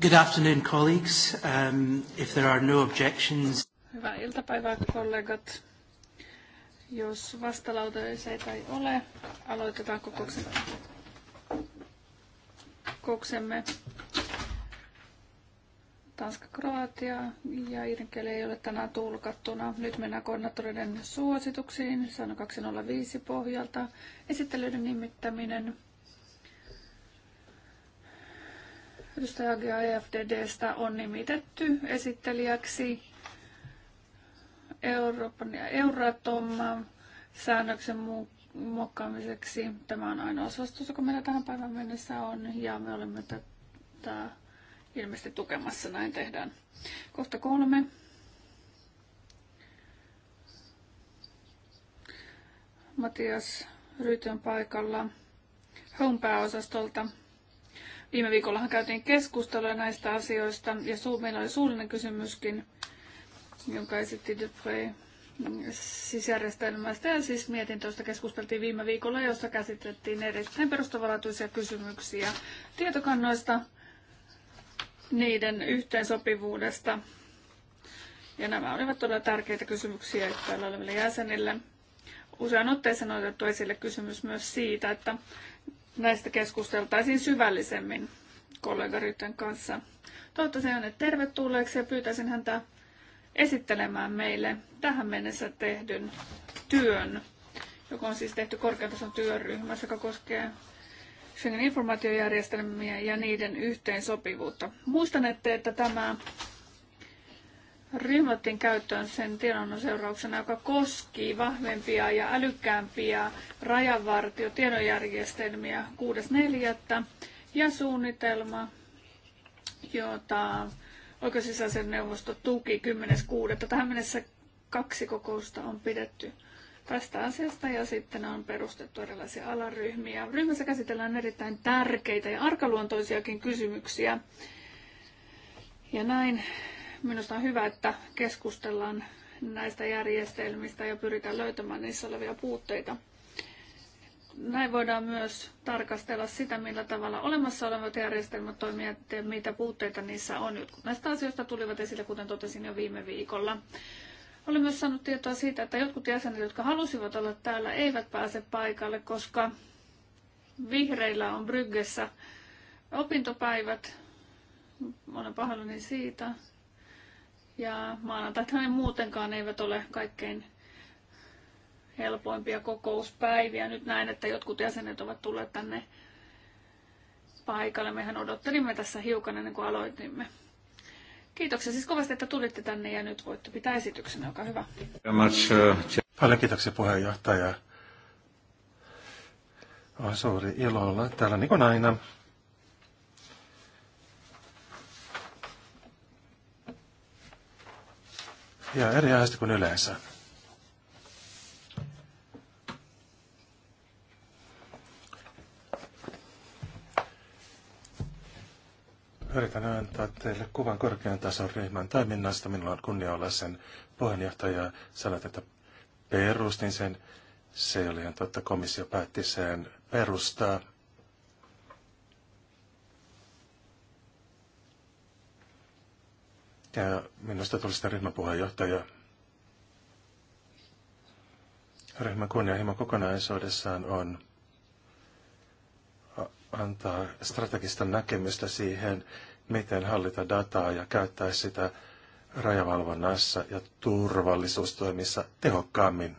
Good afternoon, colleagues. Um, if there are no objections. Hyvää iltapäivää, kollegat. Jos vastalauteita ei ole, aloitetaan kokouksemme. Kokouksemme Tanska, Kroatia ja Irkeli ei ole tänään tulkattuna. Nyt mennään koordinaattoreiden suosituksiin. Sano 205 pohjalta. Esittelyiden nimittäminen Edustaja Agia EFDDstä on nimitetty esittelijäksi Euroopan ja Euratom säännöksen muokkaamiseksi. Tämä on ainoa suositus, joka meillä tähän päivän mennessä on, ja me olemme tätä ilmeisesti tukemassa. Näin tehdään. Kohta kolme. Matias on paikalla Home pääosastolta. Viime viikollahan käytiin keskustelua näistä asioista ja suu, meillä oli suullinen kysymyskin, jonka esitti Dupré sisjärjestelmästä ja siis mietintöstä keskusteltiin viime viikolla, jossa käsitettiin erittäin perustavalaatuisia kysymyksiä tietokannoista, niiden yhteensopivuudesta. Ja nämä olivat todella tärkeitä kysymyksiä täällä oleville jäsenille. Usean otteeseen on otettu esille kysymys myös siitä, että näistä keskusteltaisiin syvällisemmin kollega Rytten kanssa. Toivottavasti hänet tervetulleeksi ja pyytäisin häntä esittelemään meille tähän mennessä tehdyn työn, joka on siis tehty tason työryhmässä, joka koskee Schengen informaatiojärjestelmiä ja niiden yhteensopivuutta. Muistan, että tämä ryhmättiin käyttöön sen tiedonannon seurauksena, joka koski vahvempia ja älykkäämpiä rajavartiotiedonjärjestelmiä 6.4. ja suunnitelma, jota oikeusisäisen neuvosto tuki 10.6. Tähän mennessä kaksi kokousta on pidetty tästä asiasta ja sitten on perustettu erilaisia alaryhmiä. Ryhmässä käsitellään erittäin tärkeitä ja arkaluontoisiakin kysymyksiä. Ja näin Minusta on hyvä, että keskustellaan näistä järjestelmistä ja pyritään löytämään niissä olevia puutteita. Näin voidaan myös tarkastella sitä, millä tavalla olemassa olevat järjestelmät toimivat ja mitä puutteita niissä on. Jotkut näistä asioista tulivat esille, kuten totesin jo viime viikolla. Olen myös saanut tietoa siitä, että jotkut jäsenet, jotka halusivat olla täällä, eivät pääse paikalle, koska vihreillä on Bryggessä opintopäivät. Olen pahoillani siitä. Ja maanantait ne muutenkaan eivät ole kaikkein helpoimpia kokouspäiviä. Nyt näin, että jotkut jäsenet ovat tulleet tänne paikalle. Mehän odottelimme tässä hiukan ennen kuin aloitimme. Kiitoksia siis kovasti, että tulitte tänne ja nyt voitte pitää esityksen. Olkaa hyvä. Paljon kiitoksia puheenjohtaja. On suuri ilo olla täällä niin kuin aina. ja eri aiheesta kuin yleensä. Yritän antaa teille kuvan korkean tason ryhmän toiminnasta. Minulla on kunnia olla sen puheenjohtaja. Sanoit, että perustin sen. Se oli ihan totta. Komissio päätti sen perustaa. Ja minusta tuli sitä ryhmäpuheenjohtaja. Ryhmän kunnianhimo kokonaisuudessaan on antaa strategista näkemystä siihen, miten hallita dataa ja käyttää sitä rajavalvonnassa ja turvallisuustoimissa tehokkaammin.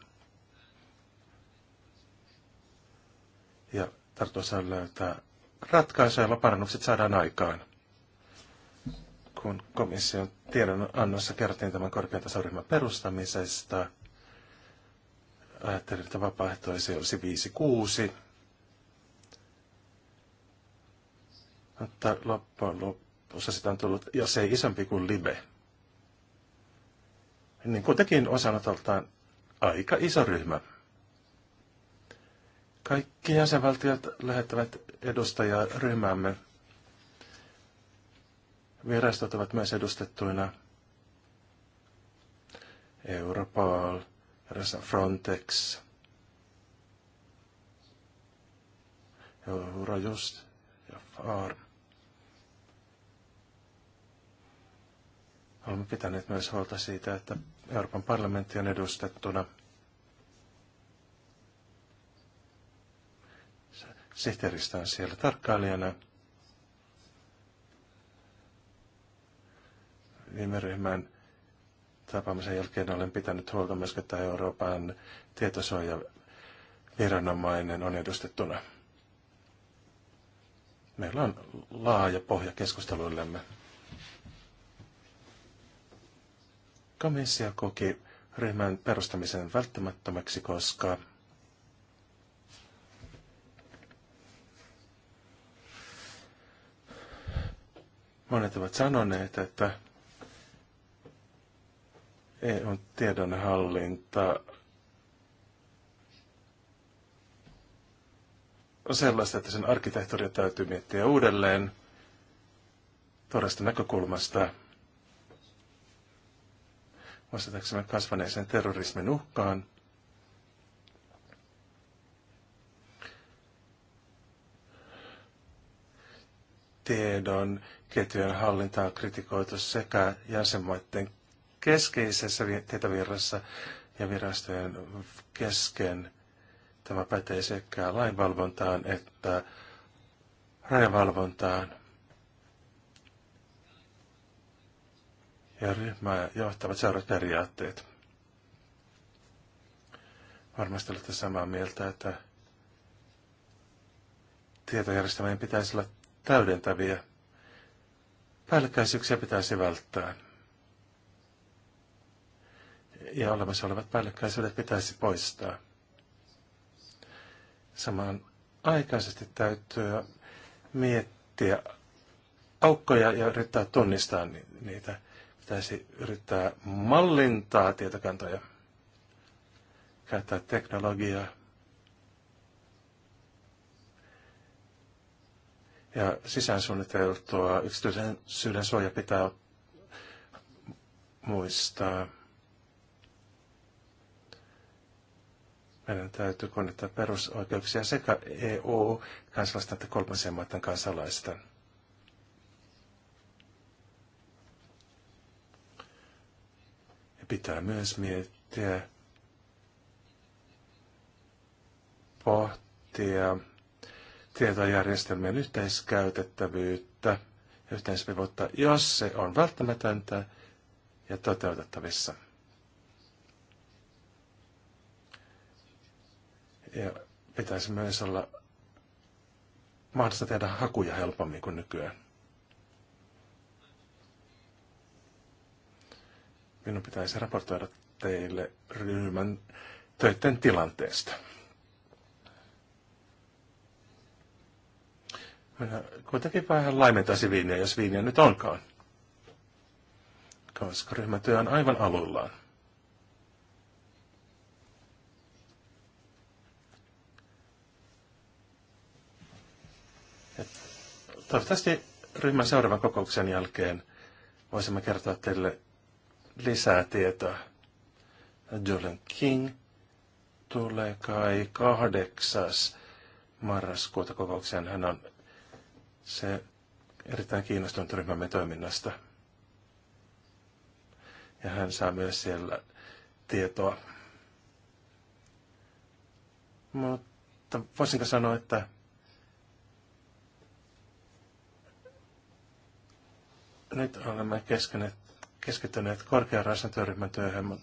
Ja tarkoitus on löytää ratkaisuja, joilla parannukset saadaan aikaan kun komission tiedonannossa kerrottiin tämän korkeatasoryhmän perustamisesta, ajattelin, että vapaaehtoisia olisi 5-6. Mutta loppujen lopussa sitä on tullut, jos ei isompi kuin libe. Niin kuitenkin osanotoltaan aika iso ryhmä. Kaikki jäsenvaltiot lähettävät edustajaryhmäämme ryhmämme. Virastot ovat myös edustettuina. Europol, Frontex, Eurojust ja FARM. Olemme pitäneet myös huolta siitä, että Euroopan parlamentti on edustettuna. Sihteeristä on siellä tarkkailijana. viime ryhmän tapaamisen jälkeen olen pitänyt huolta myös, että Euroopan tietosuoja viranomainen on edustettuna. Meillä on laaja pohja keskusteluillemme. Komissio koki ryhmän perustamisen välttämättömäksi, koska monet ovat sanoneet, että EUn tiedonhallinta on sellaista, että sen arkkitehtuuria täytyy miettiä uudelleen todesta näkökulmasta vastataksemme kasvaneeseen terrorismin uhkaan. Tiedon ketjujen hallintaa on kritikoitu sekä jäsenmaiden keskeisessä tehtävirrassa ja virastojen kesken. Tämä pätee sekä lainvalvontaan että rajavalvontaan. Ja ryhmää johtavat seuraavat periaatteet. Varmasti olette samaa mieltä, että tietojärjestelmien pitäisi olla täydentäviä. Päällekkäisyyksiä pitäisi välttää ja olemassa olevat päällekkäisyydet pitäisi poistaa. Samaan aikaisesti täytyy miettiä aukkoja ja yrittää tunnistaa niitä. Pitäisi yrittää mallintaa tietokantoja, käyttää teknologiaa. Ja sisään suunniteltua yksityisen syyden suoja pitää muistaa. Meidän täytyy kunnioittaa perusoikeuksia sekä EU-kansalaisten että kolmansien maiden kansalaisten. Ja pitää myös miettiä, pohtia tietojärjestelmien yhteiskäytettävyyttä ja yhteensopivuutta, jos se on välttämätöntä ja toteutettavissa. Ja pitäisi myös olla mahdollista tehdä hakuja helpommin kuin nykyään. Minun pitäisi raportoida teille ryhmän töiden tilanteesta. Minä kuitenkin vähän laimentaisi viiniä, jos viiniä nyt onkaan. Koska ryhmätyö on aivan aluillaan. Toivottavasti ryhmän seuraavan kokouksen jälkeen voisimme kertoa teille lisää tietoa. Julian King tulee kai kahdeksas marraskuuta kokoukseen. Hän on se erittäin kiinnostunut ryhmämme toiminnasta. Ja hän saa myös siellä tietoa. Mutta voisinko sanoa, että Nyt olemme keskittyneet korkearaisen työryhmän työhön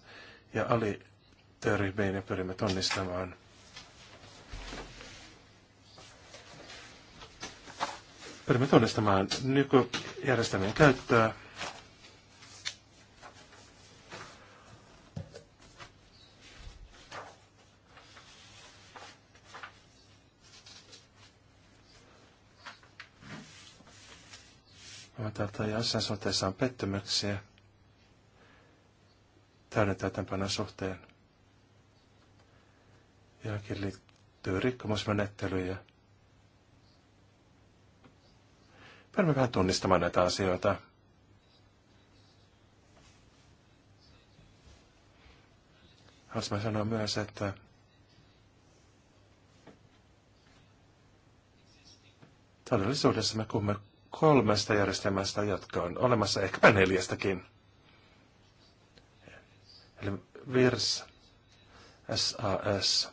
ja alityöryhmiin ja pyrimme tunnistamaan pyrimme tunnistamaan nykyjärjestelmien käyttöä kentältä ja jossain suhteessa on pettymyksiä täyden täytäntöpanon suhteen. Johonkin liittyy rikkomusmenettelyjä. Päämme vähän tunnistamaan näitä asioita. Haluaisin sanoa myös, että todellisuudessa me kumme kolmesta järjestelmästä, jotka on olemassa, ehkäpä neljästäkin. Eli VIRS, SAS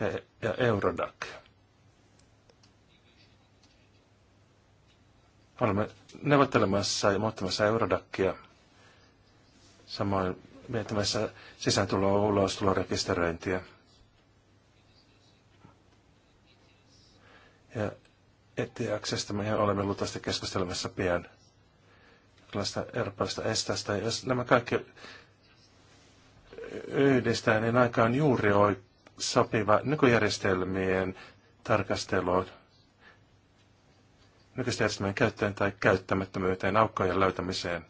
ja, ja Eurodac. Olemme neuvottelemassa ja muuttamassa Eurodacia, samoin miettimässä sisääntuloa, ulostuloa, rekisteröintiä. Ja etiaksesta me olemme luultavasti keskustelemassa pian tällaista erpaista estästä. Jos nämä kaikki yhdistää, niin aika on juuri sopiva nykyjärjestelmien tarkasteluun, nykyistä järjestelmien käyttöön tai käyttämättömyyteen, aukkojen löytämiseen.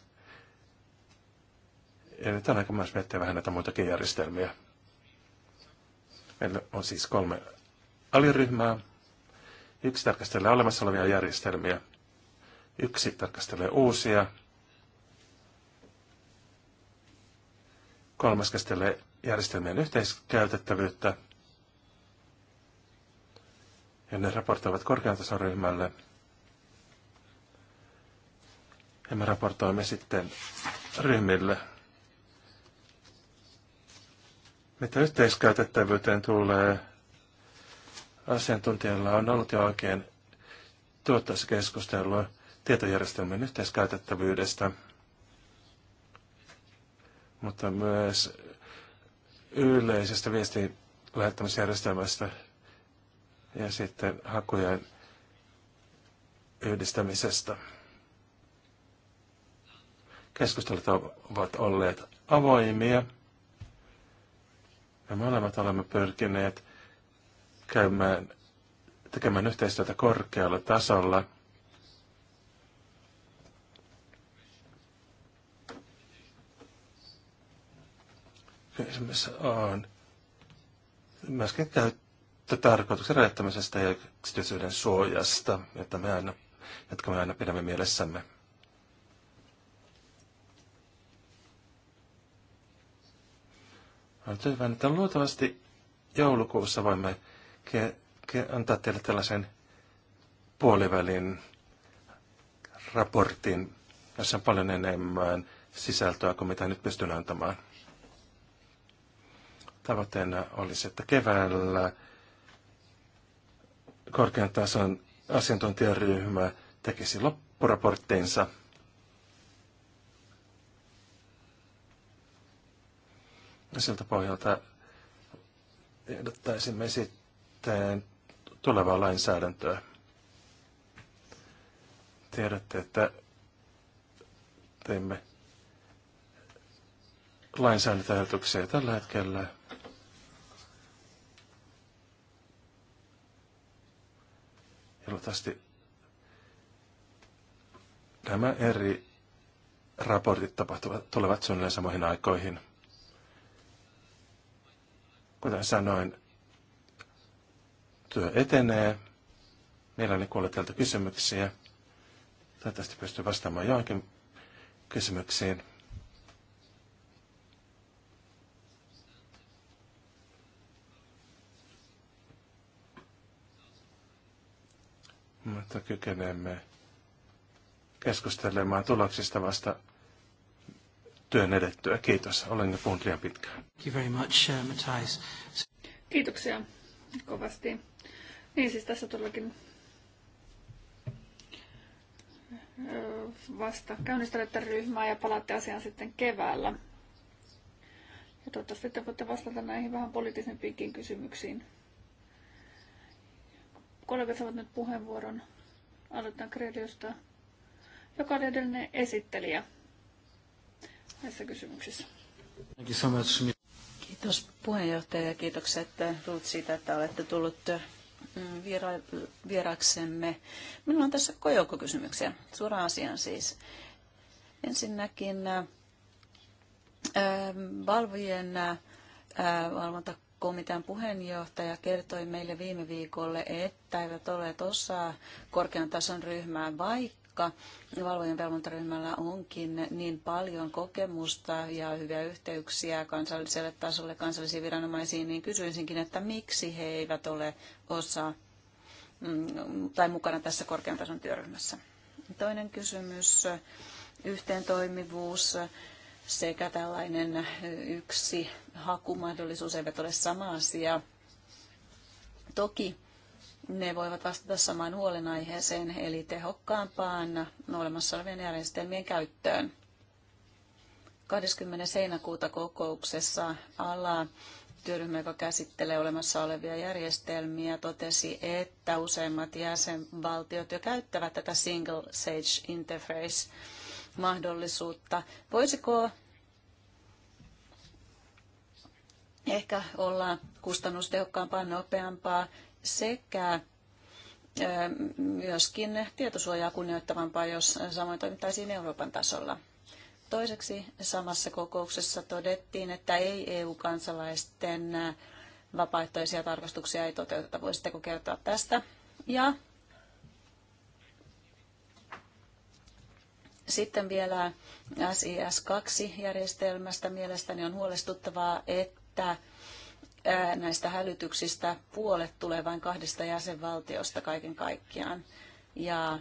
Ja nyt on aika myös miettiä vähän näitä muitakin järjestelmiä. Meillä on siis kolme aliryhmää, Yksi tarkastelee olemassa olevia järjestelmiä. Yksi tarkastelee uusia. Kolmas käsittelee järjestelmien yhteiskäytettävyyttä. Ja ne raportoivat korkean tason ryhmälle. Ja me raportoimme sitten ryhmille. Mitä yhteiskäytettävyyteen tulee, asiantuntijoilla on ollut jo oikein tuottaessa keskustelua tietojärjestelmien yhteiskäytettävyydestä, mutta myös yleisestä viestin lähettämisjärjestelmästä ja sitten hakujen yhdistämisestä. Keskustelut ovat olleet avoimia. Me molemmat olemme pyrkineet käymään, tekemään yhteistyötä korkealla tasolla. Kysymys on myöskin käyttötarkoituksen rajoittamisesta ja yksityisyyden suojasta, jotka me aina, jotka me aina pidämme mielessämme. Olen tyytyväinen, että luultavasti joulukuussa voimme ke, ke, antaa teille tällaisen puolivälin raportin, jossa on paljon enemmän sisältöä kuin mitä nyt pystyn antamaan. Tavoitteena olisi, että keväällä korkean tason asiantuntijaryhmä tekisi loppuraporttinsa. siltä pohjalta ehdottaisimme sit sitten tulevaa lainsäädäntöä. Tiedätte, että teimme lainsäädäntöehdotuksia tällä hetkellä. Ja nämä eri raportit tapahtuvat, tulevat suunnilleen samoihin aikoihin. Kuten sanoin, työ etenee. Mielelläni kuulee teiltä kysymyksiä. Toivottavasti pystyy vastaamaan johonkin kysymyksiin. Mutta kykenemme keskustelemaan tuloksista vasta työn edettyä. Kiitos. Olen jo puhunut liian pitkään. Thank you very much, uh, Kiitoksia kovasti. Niin siis tässä todellakin vasta käynnistelette ryhmää ja palaatte asiaan sitten keväällä. Ja toivottavasti te voitte vastata näihin vähän poliittisempiinkin kysymyksiin. Kollegat saavat nyt puheenvuoron. Aloitetaan Krediusta, joka oli edellinen esittelijä näissä kysymyksissä. Kiitos puheenjohtaja ja kiitokset äh, Ruut siitä, että olette tullut äh, viera- vieraksemme. Minulla on tässä kojoukkokysymyksiä, suoraan asiaan siis. Ensinnäkin äh, valvojen äh, valvontakomitean puheenjohtaja kertoi meille viime viikolle, että eivät ole osa korkean tason ryhmää, vaikka koska valvojen valvontaryhmällä onkin niin paljon kokemusta ja hyviä yhteyksiä kansalliselle tasolle, kansallisiin viranomaisiin, niin kysyisinkin, että miksi he eivät ole osa mm, tai mukana tässä korkean tason työryhmässä. Toinen kysymys, yhteentoimivuus sekä tällainen yksi hakumahdollisuus eivät ole sama asia. Toki ne voivat vastata samaan huolenaiheeseen, eli tehokkaampaan olemassa olevien järjestelmien käyttöön. 20. seinäkuuta kokouksessa ala työryhmä, joka käsittelee olemassa olevia järjestelmiä, totesi, että useimmat jäsenvaltiot jo käyttävät tätä Single Sage Interface-mahdollisuutta. Voisiko ehkä olla kustannustehokkaampaa, nopeampaa sekä myöskin tietosuojaa kunnioittavampaa, jos samoin toimittaisiin Euroopan tasolla. Toiseksi samassa kokouksessa todettiin, että ei EU-kansalaisten vapaaehtoisia tarkastuksia ei toteuteta. Voisitteko kertoa tästä? Ja sitten vielä SIS-2-järjestelmästä mielestäni on huolestuttavaa, että näistä hälytyksistä puolet tulee vain kahdesta jäsenvaltiosta kaiken kaikkiaan. Ja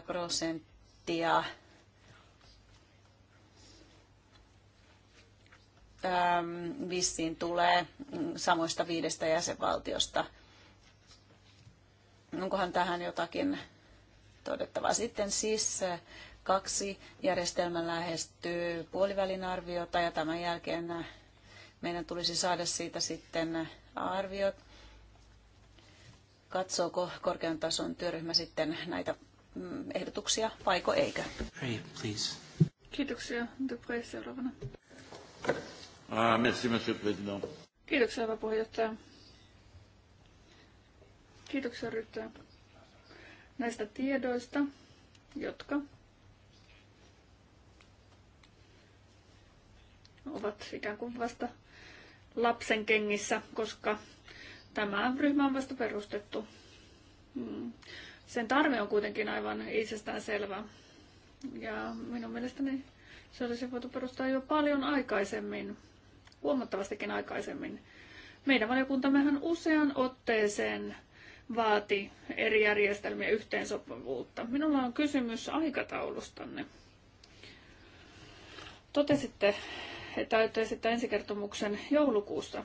70-90 prosenttia vissiin tulee samoista viidestä jäsenvaltiosta. Onkohan tähän jotakin todettavaa? Sitten siis kaksi järjestelmä lähestyy puolivälin arviota ja tämän jälkeen meidän tulisi saada siitä sitten arviot. Katsooko korkean tason työryhmä sitten näitä mm, ehdotuksia vaiko eikö? Hey, please. Kiitoksia. Dupré seuraavana. Ah, merci, monsieur le président. Kiitoksia, hyvä puheenjohtaja. Kiitoksia, ryhtyä näistä tiedoista, jotka ovat ikään kuin vasta lapsen kengissä, koska tämä ryhmä on vasta perustettu. Hmm. Sen tarve on kuitenkin aivan itsestään selvä. Ja minun mielestäni se olisi voitu perustaa jo paljon aikaisemmin, huomattavastikin aikaisemmin. Meidän valiokuntammehan usean otteeseen vaati eri järjestelmien yhteensopivuutta. Minulla on kysymys aikataulustanne. Totesitte, he sitten ensikertomuksen joulukuussa.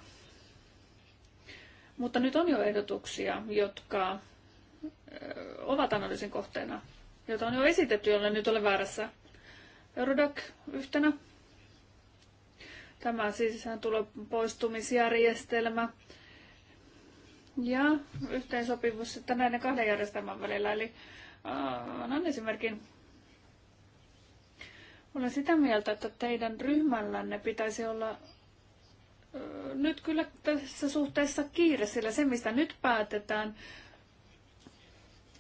Mutta nyt on jo ehdotuksia, jotka ovat analyysin kohteena, joita on jo esitetty, jolle nyt ole väärässä. Eurodac yhtenä. Tämä sisään tulee poistumisjärjestelmä ja yhteensopivuus sitten näiden kahden järjestelmän välillä. Eli annan esimerkin olen sitä mieltä, että teidän ryhmällänne pitäisi olla nyt kyllä tässä suhteessa kiire, sillä se, mistä nyt päätetään,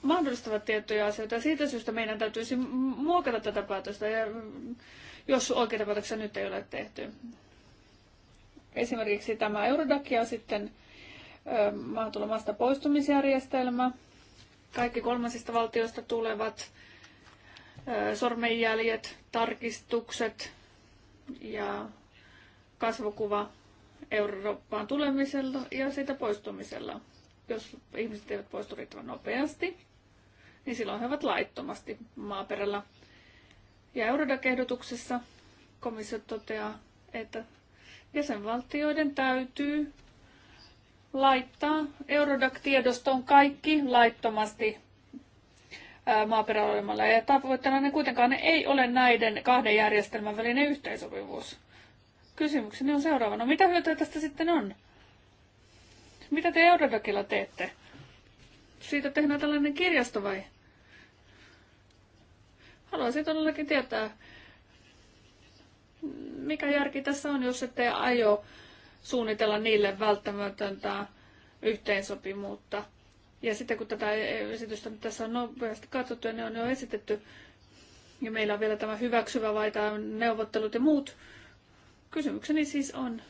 mahdollistavat tiettyjä asioita. Ja siitä syystä meidän täytyisi muokata tätä päätöstä, ja jos oikeita päätöksiä nyt ei ole tehty. Esimerkiksi tämä Eurodac ja sitten maahantulomasta poistumisjärjestelmä. Kaikki kolmansista valtioista tulevat sormenjäljet, tarkistukset ja kasvokuva Eurooppaan tulemisella ja siitä poistumisella. Jos ihmiset eivät poistu riittävän nopeasti, niin silloin he ovat laittomasti maaperällä. Ja Eurodac-ehdotuksessa komissio toteaa, että jäsenvaltioiden täytyy laittaa Eurodac-tiedostoon kaikki laittomasti olemalla. Ja tavoitteena kuitenkaan ei ole näiden kahden järjestelmän välinen yhteensopivuus. Kysymykseni on seuraava: No Mitä hyötyä tästä sitten on? Mitä te Eurodokilla teette? Siitä tehdään tällainen kirjasto vai? Haluaisin todellakin tietää, mikä järki tässä on, jos ette aio suunnitella niille välttämätöntä yhteensopimuutta. Ja sitten kun tätä esitystä tässä on nopeasti katsottu ja ne on jo esitetty, ja meillä on vielä tämä hyväksyvä vai tämä neuvottelut ja muut, kysymykseni siis on,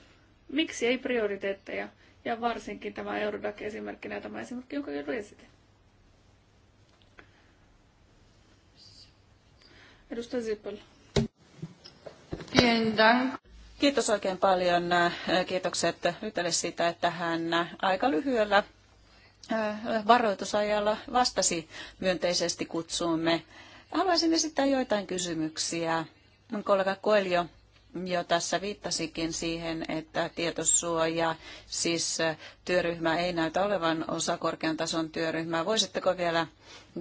miksi ei prioriteetteja, ja varsinkin tämä Eurodac-esimerkkinä ja tämä esimerkki, jonka jo esitin. Edustaja Zippel. Kiitos oikein paljon. Kiitokset Ytelle siitä, että hän aika lyhyellä varoitusajalla vastasi myönteisesti kutsuumme. Haluaisin esittää joitain kysymyksiä. Mun kollega Koelio jo tässä viittasikin siihen, että tietosuoja, siis työryhmä ei näytä olevan osa korkean tason työryhmää. Voisitteko vielä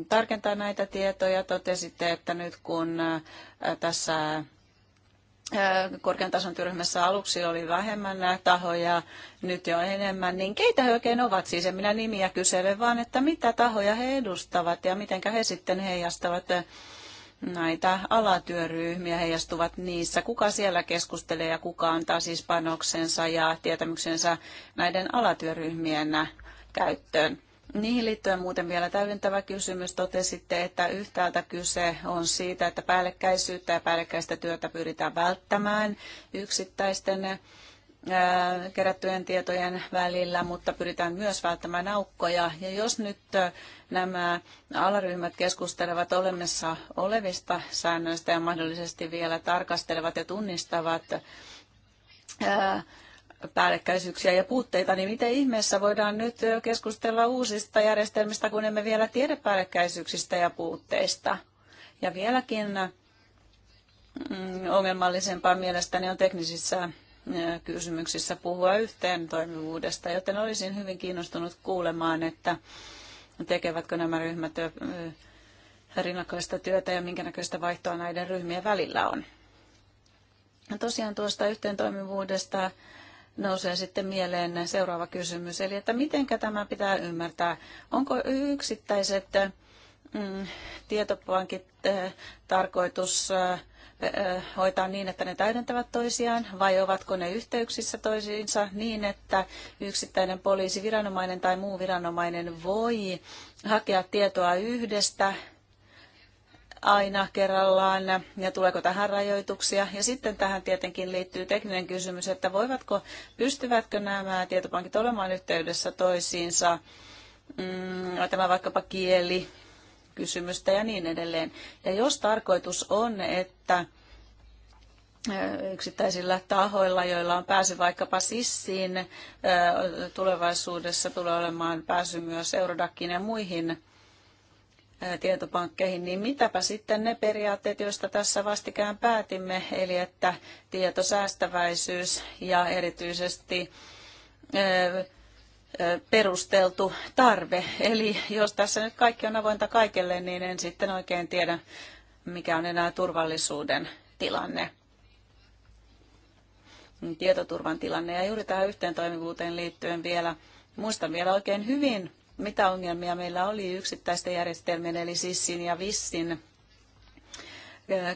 tarkentaa näitä tietoja? Totesitte, että nyt kun tässä korkean tason työryhmässä aluksi oli vähemmän tahoja, nyt jo enemmän, niin keitä he oikein ovat? Siis en minä nimiä kysele, vaan että mitä tahoja he edustavat ja miten he sitten heijastavat näitä alatyöryhmiä, heijastuvat niissä, kuka siellä keskustelee ja kuka antaa siis panoksensa ja tietämyksensä näiden alatyöryhmien käyttöön. Niihin liittyen muuten vielä täydentävä kysymys. Totesitte, että yhtäältä kyse on siitä, että päällekkäisyyttä ja päällekkäistä työtä pyritään välttämään yksittäisten kerättyjen tietojen välillä, mutta pyritään myös välttämään aukkoja. Ja jos nyt nämä alaryhmät keskustelevat olemassa olevista säännöistä ja mahdollisesti vielä tarkastelevat ja tunnistavat päällekkäisyyksiä ja puutteita, niin miten ihmeessä voidaan nyt keskustella uusista järjestelmistä, kun emme vielä tiedä päällekkäisyyksistä ja puutteista? Ja vieläkin mm, ongelmallisempaa mielestäni on teknisissä mm, kysymyksissä puhua yhteen toimivuudesta, joten olisin hyvin kiinnostunut kuulemaan, että tekevätkö nämä ryhmät rinnakkaista työtä ja minkä näköistä vaihtoa näiden ryhmien välillä on. Tosiaan tuosta yhteen toimivuudesta nousee sitten mieleen seuraava kysymys, eli että mitenkä tämä pitää ymmärtää. Onko yksittäiset mm, tietopankit äh, tarkoitus äh, hoitaa niin, että ne täydentävät toisiaan, vai ovatko ne yhteyksissä toisiinsa niin, että yksittäinen poliisiviranomainen tai muu viranomainen voi hakea tietoa yhdestä aina kerrallaan ja tuleeko tähän rajoituksia. Ja sitten tähän tietenkin liittyy tekninen kysymys, että voivatko, pystyvätkö nämä tietopankit olemaan yhteydessä toisiinsa, mm, tämä vaikkapa kieli, kysymystä ja niin edelleen. Ja jos tarkoitus on, että yksittäisillä tahoilla, joilla on pääsy vaikkapa sissiin, tulevaisuudessa tulee olemaan pääsy myös eurodakkiin ja muihin tietopankkeihin, niin mitäpä sitten ne periaatteet, joista tässä vastikään päätimme, eli että tietosäästäväisyys ja erityisesti perusteltu tarve. Eli jos tässä nyt kaikki on avointa kaikelle, niin en sitten oikein tiedä, mikä on enää turvallisuuden tilanne tietoturvan tilanne. Ja juuri tähän yhteen toimivuuteen liittyen vielä, muistan vielä oikein hyvin mitä ongelmia meillä oli yksittäisten järjestelmien, eli SISin ja VISin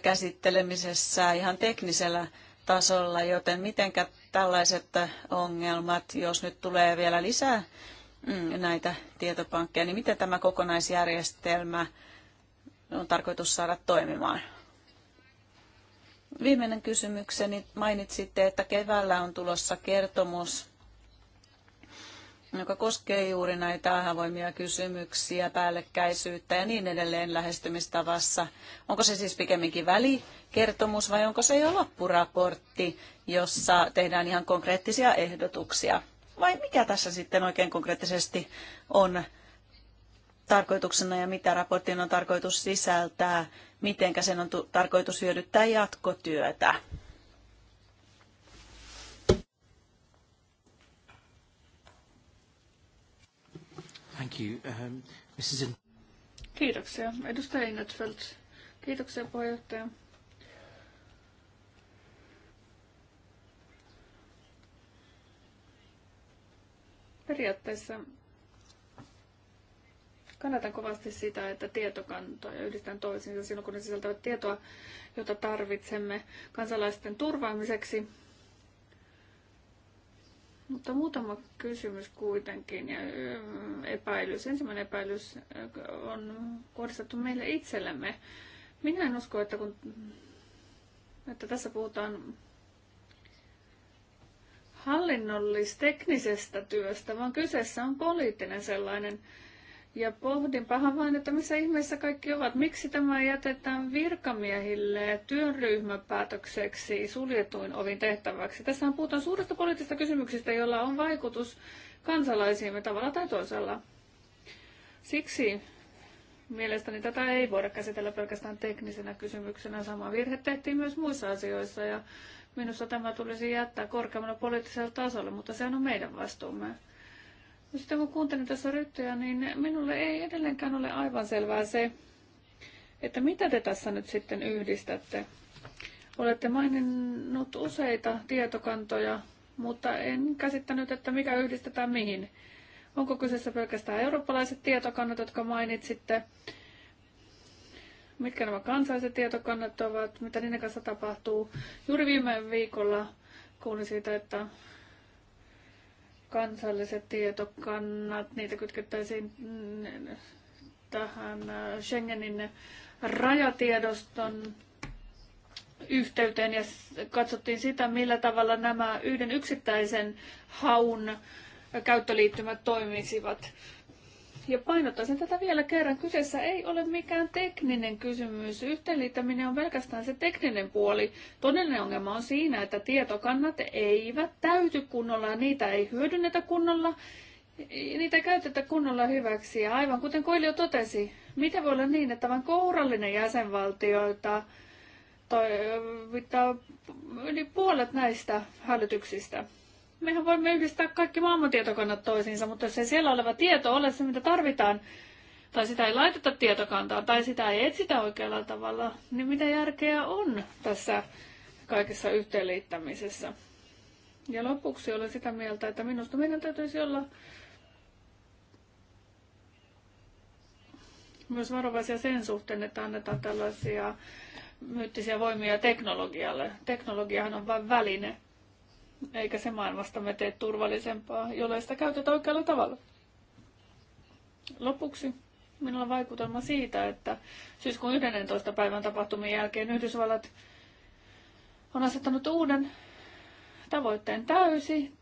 käsittelemisessä ihan teknisellä tasolla, joten mitenkä tällaiset ongelmat, jos nyt tulee vielä lisää mm, näitä tietopankkeja, niin miten tämä kokonaisjärjestelmä on tarkoitus saada toimimaan? Viimeinen kysymykseni. Mainitsitte, että keväällä on tulossa kertomus joka koskee juuri näitä avoimia kysymyksiä, päällekkäisyyttä ja niin edelleen lähestymistavassa. Onko se siis pikemminkin välikertomus vai onko se jo loppuraportti, jossa tehdään ihan konkreettisia ehdotuksia? Vai mikä tässä sitten oikein konkreettisesti on tarkoituksena ja mitä raportin on tarkoitus sisältää, mitenkä sen on tarkoitus hyödyttää jatkotyötä? Thank you. Um, Mrs. In- Kiitoksia. Edustaja Innetfeld. Kiitoksia puheenjohtaja. Periaatteessa kannatan kovasti sitä, että tietokantoja yhdistetään toisiinsa silloin, kun ne sisältävät tietoa, jota tarvitsemme kansalaisten turvaamiseksi mutta muutama kysymys kuitenkin ja epäilys. Ensimmäinen epäilys on kohdistettu meille itsellemme. Minä en usko, että, kun, että tässä puhutaan hallinnollis-teknisestä työstä, vaan kyseessä on poliittinen sellainen – ja pohdinpahan vain, että missä ihmeessä kaikki ovat. Miksi tämä jätetään virkamiehille työryhmäpäätökseksi suljetuin ovin tehtäväksi? Tässähän puhutaan suurista poliittisista kysymyksistä, jolla on vaikutus kansalaisiimme tavalla tai toisella. Siksi mielestäni tätä ei voida käsitellä pelkästään teknisenä kysymyksenä. Sama virhe tehtiin myös muissa asioissa ja minusta tämä tulisi jättää korkeammalle poliittiselle tasolle, mutta sehän on meidän vastuumme. Sitten kun kuuntelin tässä ryttyjä, niin minulle ei edelleenkään ole aivan selvää se, että mitä te tässä nyt sitten yhdistätte. Olette maininnut useita tietokantoja, mutta en käsittänyt, että mikä yhdistetään mihin. Onko kyseessä pelkästään eurooppalaiset tietokannat, jotka mainitsitte? Mitkä nämä kansalliset tietokannat ovat? Mitä niiden kanssa tapahtuu? Juuri viime viikolla kuulin siitä, että kansalliset tietokannat, niitä kytkettäisiin mm, tähän äh, Schengenin rajatiedoston yhteyteen ja katsottiin sitä, millä tavalla nämä yhden yksittäisen haun käyttöliittymät toimisivat. Ja painottaisin tätä vielä kerran. Kyseessä ei ole mikään tekninen kysymys. Yhteenliittäminen on pelkästään se tekninen puoli. Todellinen ongelma on siinä, että tietokannat eivät täyty kunnolla ja niitä ei hyödynnetä kunnolla. Niitä ei käytetä kunnolla hyväksi. Ja aivan kuten Koilio totesi, miten voi olla niin, että vain kourallinen jäsenvaltioita tai yli puolet näistä hallituksista? mehän voimme yhdistää kaikki maailmantietokannat toisiinsa, mutta jos ei siellä oleva tieto ole se, mitä tarvitaan, tai sitä ei laiteta tietokantaan, tai sitä ei etsitä oikealla tavalla, niin mitä järkeä on tässä kaikessa yhteenliittämisessä? Ja lopuksi olen sitä mieltä, että minusta meidän täytyisi olla myös varovaisia sen suhteen, että annetaan tällaisia myyttisiä voimia teknologialle. Teknologiahan on vain väline, eikä se maailmastamme tee turvallisempaa, jolle sitä käytetään oikealla tavalla. Lopuksi minulla on vaikutelma siitä, että syyskuun 11. päivän tapahtumien jälkeen Yhdysvallat on asettanut uuden tavoitteen täysi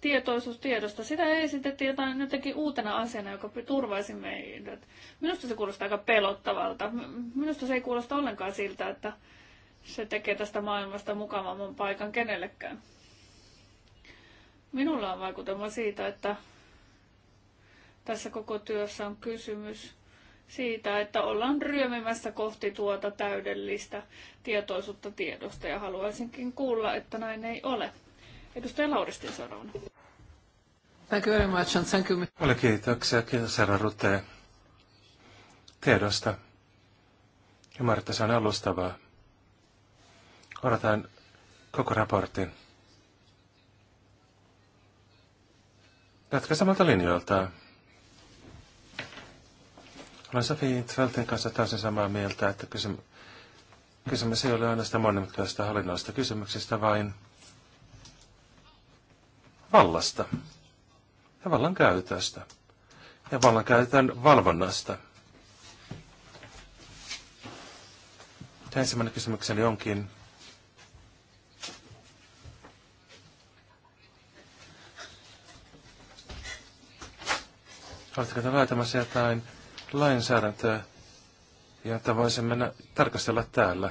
tietoisuus tiedosta. Sitä esitettiin jotain jotenkin uutena asiana, joka turvaisi meidät. Minusta se kuulostaa aika pelottavalta. Minusta se ei kuulosta ollenkaan siltä, että se tekee tästä maailmasta mukavamman paikan kenellekään. Minulla on vaikutelma siitä, että tässä koko työssä on kysymys siitä, että ollaan ryömimässä kohti tuota täydellistä tietoisuutta tiedosta ja haluaisinkin kuulla, että näin ei ole. Edustaja Lauristin seuraavana. Thank you very much and thank you. Paljon kiitoksia. Kiitos herra Rute tiedosta. Ymmärrän, se on alustavaa. Odotan koko raportin. Jatka samalta linjoilta. Olen Safi Tveltin kanssa täysin samaa mieltä, että kysym, kysymys ei ole sitä monimutkaisesta hallinnoista kysymyksistä, vain vallasta ja vallan käytöstä ja vallan käytön valvonnasta. Ja ensimmäinen kysymykseni onkin, Oletteko te laitamassa jotain lainsäädäntöä, jota voisimme tarkastella täällä?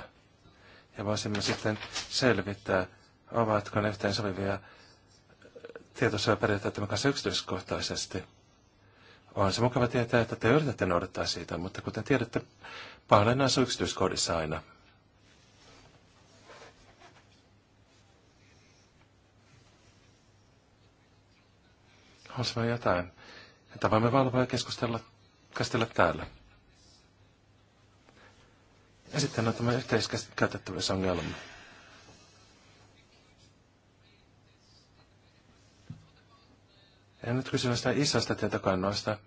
Ja voisimme sitten selvittää, ovatko ne yhteen sopivia tietosuojaperiaatteiden kanssa yksityiskohtaisesti. On se mukava tietää, että te yritätte noudattaa siitä, mutta kuten tiedätte, paljon näissä yksityiskohdissa aina. Haluaisimme jotain Tapaamme valvoa ja keskustella käsitellä täällä. Ja sitten on tämä ongelma. En nyt kysy näistä isoista tietokannoista.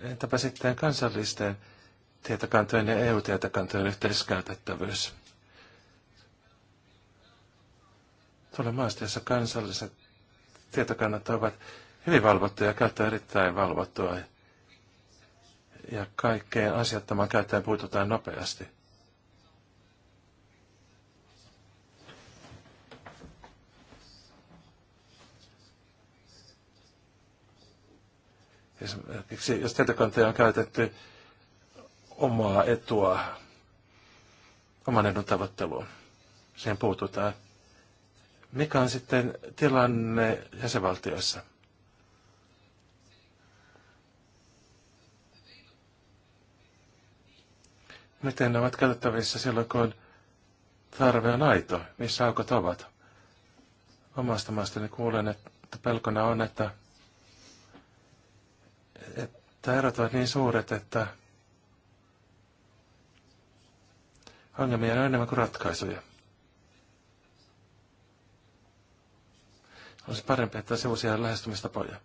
Entäpä sitten kansallisten tietokantojen ja EU-tietokantojen yhteiskäytettävyys? Tuolla maasta, jossa kansalliset tietokannat ovat hyvin valvottu ja käyttö erittäin valvottua. Ja kaikkeen asiattoman käyttäen puututaan nopeasti. Esimerkiksi jos tietokonteja on käytetty omaa etua, oman edun tavoitteluun, siihen puututaan. Mikä on sitten tilanne jäsenvaltioissa? miten ne ovat käytettävissä silloin, kun tarve on aito, missä aukot ovat. Omasta maastani kuulen, että pelkona on, että, että erot ovat niin suuret, että ongelmia on enemmän kuin ratkaisuja. Olisi parempi, että se uusia lähestymistapoja.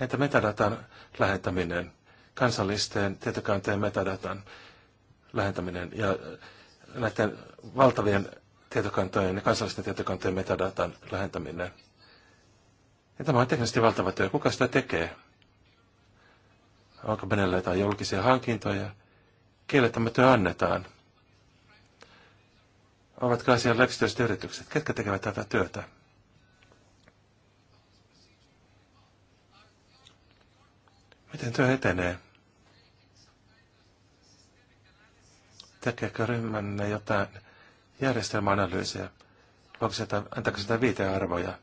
Entä metadatan lähettäminen, kansallisten tietokanteen metadatan lähentäminen ja näiden valtavien tietokantojen ja kansallisten tietokantojen metadatan lähentäminen. Ja tämä on teknisesti valtava työ. Kuka sitä tekee? Onko meneillään jotain julkisia hankintoja? Kelle tämä työ annetaan? Ovatko asiaan yksityiset yritykset? Ketkä tekevät tätä työtä? Miten työ etenee? Tekeekö ryhmänne jotain järjestelmäanalyysiä? Onko sitä, antaako sitä viitearvoja,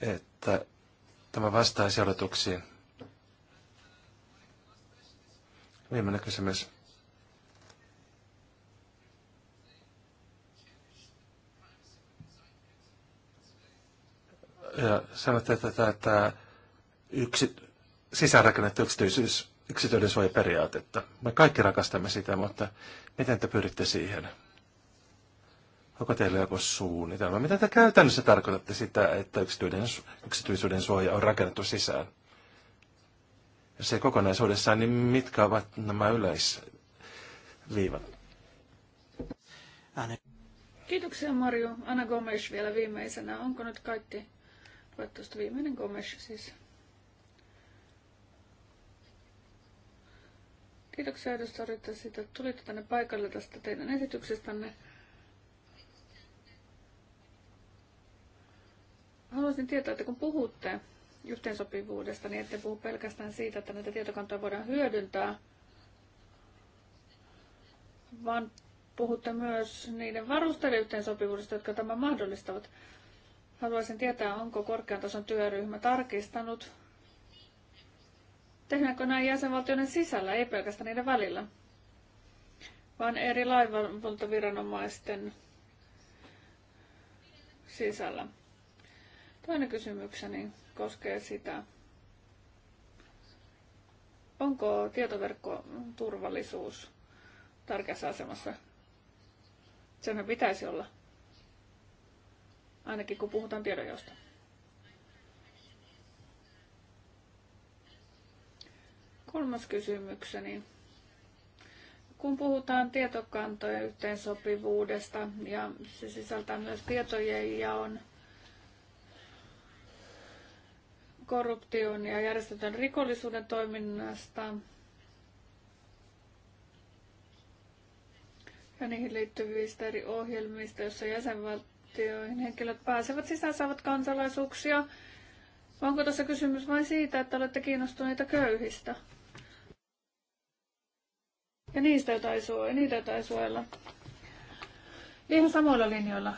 että tämä vastaisi odotuksiin? Viimeinen kysymys. Ja sanotte, että tämä yksi, sisäänrakennettu yksityisyys yksityisen suojaperiaatetta. Me kaikki rakastamme sitä, mutta miten te pyritte siihen? Onko teillä joku suunnitelma? Mitä te käytännössä tarkoitatte sitä, että yksityisyyden suoja on rakennettu sisään? Jos se kokonaisuudessaan, niin mitkä ovat nämä yleisviivat? Kiitoksia Marjo. Anna Gomes vielä viimeisenä. Onko nyt kaikki? Voit viimeinen Gomes siis. Kiitoksia edustaja Riitta siitä, että tulitte tänne paikalle tästä teidän esityksestänne. Haluaisin tietää, että kun puhutte yhteensopivuudesta, niin ette puhu pelkästään siitä, että näitä tietokantoja voidaan hyödyntää, vaan puhutte myös niiden varusteiden yhteensopivuudesta, jotka tämän mahdollistavat. Haluaisin tietää, onko korkean tason työryhmä tarkistanut Tehdäänkö näin jäsenvaltioiden sisällä, ei pelkästään niiden välillä, vaan eri lainvalvontaviranomaisten sisällä. Toinen kysymykseni koskee sitä, onko tietoverkkoturvallisuus tärkeässä asemassa? Sehän pitäisi olla, ainakin kun puhutaan tiedonjosta. Kolmas kysymykseni. Kun puhutaan tietokantojen yhteensopivuudesta ja se sisältää myös tietojen ja on korruption ja järjestetyn rikollisuuden toiminnasta ja niihin liittyvistä eri ohjelmista, joissa jäsenvaltioihin henkilöt pääsevät sisään, saavat kansalaisuuksia. Onko tässä kysymys vain siitä, että olette kiinnostuneita köyhistä? Ja niistä jotain suojella, niitä jotain suojella. Ihan samoilla linjoilla.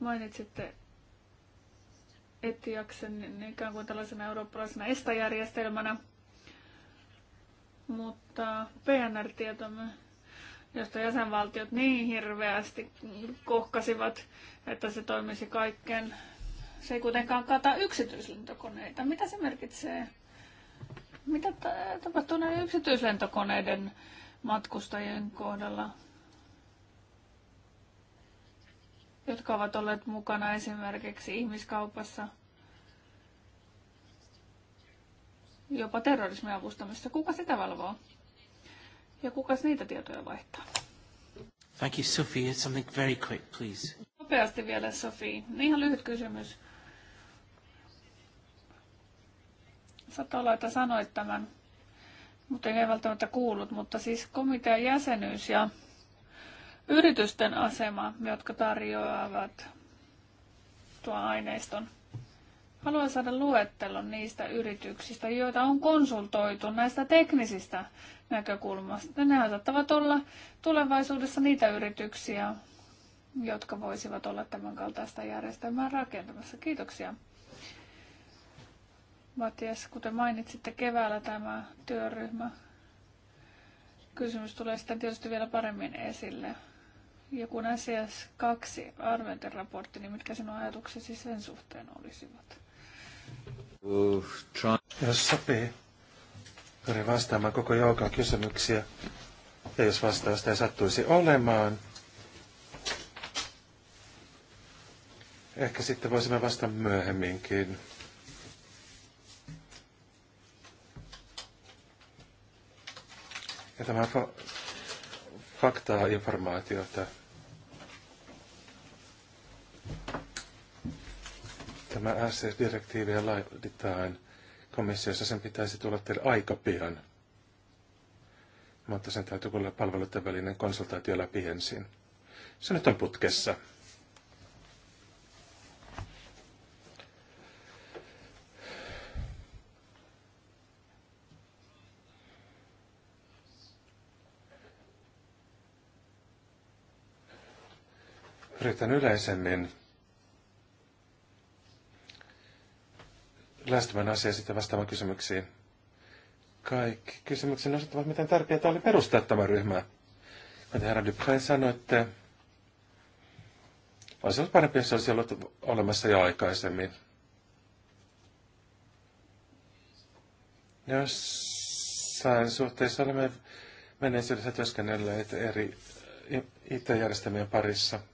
Mainitsitte Etiaksen ikään kuin tällaisena eurooppalaisena estajärjestelmänä. Mutta PNR-tietomme, josta jäsenvaltiot niin hirveästi kohkasivat, että se toimisi kaikkeen, se ei kuitenkaan kata yksityislentokoneita. Mitä se merkitsee mitä tapahtuu näiden yksityislentokoneiden matkustajien kohdalla, jotka ovat olleet mukana esimerkiksi ihmiskaupassa, jopa terrorismin avustamista? Kuka sitä valvoo? Ja kuka niitä tietoja vaihtaa? Thank you, Sophie. Something very quick, please. Nopeasti vielä, Sophie. Ihan lyhyt kysymys. Saattaa olla, että sanoit tämän, mutta ei välttämättä kuullut, mutta siis komitean jäsenyys ja yritysten asema, jotka tarjoavat tuon aineiston. Haluan saada luettelon niistä yrityksistä, joita on konsultoitu näistä teknisistä näkökulmasta. Ne saattavat olla tulevaisuudessa niitä yrityksiä, jotka voisivat olla tämän kaltaista järjestelmää rakentamassa. Kiitoksia. Matias, kuten mainitsitte keväällä tämä työryhmä, kysymys tulee sitten tietysti vielä paremmin esille. Ja kun asias kaksi arviointiraportti, niin mitkä sinun ajatuksesi sen suhteen olisivat? Uh, jos sopii, pyrin vastaamaan koko joukon kysymyksiä. Ja jos vastausta ei sattuisi olemaan, ehkä sitten voisimme vastata myöhemminkin. Ja tämä on faktaa informaatiota. Tämä ss direktiiviä laaditaan komissiossa, sen pitäisi tulla teille aika pian. Mutta sen täytyy kyllä palveluiden välinen konsultaatio läpi ensin. Se nyt on putkessa. yritän yleisemmin lähestymään asiaa sitten vastaamaan kysymyksiin. Kaikki kysymyksen osoittavat, miten tärkeää oli perustaa tämä ryhmä. Kuten herra Dupré sanoitte, olisi ollut parempi, jos olisi ollut olemassa jo aikaisemmin. Jossain suhteessa olemme menneisyydessä työskennelleet eri IT-järjestelmien parissa –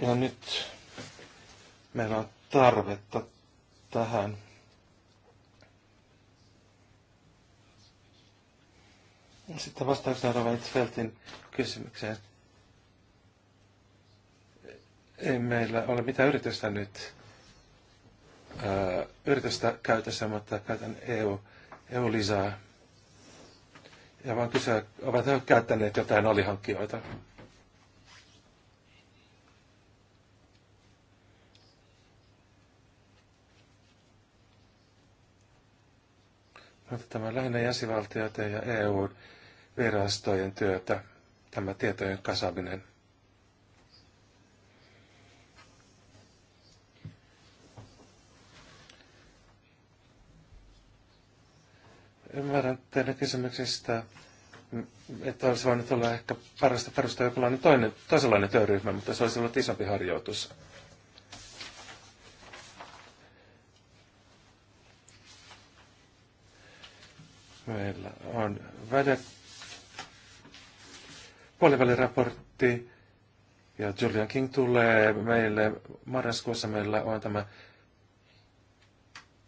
Ja nyt meillä on tarvetta tähän. Sitten vastaako Rovait Feltin kysymykseen. Ei meillä ole mitään yritystä nyt ää, yritystä käytössä, mutta käytän EU, EU-lisää. Ja vaan kysyä, ovat he käyttäneet jotain alihankkijoita? Mutta tämä on lähinnä jäsenvaltioiden ja EUn virastojen työtä, tämä tietojen kasaaminen. Ymmärrän teidän kysymyksistä, että olisi voinut olla ehkä parasta perustaa jokinlainen toinen, toisenlainen työryhmä, mutta se olisi ollut isompi harjoitus. Meillä on väde, puoliväliraportti ja Julian King tulee meille. Marraskuussa meillä on tämä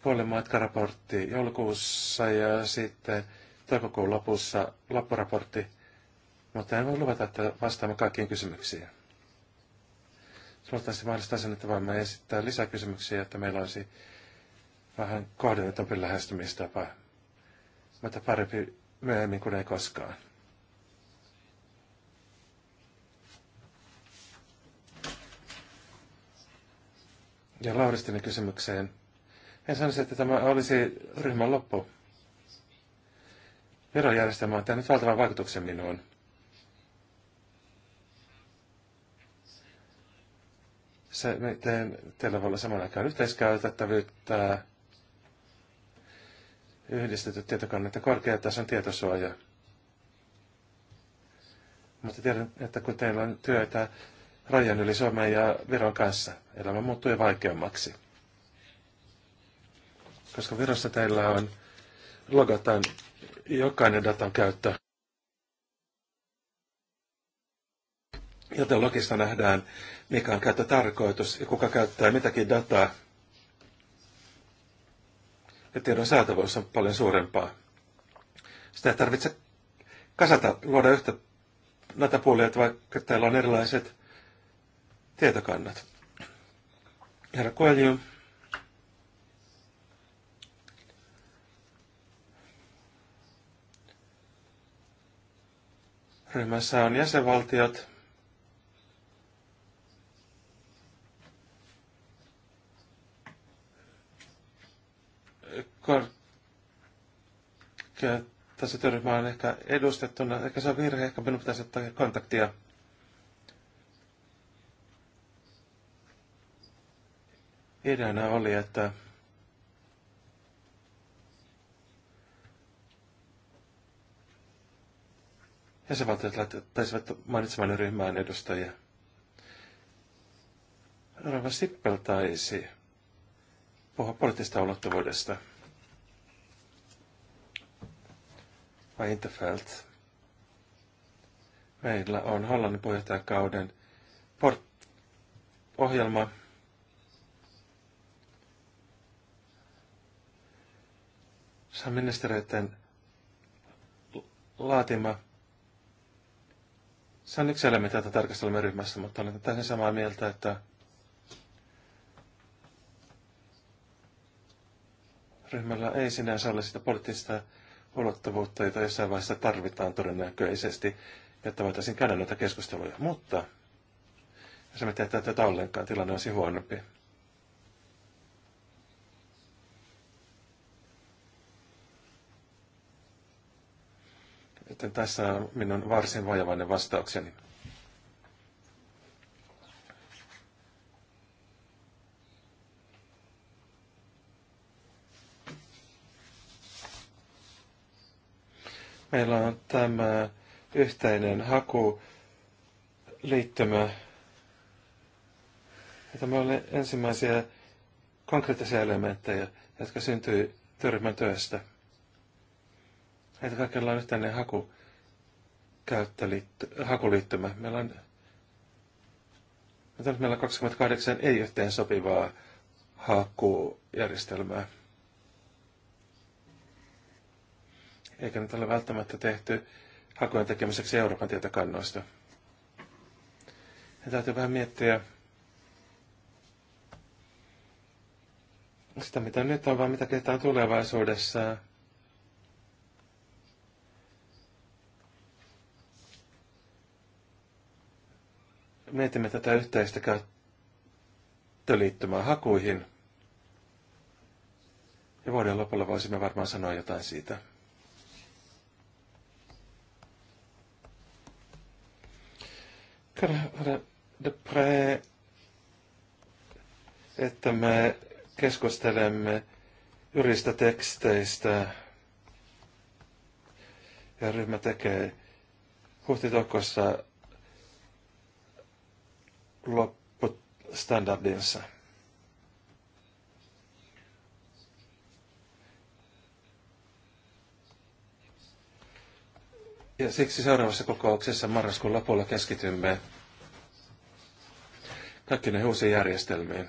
puolimatkaraportti joulukuussa ja sitten toukokuun lopussa loppuraportti. Mutta en voi luvata, että vastaamme kaikkiin kysymyksiin. Toivottavasti mahdollistaa sen, että voimme esittää lisää kysymyksiä, että meillä olisi vähän kohdennetumpi lähestymistapa mutta parempi myöhemmin kuin ei koskaan. Ja Lauristinin kysymykseen. En sanoisi, että tämä olisi ryhmän loppu. Verojärjestelmä on tehnyt valtavan vaikutuksen minuun. Se, miten teillä voi olla saman aikaan yhteiskäytettävyyttä, yhdistetyt tietokannat ja korkeatason tietosuoja. Mutta tiedän, että kun teillä on työtä rajan yli Suomen ja Viron kanssa, elämä muuttuu vaikeammaksi. Koska Virossa teillä on logotan jokainen datan käyttö. Joten logista nähdään, mikä on käyttötarkoitus ja kuka käyttää mitäkin dataa ja tiedon saatavuus on paljon suurempaa. Sitä ei tarvitse kasata, luoda yhtä näitä puolia, vaikka täällä on erilaiset tietokannat. Herra Koelju. Ryhmässä on jäsenvaltiot, tässä työryhmä on ehkä edustettuna. Ehkä se on virhe, ehkä minun pitäisi ottaa kontaktia. Ideana oli, että jäsenvaltiot pääsivät mainitsemaan ryhmään edustajia. Rava Sippel taisi puhua poliittisesta ulottuvuudesta. vai Interfelt. Meillä on Hollannin puheenjohtajakauden port- ohjelma. Se on ministeriöiden laatima. Se on yksi elementti, jota tarkastelemme ryhmässä, mutta olen täysin samaa mieltä, että ryhmällä ei sinänsä ole sitä poliittista ulottuvuutta, jota jossain vaiheessa tarvitaan todennäköisesti, jotta voitaisiin käydä noita keskusteluja. Mutta jos me tehdään tätä ollenkaan, tilanne olisi huonompi. Joten tässä on minun varsin vajavainen vastaukseni. Meillä on tämä yhteinen haku liittymä. Tämä oli ensimmäisiä konkreettisia elementtejä, jotka syntyi työryhmän työstä. Heitä kaikilla on yhteinen haku, hakuliittymä. Meillä on, meillä on 28 ei yhteen sopivaa hakujärjestelmää. eikä niitä ole välttämättä tehty hakujen tekemiseksi Euroopan tietokannoista. Ja täytyy vähän miettiä sitä, mitä nyt on, vaan mitä kehitetään tulevaisuudessa. Mietimme tätä yhteistä käyttöliittymää hakuihin. Ja vuoden lopulla voisimme varmaan sanoa jotain siitä. pre, että me keskustelemme jurista teksteistä ja ryhmä tekee huhtitokossa loppustandardinsa. Ja siksi seuraavassa kokouksessa marraskuun lopulla keskitymme kaikki ne uusiin järjestelmiin.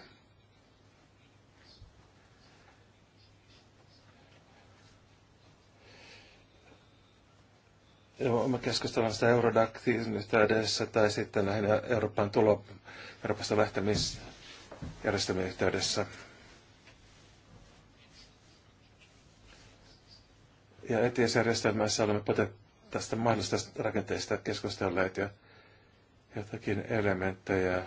Joo, me keskustellaan sitä Eurodactin yhteydessä tai sitten lähinnä Euroopan tulo, Euroopasta lähtemisjärjestelmien yhteydessä. Ja ETS-järjestelmässä olemme potet- tästä mahdollisesta rakenteesta keskustelleet ja jotakin elementtejä.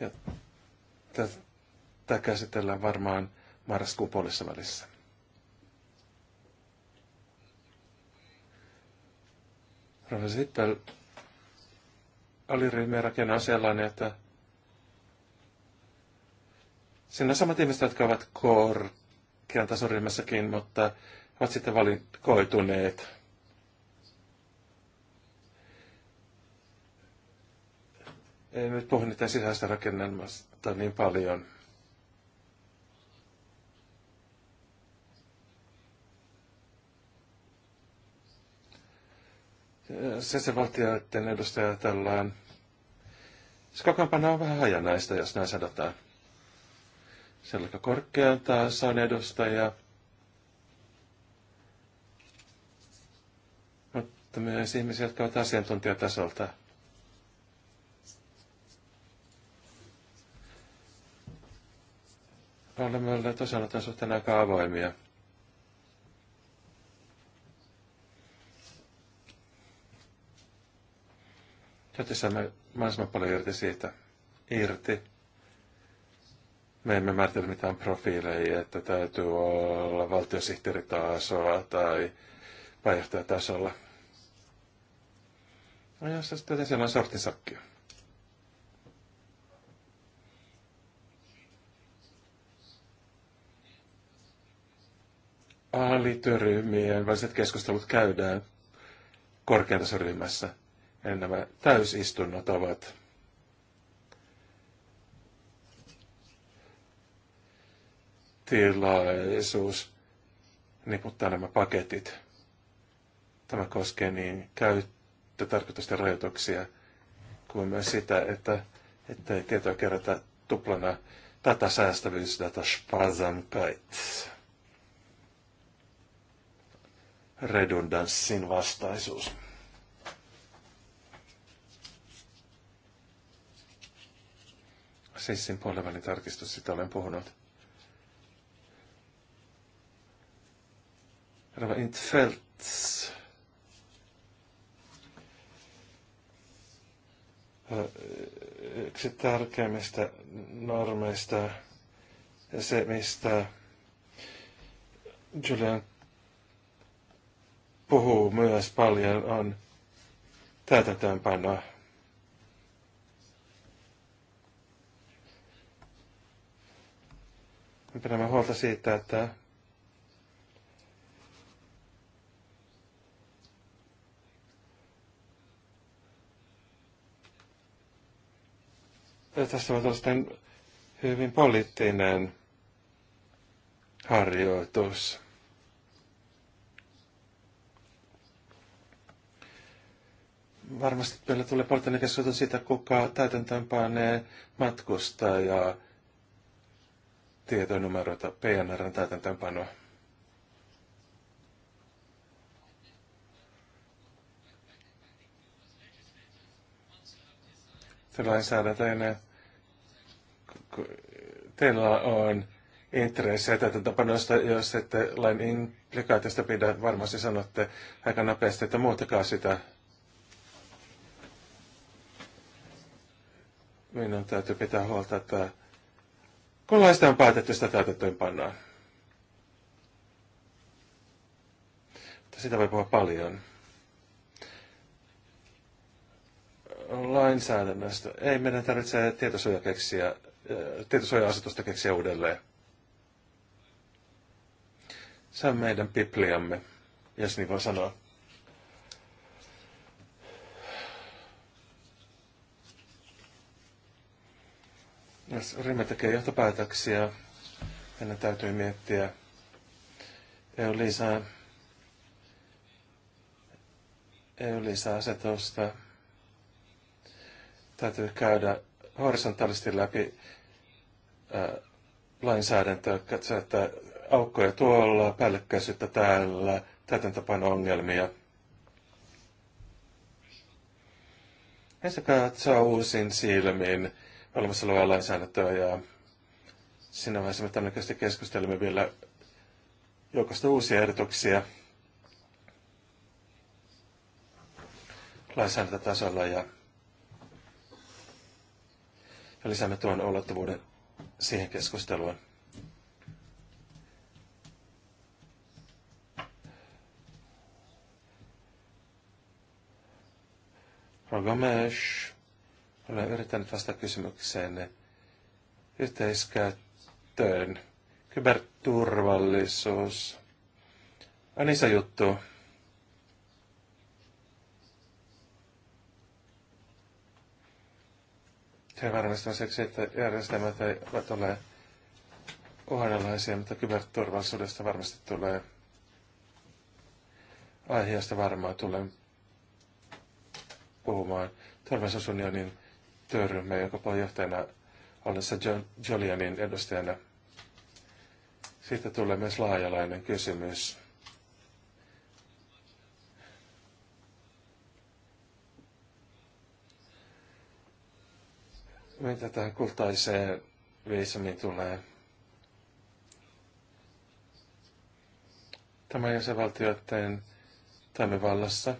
Ja tätä käsitellään varmaan marraskuun puolessa välissä. Professori Hippel aliryhmien rakenne on sellainen, että Siinä on samat ihmiset, jotka ovat korkean tason ryhmässäkin, mutta ovat sitten valikoituneet. En nyt puhu niiden sisäistä rakennelmasta niin paljon. Se se valtioiden edustaja tällään. Se siis kokoonpano on vähän hajanaista, jos näin sanotaan. Siellä aika korkean taas on edustaja. Mutta myös ihmisiä, jotka ovat asiantuntijatasolta. Olemme olleet osana tämän suhteen aika avoimia. Jotta saamme mahdollisimman paljon irti siitä. Irti me emme määritellä mitään profiileja, että täytyy olla valtiosihteeritasoa tai pääjohtajatasolla. No jos tässä on olla sortinsakkia. alityöryhmien väliset keskustelut käydään korkeantasoryhmässä. Eli nämä täysistunnot ovat tilaisuus niputtaa nämä paketit. Tämä koskee niin käyttötarkoitusten rajoituksia kuin myös sitä, että, että tietoa kerätä tuplana data säästävyys, data spazamkait. Redundanssin vastaisuus. Sissin puolivälin tarkistus, sitä olen puhunut. inte Intfelts yksi tärkeimmistä normeista ja se, mistä Julian puhuu myös paljon, on täytäntöönpanoa. Me pidämme huolta siitä, että Tässä on tosiaan hyvin poliittinen harjoitus. Varmasti meillä tulee poliittinen keskustelu siitä, kuka täytäntöönpanee ja tietonumeroita PNRn täytäntöönpanoa. lainsäädäntöinen teillä on intressejä tapanoista, jos ette lain implikaatiosta pidä, varmasti sanotte aika nopeasti, että muuttakaa sitä. Minun täytyy pitää huolta, että kun laista on päätetty, sitä täytettyyn pannaan. Mutta sitä voi puhua paljon. Lainsäädännöstä. Ei meidän tarvitse tietosuoja keksiä tietosuoja-asetusta keksiä uudelleen. Se on meidän pipliamme, jos niin voi sanoa. Jos Rimme tekee johtopäätöksiä, meidän täytyy miettiä EU-lisää EU-lisäasetusta. Täytyy käydä horisontaalisti läpi Äh, lainsäädäntöä, katsoa, että aukkoja tuolla, päällekkäisyyttä täällä, täytäntöpaino ongelmia. Ensin katsoa uusin silmin olemassa olevaa lainsäädäntöä ja siinä vaiheessa me todennäköisesti keskustelemme vielä joukosta uusia ehdotuksia lainsäädäntötasolla ja, ja lisäämme tuon ulottuvuuden siihen keskusteluun. Ragamesh, olen yrittänyt vastata kysymykseen yhteiskäyttöön. Kyberturvallisuus on iso juttu. sen varmistamiseksi, että järjestelmät eivät ole uhanalaisia, mutta kyberturvallisuudesta varmasti tulee aiheesta varmaan tulee puhumaan turvallisuusunionin työryhmä, joka puheenjohtajana ollessa Julianin edustajana. Siitä tulee myös laajalainen kysymys. mitä tähän kultaiseen viisumiin tulee. Tämä jäsenvaltioiden toimivallassa.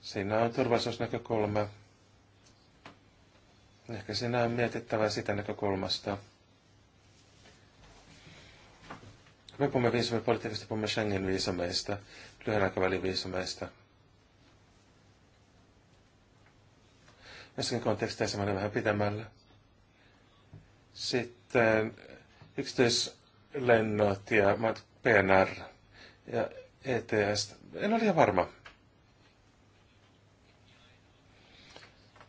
Siinä on turvallisuusnäkökulma. Ehkä siinä on mietittävä sitä näkökulmasta. Me puhumme viisumipolitiikasta, puhumme Schengen-viisumeista, lyhyen aikavälin viisumeista – Jossakin konteksteissa menee vähän pitämällä. Sitten yksityislennot ja PNR ja ETS. En ole ihan varma.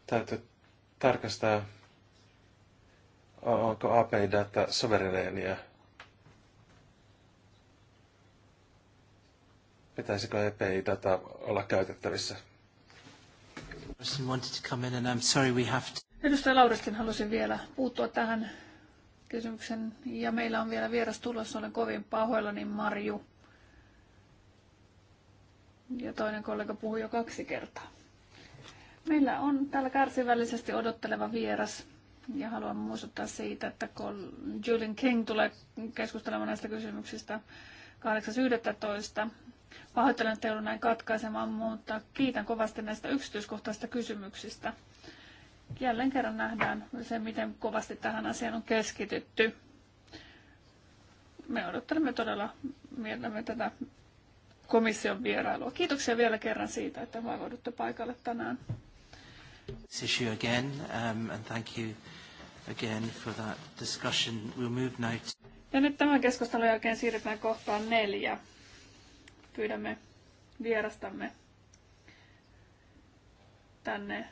Täytyy tarkastaa, onko API-data sovereneenia. Pitäisikö API-data olla käytettävissä? Edustaja Lauristin halusin vielä puuttua tähän kysymykseen Ja meillä on vielä vieras tulossa, olen kovin pahoillani Marju. Ja toinen kollega puhui jo kaksi kertaa. Meillä on täällä kärsivällisesti odotteleva vieras ja haluan muistuttaa siitä, että kun Julian King tulee keskustelemaan näistä kysymyksistä 8.11. Pahoittelen, että joudun näin katkaisemaan, mutta kiitän kovasti näistä yksityiskohtaisista kysymyksistä. Jälleen kerran nähdään se, miten kovasti tähän asiaan on keskitytty. Me odottelemme todella mielemme tätä komission vierailua. Kiitoksia vielä kerran siitä, että vaivaudutte paikalle tänään. Ja nyt tämän keskustelun jälkeen siirrytään kohtaan neljä pyydämme vierastamme tänne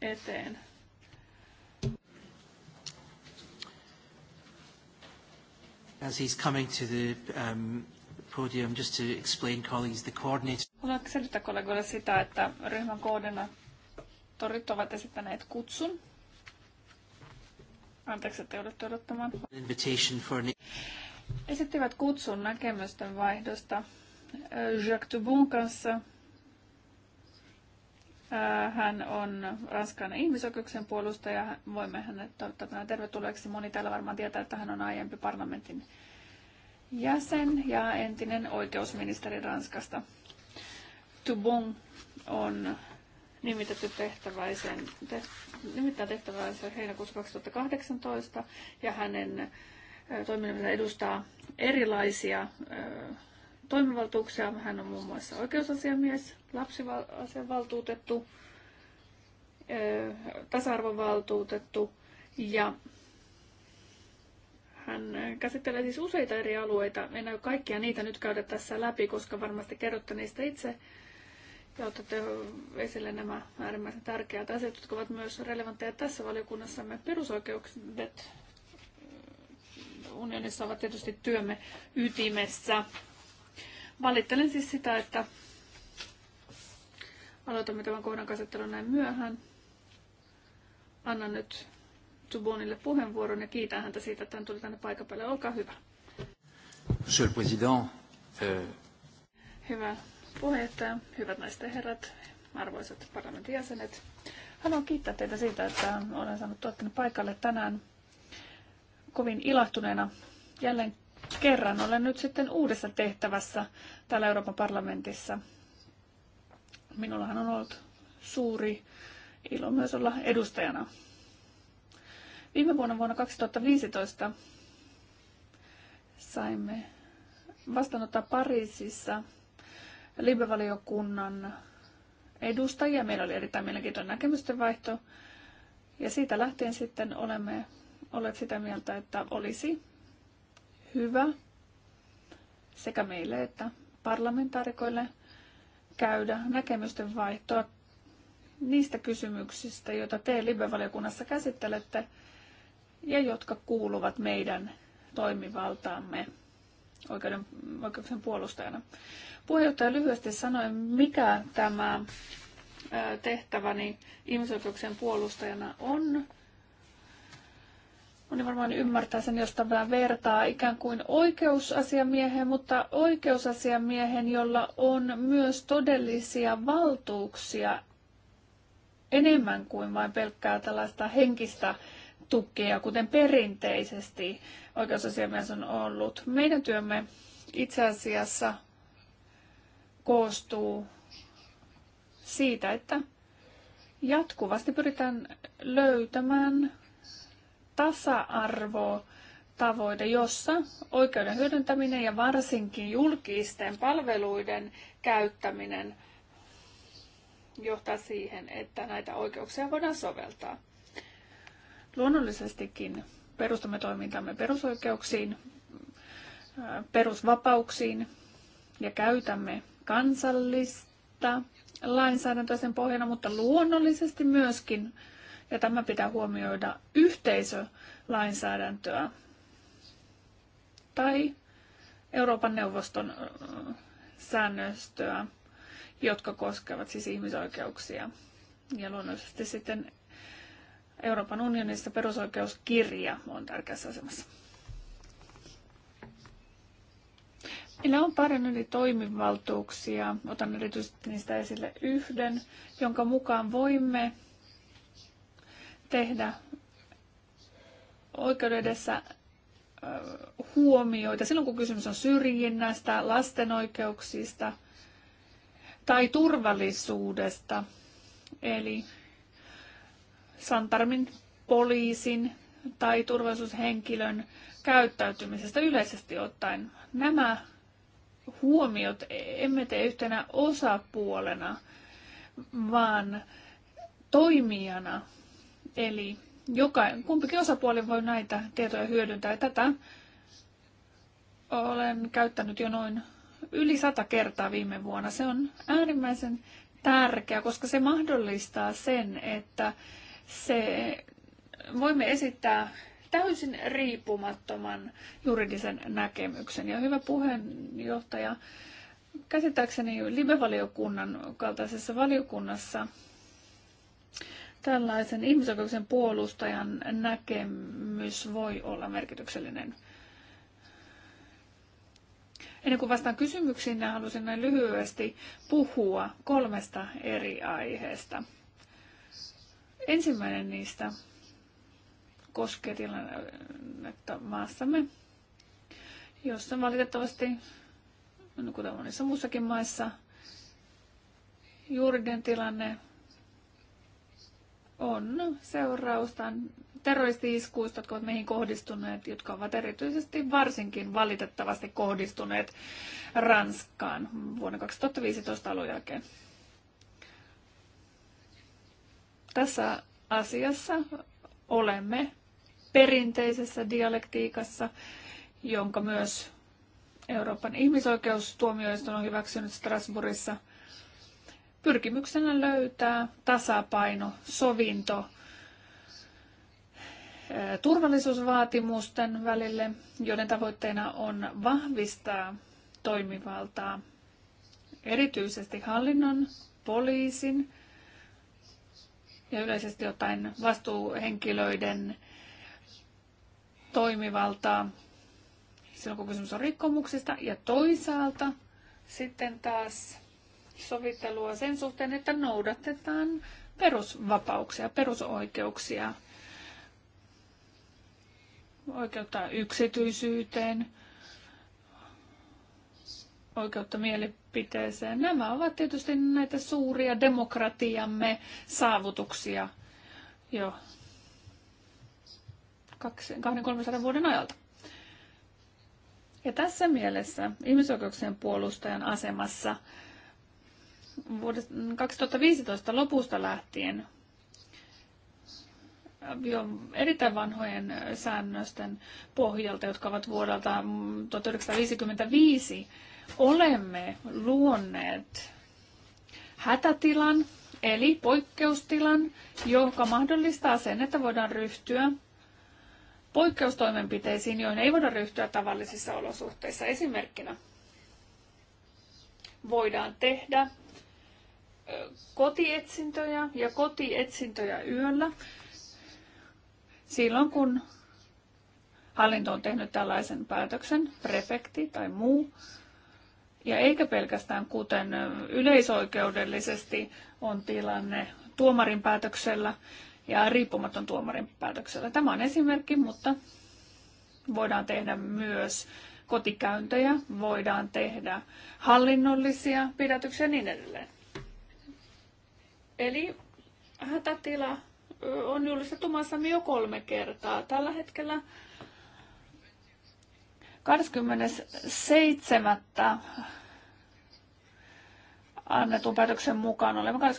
eteen. As he's coming to the um, podium, just to explain colleagues, the coordinator... Haluan selittää kollegoille sitä, että ryhmän koordinaattorit ovat esittäneet kutsun. Anteeksi, että joudutte odottamaan. Invitation for... Esittivät kutsun näkemysten vaihdosta Jacques Dubun kanssa. Hän on Ranskan ihmisoikeuksien puolustaja. Voimme hänet toivottaa tervetulleeksi. Moni täällä varmaan tietää, että hän on aiempi parlamentin jäsen ja entinen oikeusministeri Ranskasta. Dubon on nimitetty tehtäväisen te, nimittäin tehtäväisen heinäkuussa 2018 ja hänen toiminnansa edustaa erilaisia ö, toimivaltuuksia. Hän on muun muassa oikeusasiamies, lapsiasianvaltuutettu, tasa-arvovaltuutettu ja hän käsittelee siis useita eri alueita. En näy kaikkia niitä nyt käydä tässä läpi, koska varmasti kerrotte niistä itse ja otatte esille nämä äärimmäisen tärkeät asiat, jotka ovat myös relevantteja tässä valiokunnassamme. Perusoikeudet unionissa ovat tietysti työmme ytimessä. Valittelen siis sitä, että aloitamme tämän kohdan käsittelyn näin myöhään. Annan nyt Zubonille puheenvuoron ja kiitän häntä siitä, että hän tuli tänne paikapäälle. Olkaa hyvä. Monsieur le Président. Euh... Hyvä puheenjohtaja, hyvät naiset ja herrat, arvoisat parlamentin jäsenet. Haluan kiittää teitä siitä, että olen saanut tuottanut paikalle tänään kovin ilahtuneena jälleen kerran olen nyt sitten uudessa tehtävässä täällä Euroopan parlamentissa. Minullahan on ollut suuri ilo myös olla edustajana. Viime vuonna vuonna 2015 saimme vastaanottaa Pariisissa Libevaliokunnan edustajia. Meillä oli erittäin mielenkiintoinen näkemysten vaihto. Ja siitä lähtien sitten olemme olleet sitä mieltä, että olisi hyvä sekä meille että parlamentaarikoille käydä näkemysten vaihtoa niistä kysymyksistä, joita te Libe-valiokunnassa käsittelette ja jotka kuuluvat meidän toimivaltaamme oikeuden, oikeuden puolustajana. Puheenjohtaja lyhyesti sanoi, mikä tämä tehtäväni ihmisoikeuksien puolustajana on. Moni varmaan ymmärtää sen, jos vähän vertaa ikään kuin oikeusasiamiehen, mutta oikeusasiamiehen, jolla on myös todellisia valtuuksia enemmän kuin vain pelkkää tällaista henkistä tukea, kuten perinteisesti oikeusasiamies on ollut. Meidän työmme itse asiassa koostuu siitä, että jatkuvasti pyritään löytämään tasa-arvo tavoite, jossa oikeuden hyödyntäminen ja varsinkin julkisten palveluiden käyttäminen johtaa siihen, että näitä oikeuksia voidaan soveltaa. Luonnollisestikin perustamme toimintamme perusoikeuksiin, perusvapauksiin ja käytämme kansallista lainsäädäntöä sen pohjana, mutta luonnollisesti myöskin ja tämä pitää huomioida yhteisölainsäädäntöä tai Euroopan neuvoston säännöstöä, jotka koskevat siis ihmisoikeuksia. Ja luonnollisesti sitten Euroopan unionissa perusoikeuskirja on tärkeässä asemassa. Meillä on paljon yli toimivaltuuksia. Otan erityisesti niistä esille yhden, jonka mukaan voimme tehdä oikeuden edessä huomioita silloin, kun kysymys on syrjinnästä, lasten oikeuksista tai turvallisuudesta. Eli Santarmin poliisin tai turvallisuushenkilön käyttäytymisestä yleisesti ottaen. Nämä huomiot emme tee yhtenä osapuolena, vaan toimijana Eli joka, kumpikin osapuoli voi näitä tietoja hyödyntää. Tätä olen käyttänyt jo noin yli sata kertaa viime vuonna. Se on äärimmäisen tärkeä, koska se mahdollistaa sen, että se voimme esittää täysin riippumattoman juridisen näkemyksen. Ja hyvä puheenjohtaja, käsittääkseni live-valiokunnan kaltaisessa valiokunnassa tällaisen ihmisoikeuksien puolustajan näkemys voi olla merkityksellinen. Ennen kuin vastaan kysymyksiin, haluaisin näin lyhyesti puhua kolmesta eri aiheesta. Ensimmäinen niistä koskee tilannetta maassamme, jossa valitettavasti, no kuten monissa muissakin maissa, juuriden tilanne on seurausta terroristi-iskuista, jotka ovat meihin kohdistuneet, jotka ovat erityisesti varsinkin valitettavasti kohdistuneet Ranskaan vuonna 2015 alun jälkeen. Tässä asiassa olemme perinteisessä dialektiikassa, jonka myös Euroopan ihmisoikeustuomioistuin on hyväksynyt Strasbourgissa – pyrkimyksenä löytää tasapaino, sovinto eh, turvallisuusvaatimusten välille, joiden tavoitteena on vahvistaa toimivaltaa erityisesti hallinnon, poliisin ja yleisesti jotain vastuuhenkilöiden toimivaltaa silloin, kun kysymys on rikkomuksista. Ja toisaalta sitten taas sovittelua sen suhteen, että noudatetaan perusvapauksia, perusoikeuksia, oikeutta yksityisyyteen, oikeutta mielipiteeseen. Nämä ovat tietysti näitä suuria demokratiamme saavutuksia jo 200-300 vuoden ajalta. Ja tässä mielessä ihmisoikeuksien puolustajan asemassa vuodesta 2015 lopusta lähtien jo erittäin vanhojen säännösten pohjalta, jotka ovat vuodelta 1955, mm, olemme luonneet hätätilan, eli poikkeustilan, joka mahdollistaa sen, että voidaan ryhtyä poikkeustoimenpiteisiin, joihin ei voida ryhtyä tavallisissa olosuhteissa. Esimerkkinä voidaan tehdä kotietsintöjä ja kotietsintöjä yöllä silloin, kun hallinto on tehnyt tällaisen päätöksen, prefekti tai muu, ja eikä pelkästään kuten yleisoikeudellisesti on tilanne tuomarin päätöksellä ja riippumaton tuomarin päätöksellä. Tämä on esimerkki, mutta voidaan tehdä myös kotikäyntejä, voidaan tehdä hallinnollisia pidätyksiä ja niin edelleen. Eli hätätila on julistettu maassamme jo kolme kertaa. Tällä hetkellä 27. annetun päätöksen mukaan olemme 21.2017.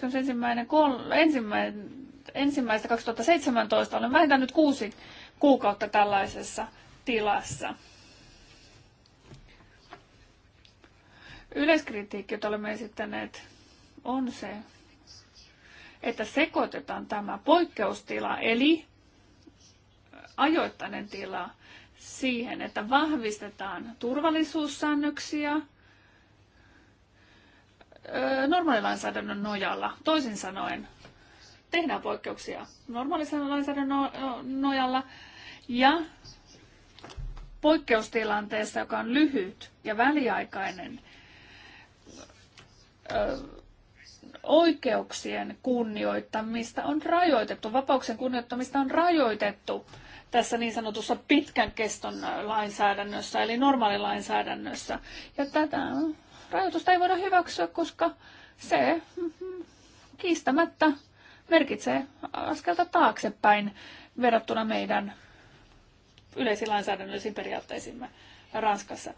olemme vähintään nyt kuusi kuukautta tällaisessa tilassa. Yleiskritiikki, jota olemme esittäneet, on se, että sekoitetaan tämä poikkeustila, eli ajoittainen tila, siihen, että vahvistetaan turvallisuussäännöksiä normaalilainsäädännön nojalla. Toisin sanoen, tehdään poikkeuksia normaalisen lainsäädännön no-, nojalla ja poikkeustilanteessa, joka on lyhyt ja väliaikainen, oikeuksien kunnioittamista on rajoitettu, vapauksien kunnioittamista on rajoitettu tässä niin sanotussa pitkän keston lainsäädännössä, eli normaalilainsäädännössä. Ja tätä rajoitusta ei voida hyväksyä, koska se mm, kiistämättä merkitsee askelta taaksepäin verrattuna meidän yleisiin lainsäädännöllisiin periaatteisimme Ranskassa.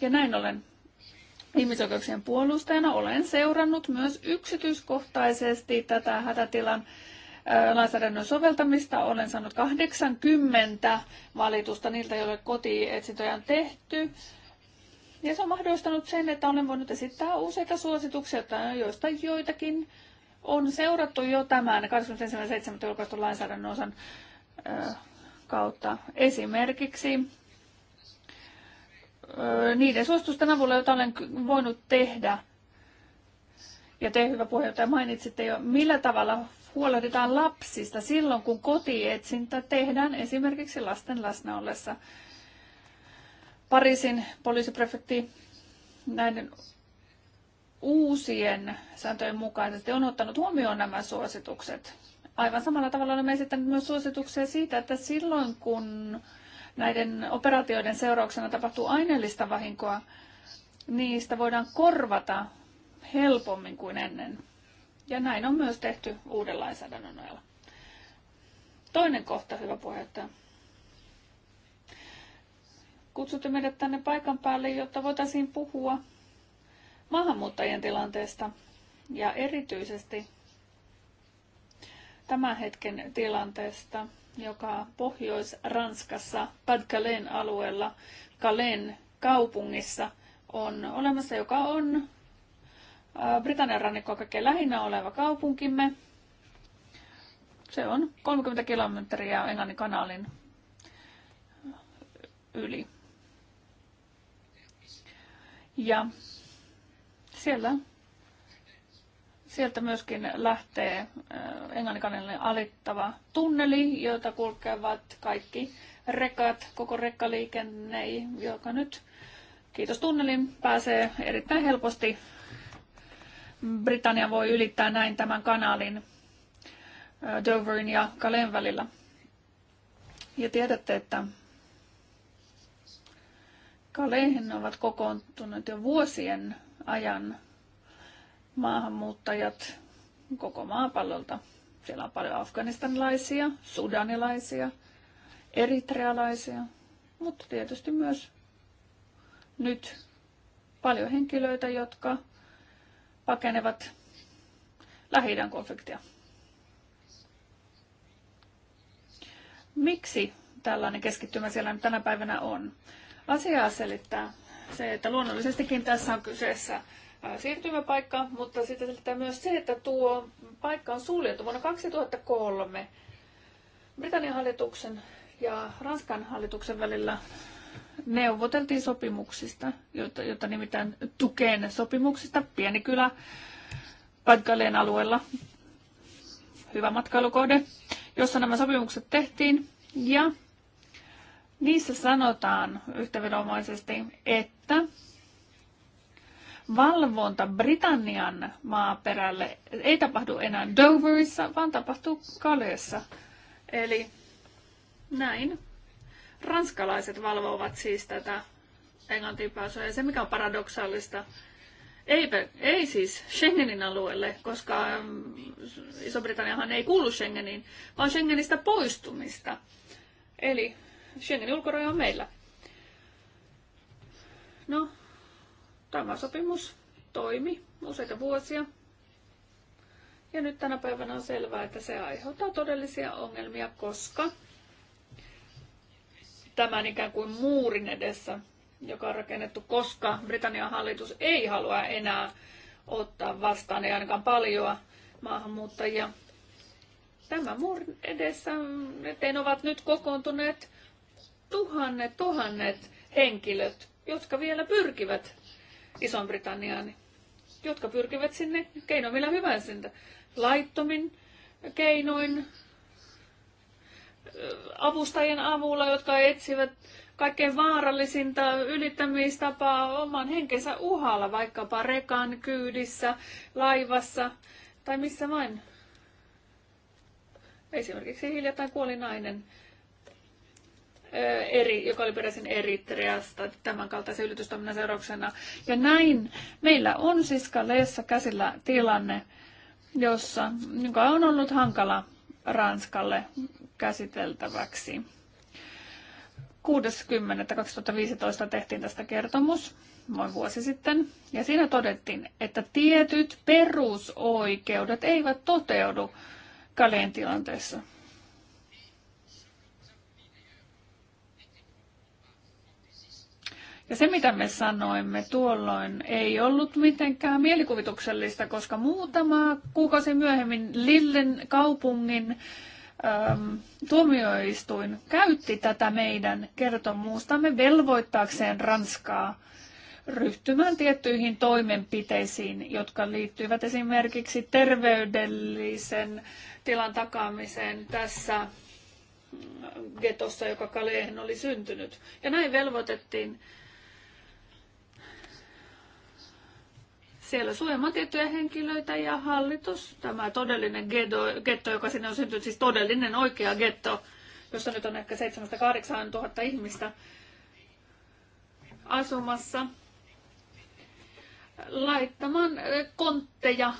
Ja näin ollen ihmisoikeuksien puolustajana olen seurannut myös yksityiskohtaisesti tätä hätätilan lainsäädännön soveltamista. Olen saanut 80 valitusta niiltä, joille kotietsintöjä on tehty. Ja se on mahdollistanut sen, että olen voinut esittää useita suosituksia, joista joitakin on seurattu jo tämän 21.7. julkaistun lainsäädännön osan kautta. Esimerkiksi niiden suositusten avulla, joita olen voinut tehdä, ja te hyvä puheenjohtaja mainitsitte jo, millä tavalla huolehditaan lapsista silloin, kun kotietsintä tehdään esimerkiksi lasten läsnä ollessa. Pariisin poliisiprefekti näiden uusien sääntöjen mukaisesti on ottanut huomioon nämä suositukset. Aivan samalla tavalla olemme esittäneet myös suosituksia siitä, että silloin kun näiden operaatioiden seurauksena tapahtuu aineellista vahinkoa, niistä voidaan korvata helpommin kuin ennen. Ja näin on myös tehty uuden lainsäädännön nojalla. Toinen kohta, hyvä puheenjohtaja. Kutsutte meidät tänne paikan päälle, jotta voitaisiin puhua maahanmuuttajien tilanteesta ja erityisesti tämän hetken tilanteesta – joka Pohjois-Ranskassa, pad alueella, Kalen kaupungissa on olemassa, joka on Britannian rannikkoa kaikkein lähinnä oleva kaupunkimme. Se on 30 kilometriä Englannin kanaalin yli. Ja siellä Sieltä myöskin lähtee äh, englanninkaneelle alittava tunneli, jota kulkevat kaikki rekat, koko rekkaliikenne, joka nyt kiitos tunnelin pääsee erittäin helposti. Britannia voi ylittää näin tämän kanaalin äh, Doverin ja Kalen välillä. Ja tiedätte, että Kaleihin ovat kokoontuneet jo vuosien ajan maahanmuuttajat koko maapallolta. Siellä on paljon afganistanilaisia, sudanilaisia, eritrealaisia, mutta tietysti myös nyt paljon henkilöitä, jotka pakenevat lähi konfliktia. Miksi tällainen keskittymä siellä nyt tänä päivänä on? Asiaa selittää se, että luonnollisestikin tässä on kyseessä Äh, siirtymäpaikka, mutta sitä selittää myös se, että tuo paikka on suljettu vuonna 2003 Britannian hallituksen ja Ranskan hallituksen välillä neuvoteltiin sopimuksista, jota, jota nimittäin tukeen sopimuksista, pieni kylä Patgaleen alueella, hyvä matkailukohde, jossa nämä sopimukset tehtiin. Ja niissä sanotaan yhtäviranomaisesti, että valvonta Britannian maaperälle ei tapahdu enää Doverissa, vaan tapahtuu Kaleessa. Eli näin. Ranskalaiset valvovat siis tätä Englantiin pääsyä. Ja se, mikä on paradoksaalista, ei, ei siis Schengenin alueelle, koska mm, Iso-Britanniahan ei kuulu Schengeniin, vaan Schengenistä poistumista. Eli Schengenin ulkoraja on meillä. No, Tämä sopimus toimi useita vuosia. Ja nyt tänä päivänä on selvää, että se aiheuttaa todellisia ongelmia, koska tämän ikään kuin muurin edessä, joka on rakennettu, koska Britannian hallitus ei halua enää ottaa vastaan, ei ainakaan paljon maahanmuuttajia. Tämän muurin edessä eteen ovat nyt kokoontuneet tuhannet, tuhannet henkilöt, jotka vielä pyrkivät Ison britanniaan jotka pyrkivät sinne keinoin millä hyvänsä. Laittomin keinoin, avustajien avulla, jotka etsivät kaikkein vaarallisinta ylittämistapaa oman henkensä uhalla, vaikkapa rekan, kyydissä, laivassa tai missä vain. Esimerkiksi hiljattain kuoli nainen, eri, joka oli peräisin Eritreasta tämän kaltaisen yritystoiminnan seurauksena. Ja näin meillä on siis Kaleessa käsillä tilanne, jossa, joka on ollut hankala Ranskalle käsiteltäväksi. 60.2015 tehtiin tästä kertomus, noin vuosi sitten, ja siinä todettiin, että tietyt perusoikeudet eivät toteudu Kaleen tilanteessa. Ja se, mitä me sanoimme tuolloin, ei ollut mitenkään mielikuvituksellista, koska muutama kuukausi myöhemmin Lillen kaupungin äm, tuomioistuin käytti tätä meidän kertomustamme velvoittaakseen Ranskaa ryhtymään tiettyihin toimenpiteisiin, jotka liittyvät esimerkiksi terveydellisen tilan takaamiseen tässä äh, getossa, joka Kaleen oli syntynyt. Ja näin velvoitettiin Siellä suojellaan tiettyjä henkilöitä ja hallitus, tämä todellinen ghetto, ghetto joka sinne on syntynyt, siis todellinen oikea ghetto, jossa nyt on ehkä 7-8 ihmistä asumassa, laittamaan eh, kontteja,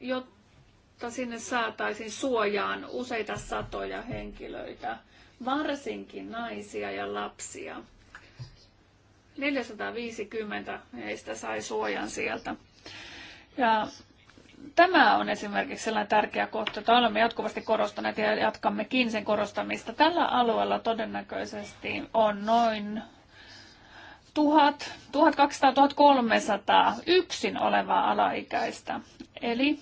jotta sinne saataisiin suojaan useita satoja henkilöitä, varsinkin naisia ja lapsia. 450 heistä sai suojan sieltä. Ja tämä on esimerkiksi sellainen tärkeä kohta, jota olemme jatkuvasti korostaneet ja jatkammekin sen korostamista. Tällä alueella todennäköisesti on noin 1200-1300 yksin olevaa alaikäistä, eli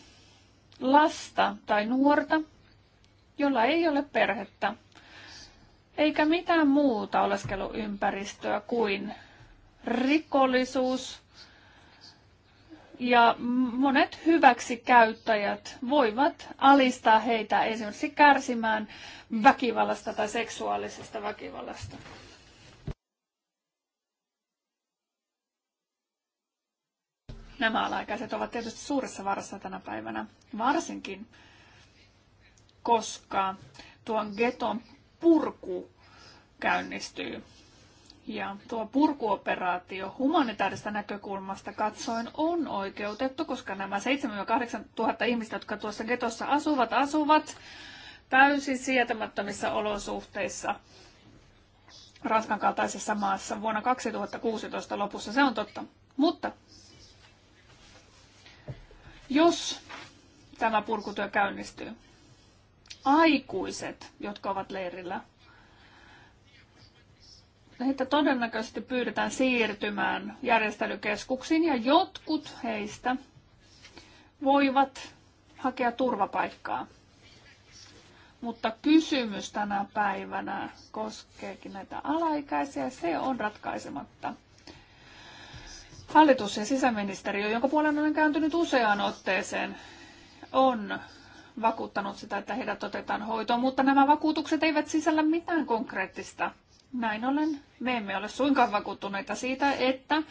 lasta tai nuorta, jolla ei ole perhettä eikä mitään muuta oleskeluympäristöä kuin rikollisuus ja monet hyväksikäyttäjät voivat alistaa heitä esimerkiksi kärsimään väkivallasta tai seksuaalisesta väkivallasta. Nämä alaikäiset ovat tietysti suuressa varassa tänä päivänä, varsinkin koska tuon geton purku käynnistyy ja tuo purkuoperaatio humanitaarista näkökulmasta katsoen on oikeutettu, koska nämä 7-8 tuhatta ihmistä, jotka tuossa getossa asuvat, asuvat täysin sietämättömissä olosuhteissa Ranskan kaltaisessa maassa vuonna 2016 lopussa. Se on totta. Mutta jos tämä purkutyö käynnistyy, aikuiset, jotka ovat leirillä, heitä todennäköisesti pyydetään siirtymään järjestelykeskuksiin ja jotkut heistä voivat hakea turvapaikkaa. Mutta kysymys tänä päivänä koskeekin näitä alaikäisiä, se on ratkaisematta. Hallitus ja sisäministeriö, jonka puolen olen kääntynyt useaan otteeseen, on vakuuttanut sitä, että heidät otetaan hoitoon, mutta nämä vakuutukset eivät sisällä mitään konkreettista näin ollen me emme ole suinkaan vakuuttuneita siitä, että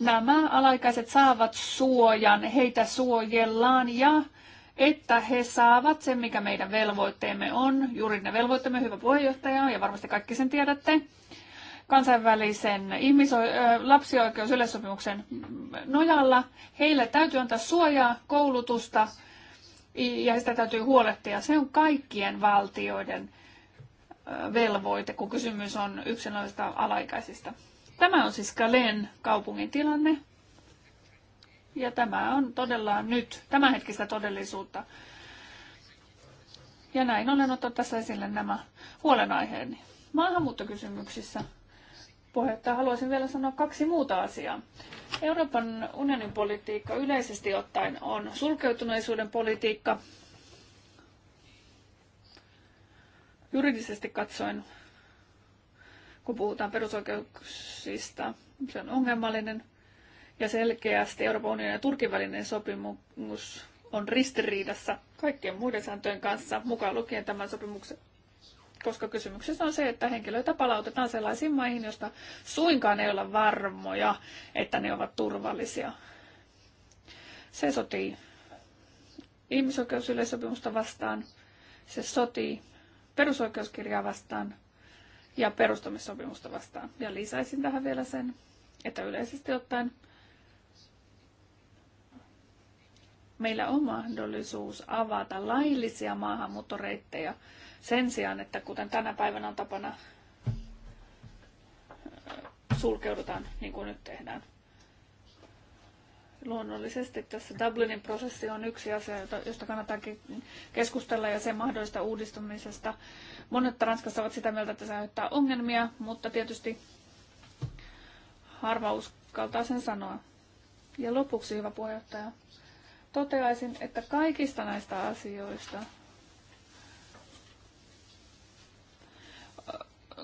nämä alaikäiset saavat suojan, heitä suojellaan ja että he saavat sen, mikä meidän velvoitteemme on. Juuri ne velvoitteemme, hyvä puheenjohtaja, ja varmasti kaikki sen tiedätte, kansainvälisen ihmiso- lapsioikeusyleissopimuksen nojalla. Heille täytyy antaa suojaa, koulutusta ja sitä täytyy huolehtia. Se on kaikkien valtioiden velvoite, kun kysymys on yksilöistä alaikäisistä. Tämä on siis Kaleen kaupungin tilanne. Ja tämä on todella nyt tämänhetkistä todellisuutta. Ja näin olen ottanut tässä esille nämä huolenaiheeni. Maahanmuuttokysymyksissä puhetta haluaisin vielä sanoa kaksi muuta asiaa. Euroopan unionin politiikka yleisesti ottaen on sulkeutuneisuuden politiikka, Juridisesti katsoen, kun puhutaan perusoikeuksista, se on ongelmallinen ja selkeästi Euroopan unionin ja Turkin välinen sopimus on ristiriidassa kaikkien muiden sääntöjen kanssa, mukaan lukien tämän sopimuksen koska kysymyksessä on se, että henkilöitä palautetaan sellaisiin maihin, joista suinkaan ei olla varmoja, että ne ovat turvallisia. Se sotii ihmisoikeusyleissopimusta vastaan, se sotii perusoikeuskirjaa vastaan ja perustamissopimusta vastaan. Ja lisäisin tähän vielä sen, että yleisesti ottaen meillä on mahdollisuus avata laillisia maahanmuuttoreittejä sen sijaan, että kuten tänä päivänä on tapana sulkeudutaan niin kuin nyt tehdään. Luonnollisesti tässä Dublinin prosessi on yksi asia, josta kannattaa keskustella ja sen mahdollista uudistumisesta. Monet Ranskassa ovat sitä mieltä, että se aiheuttaa ongelmia, mutta tietysti harva uskaltaa sen sanoa. Ja lopuksi, hyvä puheenjohtaja, toteaisin, että kaikista näistä asioista,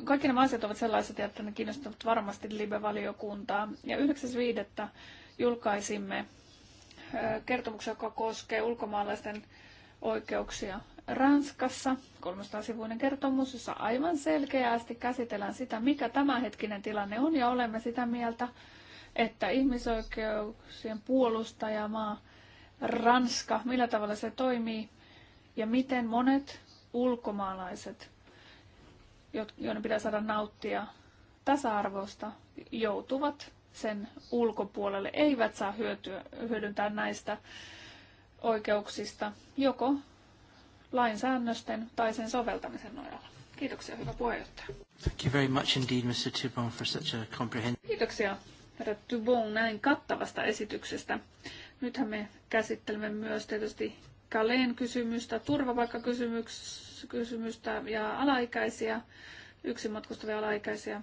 kaikki nämä asiat ovat sellaiset, että ne kiinnostavat varmasti live-valiokuntaa. Ja 9.5 julkaisimme kertomuksen, joka koskee ulkomaalaisten oikeuksia Ranskassa. 300-sivuinen kertomus, jossa aivan selkeästi käsitellään sitä, mikä tämänhetkinen tilanne on, ja olemme sitä mieltä, että ihmisoikeuksien puolustajamaa Ranska, millä tavalla se toimii ja miten monet ulkomaalaiset, joiden pitää saada nauttia tasa-arvosta, joutuvat sen ulkopuolelle eivät saa hyötyä, hyödyntää näistä oikeuksista joko lainsäännösten tai sen soveltamisen nojalla. Kiitoksia, hyvä puheenjohtaja. Thank you very much indeed, Mr. Tubon, for such a comprehensive... Kiitoksia, herra Tubon, näin kattavasta esityksestä. Nythän me käsittelemme myös tietysti Kaleen kysymystä, turvapaikkakysymystä ja alaikäisiä, yksin matkustavia alaikäisiä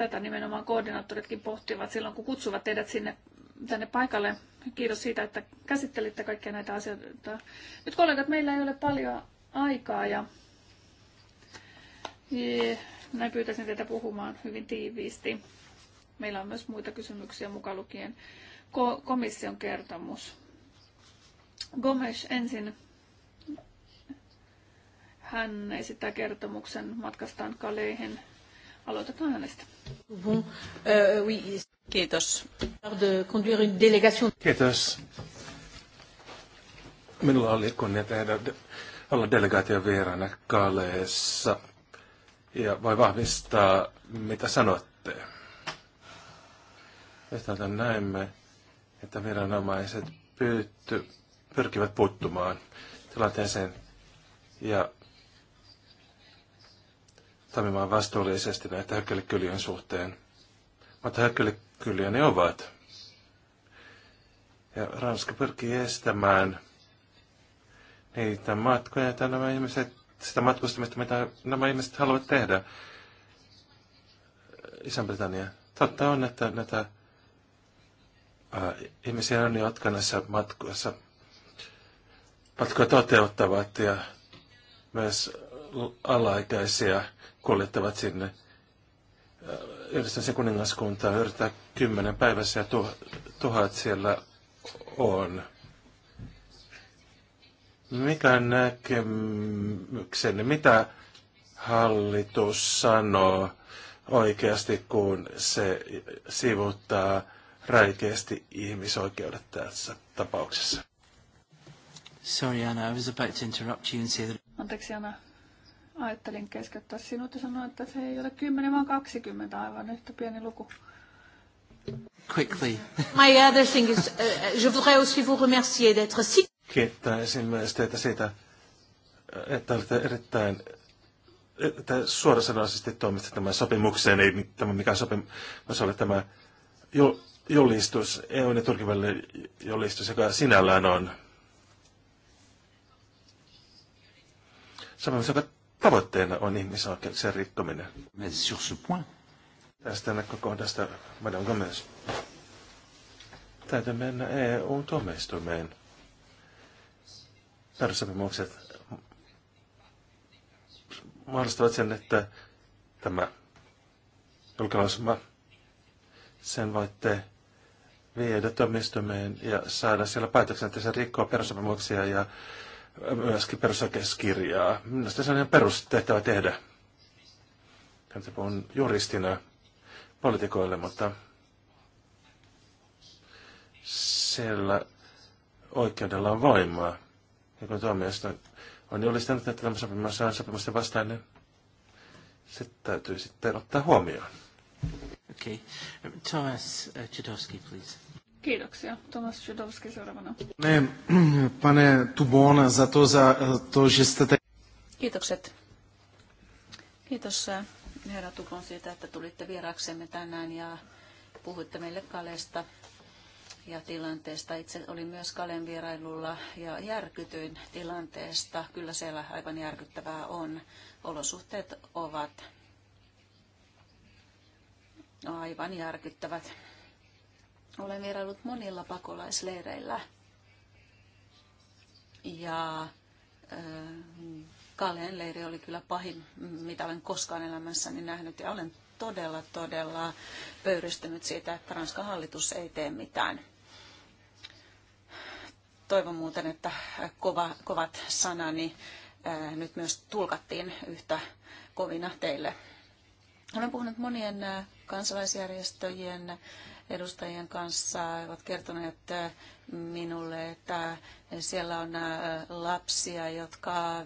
Tätä nimenomaan koordinaattoritkin pohtivat silloin, kun kutsuvat teidät sinne tänne paikalle. Kiitos siitä, että käsittelitte kaikkia näitä asioita. Nyt kollegat, meillä ei ole paljon aikaa ja näin pyytäisin teitä puhumaan hyvin tiiviisti. Meillä on myös muita kysymyksiä mukaan lukien komission kertomus. Gomes ensin. Hän esittää kertomuksen matkastaan Kaleihin Aloitetaan hänestä. Euh, Kiitos. Kiitos. Minulla oli kunnia tehdä olla delegaation vieraana Kaleessa ja voi vahvistaa, mitä sanotte. Yhtäältä näemme, että viranomaiset pyytty, pyrkivät puuttumaan tilanteeseen ja toimimaan vastuullisesti näitä hökkelikylien suhteen. Mutta hökkelikyliä ne ovat. Ja Ranska pyrkii estämään niitä matkoja, että nämä ihmiset, sitä matkustamista, mitä nämä ihmiset haluavat tehdä. Iso-Britannia. Totta on, että näitä ää, ihmisiä on, jotka näissä matkoissa matkoja toteuttavat ja myös alaikäisiä kuljettavat sinne se kuningaskuntaa, yrittää kymmenen päivässä ja tuh, tuhat siellä on. Mikä näkemykseni, mitä hallitus sanoo oikeasti, kun se sivuttaa räikeästi ihmisoikeudet tässä tapauksessa? Sorry Anna, I was about to interrupt you and say that... Anteeksi Anna, ajattelin keskeyttää sinut ja sanoa, että se ei ole 10 vaan 20, aivan yhtä pieni luku. Quickly. My other thing is, uh, uh je voudrais aussi vous remercier d'être si... Kiittäisin myös teitä siitä, että olette erittäin että suorasanaisesti toimitte tämän sopimukseen, ei tämä mikään sopimus ole tämä julistus, EUn ja Turkin välinen julistus, joka sinällään on sopimus, joka tavoitteena on ihmisoikeuksien rikkominen. Mais sur ce point. Tästä näkökohdasta Madame Gomez. Täytyy mennä EU-tuomioistuimeen. Perussopimukset mahdollistavat sen, että tämä julkilausuma, sen voitte viedä tuomioistuimeen ja saada siellä päätöksen, että se rikkoo perussopimuksia ja myöskin perusoikeuskirjaa. Minusta se on ihan perustehtävä tehdä. Hän on juristina poliitikoille, mutta siellä oikeudella on voimaa. Ja kun tuomioista on julistanut, että tämä sopimus on sopimusten vastainen, se täytyy sitten ottaa huomioon. Okay. Thomas uh, please. Kiitoksia. Tomas Jodowski seuraavana. Ne, pane Tubona, za to, za to, že Kiitokset. Kiitos eh, herra Tubon siitä, että tulitte vieraksemme tänään ja puhuitte meille Kalesta ja tilanteesta. Itse olin myös Kalen vierailulla ja järkytyin tilanteesta. Kyllä siellä aivan järkyttävää on. Olosuhteet ovat aivan järkyttävät. Olen vierailut monilla pakolaisleireillä ja Kaleen leiri oli kyllä pahin, mitä olen koskaan elämässäni nähnyt. Ja olen todella, todella pöyristynyt siitä, että Ranskan hallitus ei tee mitään. Toivon muuten, että kova, kovat sanani nyt myös tulkattiin yhtä kovina teille. Olen puhunut monien kansalaisjärjestöjen edustajien kanssa ovat kertoneet minulle, että siellä on äh, lapsia, jotka äh,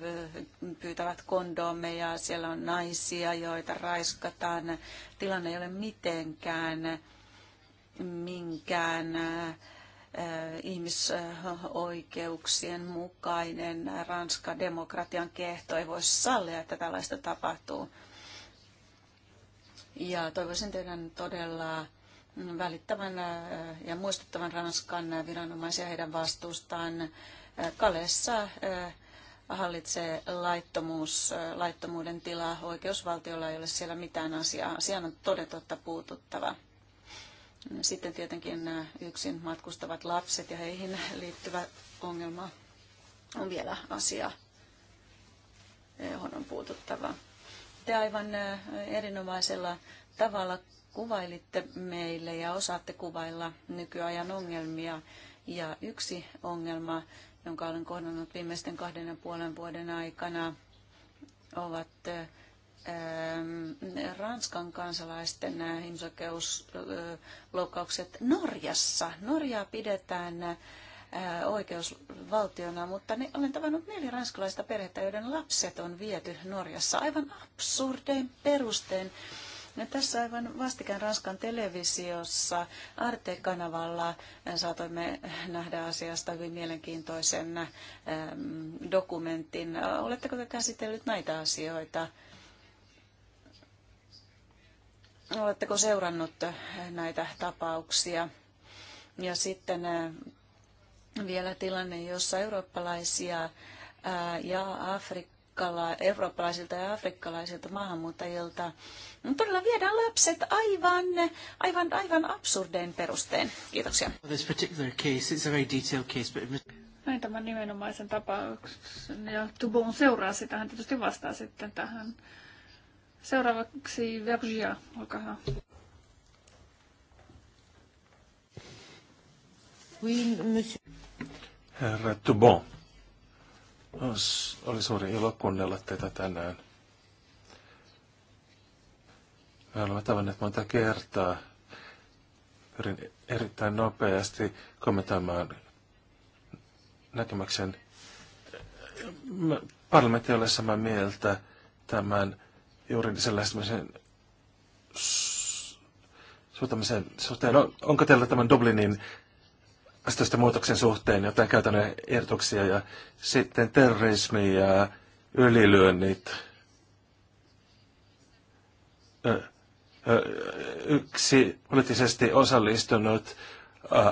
pyytävät kondomeja, siellä on naisia, joita raiskataan. Tilanne ei ole mitenkään minkään äh, ihmisoikeuksien mukainen. Ranska demokratian kehto ei voisi sallia, että tällaista tapahtuu. Ja toivoisin teidän todella välittävän äh, ja muistuttavan Ranskan viranomaisia heidän vastuustaan. Äh, Kalessa äh, hallitsee laittomuus, laittomuuden tilaa. Oikeusvaltiolla ei ole siellä mitään asiaa. Asiaan on todetotta puututtava. Sitten tietenkin yksin matkustavat lapset ja heihin liittyvä ongelma on vielä asia, johon on puututtava. Te aivan erinomaisella tavalla kuvailitte meille ja osaatte kuvailla nykyajan ongelmia. Ja yksi ongelma, jonka olen kohdannut viimeisten kahden ja puolen vuoden aikana, ovat ähm, Ranskan kansalaisten äh, ihmisoikeusloukkaukset Norjassa. Norjaa pidetään äh, oikeusvaltiona, mutta ne, olen tavannut neljä ranskalaista perhettä, joiden lapset on viety Norjassa aivan absurdein perustein. Ja tässä aivan vastikään Ranskan televisiossa Arte-kanavalla eh, saatoimme nähdä asiasta hyvin mielenkiintoisen eh, dokumentin. Oletteko te käsitellyt näitä asioita? Oletteko seurannut eh, näitä tapauksia? Ja sitten vielä tilanne, jossa eurooppalaisia ja Afrikka afrikkala, eurooppalaisilta ja afrikkalaisilta maahanmuuttajilta no, todella viedään lapset aivan, aivan, aivan absurdein perustein. Kiitoksia. Näin tämän nimenomaisen tapauksen ja Tubon seuraa sitä. Hän tietysti vastaa sitten tähän. Seuraavaksi Vergia, olkaa hyvä. Herra Tubon. Oli suuri ilo kuunnella teitä tänään. Me olemme tavanneet monta kertaa. Pyrin erittäin nopeasti kommentoimaan näkemyksen. Parlamentti ei ole samaa mieltä tämän juridisen lähestymisen suhtamisen suhteen. On, no, onko teillä tämän Dublinin asteista muutoksen suhteen jotain käytännön ehdotuksia ja sitten terrorismi ja ylilyönnit. Yksi poliittisesti osallistunut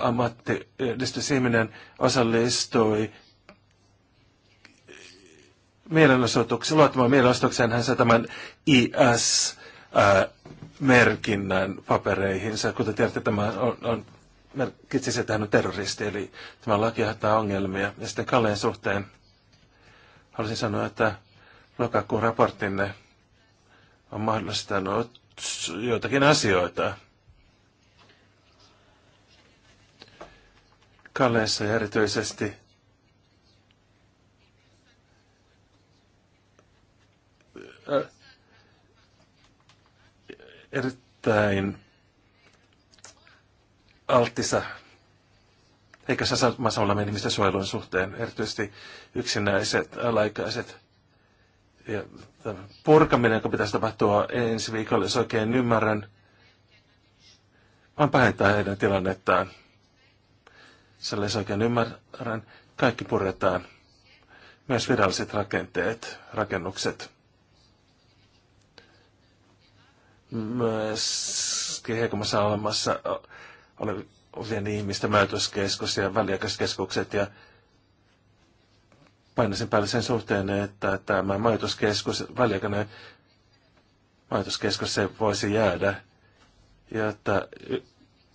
ammattiyhdistysihminen osallistui mielenosoituksen, luottamaan mielenosoitukseen hän sai tämän IS-merkinnän papereihinsa. Kuten tiedätte, tämä on, on merkitsisi, että hän on terroristi, eli tämä laki aiheuttaa ongelmia. Ja sitten Kalleen suhteen haluaisin sanoa, että lokakuun raportinne on mahdollistanut joitakin asioita. Kalleessa ja erityisesti erittäin alttissa, eikä samassa olla ihmisten suojelun suhteen, erityisesti yksinäiset alaikäiset. Ja purkaminen, joka pitäisi tapahtua ensi viikolla, jos oikein ymmärrän, vaan pahentaa heidän tilannettaan. Sillä jos oikein ymmärrän, kaikki puretaan. Myös viralliset rakenteet, rakennukset. Myös heikommassa olemassa olevien ihmisten määtöskeskus ja väliaikaiskeskukset ja painasin päälle sen suhteen, että tämä majoituskeskus, väliaikainen majoituskeskus, se voisi jäädä, jotta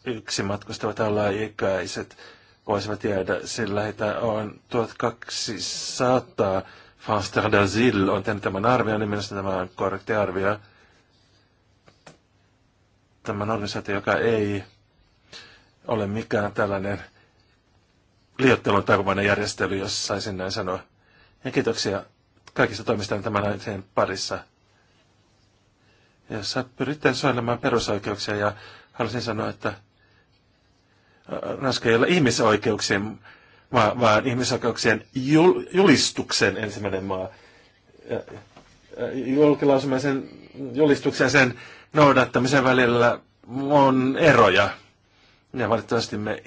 yksi tai alaikäiset voisivat jäädä, sillä heitä on 1200 Faster d'Azil on tehnyt tämän arvion, niin minusta tämä on korrekti arvio. Tämä organisaatio, joka ei ole mikään tällainen liottelun tarvoinen järjestely, jos saisin näin sanoa. Ja kiitoksia kaikista toimista tämän aiheen parissa. ja sä pyritään suojelemaan perusoikeuksia ja halusin sanoa, että äh, Ranska ei ole ihmisoikeuksien maa, vaan ihmisoikeuksien jul, julistuksen ensimmäinen maa. Äh, Julkilausuman julistuksen julistuksen sen noudattamisen välillä on eroja. Ja valitettavasti me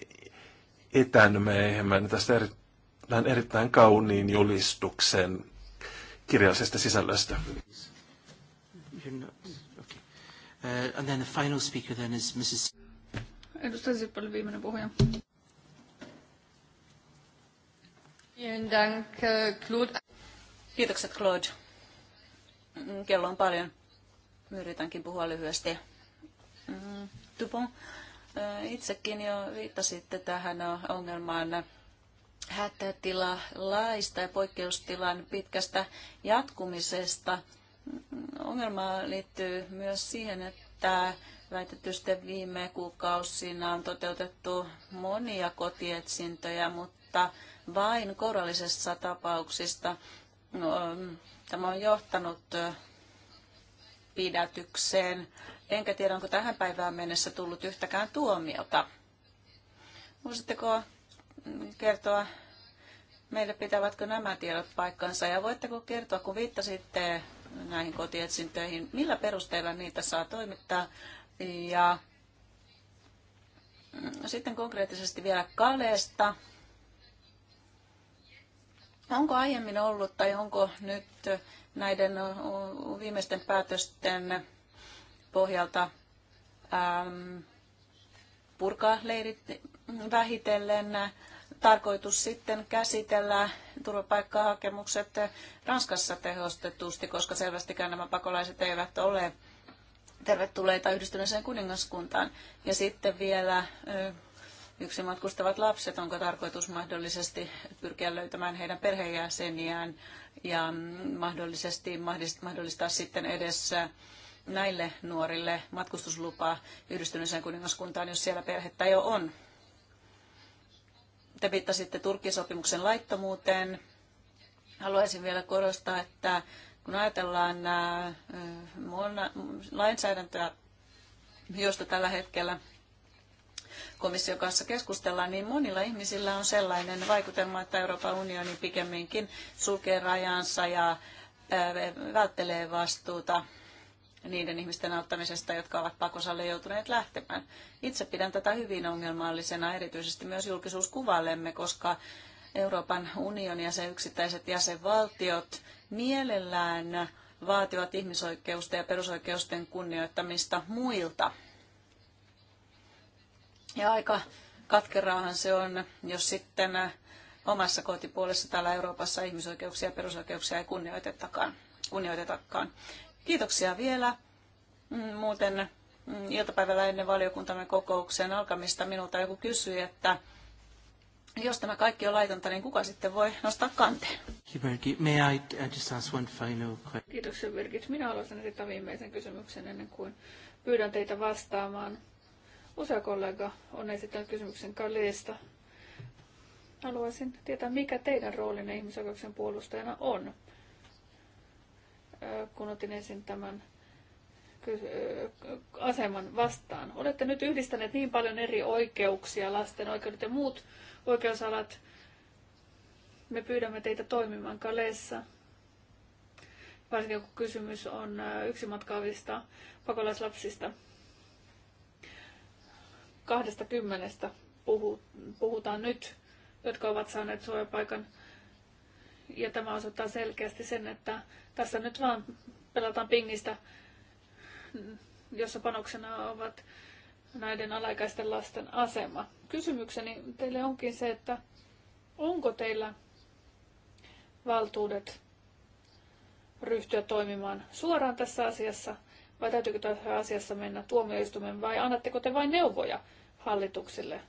etännymme mä tästä eri, vähän erittäin kauniin julistuksen kirjallisesta sisällöstä. Uh, Edustaja Sippel, viimeinen puhuja. Uh, Claude. Kiitokset, Claude. Mm, kello on paljon. Yritänkin puhua lyhyesti. Mm, Dupont Itsekin jo viittasitte tähän ongelmaan hätätilalaista ja poikkeustilan pitkästä jatkumisesta. Ongelma liittyy myös siihen, että väitetysten viime kuukausina on toteutettu monia kotietsintöjä, mutta vain korallisessa tapauksista tämä on johtanut pidätykseen enkä tiedä, onko tähän päivään mennessä tullut yhtäkään tuomiota. Voisitteko kertoa meille pitävätkö nämä tiedot paikkansa ja voitteko kertoa, kun viittasitte näihin kotietsintöihin, millä perusteella niitä saa toimittaa ja sitten konkreettisesti vielä Kaleesta. Onko aiemmin ollut tai onko nyt näiden viimeisten päätösten pohjalta ähm, purkaa leirit vähitellen. Tarkoitus sitten käsitellä turvapaikkahakemukset Ranskassa tehostetusti, koska selvästikään nämä pakolaiset eivät ole tervetulleita yhdistyneeseen kuningaskuntaan. Ja sitten vielä yksi matkustavat lapset, onko tarkoitus mahdollisesti pyrkiä löytämään heidän perheenjäseniään ja mahdollisesti mahdollistaa sitten edessä näille nuorille matkustuslupaa yhdistyneeseen kuningaskuntaan, jos siellä perhettä jo on. Te viittasitte Turkin sopimuksen laittomuuteen. Haluaisin vielä korostaa, että kun ajatellaan äh, lainsäädäntöä, josta tällä hetkellä komission kanssa keskustellaan, niin monilla ihmisillä on sellainen vaikutelma, että Euroopan unioni pikemminkin sulkee rajansa ja äh, välttelee vastuuta niiden ihmisten auttamisesta, jotka ovat pakosalle joutuneet lähtemään. Itse pidän tätä hyvin ongelmallisena, erityisesti myös julkisuuskuvallemme, koska Euroopan unioni ja sen yksittäiset jäsenvaltiot mielellään vaativat ihmisoikeusten ja perusoikeusten kunnioittamista muilta. Ja aika katkeraahan se on, jos sitten omassa kotipuolessa täällä Euroopassa ihmisoikeuksia ja perusoikeuksia ei kunnioitetakaan. kunnioitetakaan. Kiitoksia vielä. Mm, muuten mm, iltapäivällä ennen valiokuntamme kokouksen alkamista minulta joku kysyi, että jos tämä kaikki on laitonta, niin kuka sitten voi nostaa kanteen? may I uh, just ask one final question? Kiitoksia Birgit. Minä aloitan erittäin viimeisen kysymyksen ennen kuin pyydän teitä vastaamaan. Usea kollega on esittänyt kysymyksen Kaleesta. Haluaisin tietää, mikä teidän roolinne ihmisoikeuksien puolustajana on kun otin ensin tämän aseman vastaan. Olette nyt yhdistäneet niin paljon eri oikeuksia, lasten oikeudet ja muut oikeusalat. Me pyydämme teitä toimimaan Kaleessa, varsinkin kun kysymys on yksimatkaavista pakolaislapsista. Kahdesta kymmenestä puhutaan nyt, jotka ovat saaneet suojapaikan. Ja tämä osoittaa selkeästi sen, että tässä nyt vaan pelataan pingistä, jossa panoksena ovat näiden alaikäisten lasten asema. Kysymykseni teille onkin se, että onko teillä valtuudet ryhtyä toimimaan suoraan tässä asiassa, vai täytyykö tässä asiassa mennä tuomioistuimen, vai annatteko te vain neuvoja hallituksille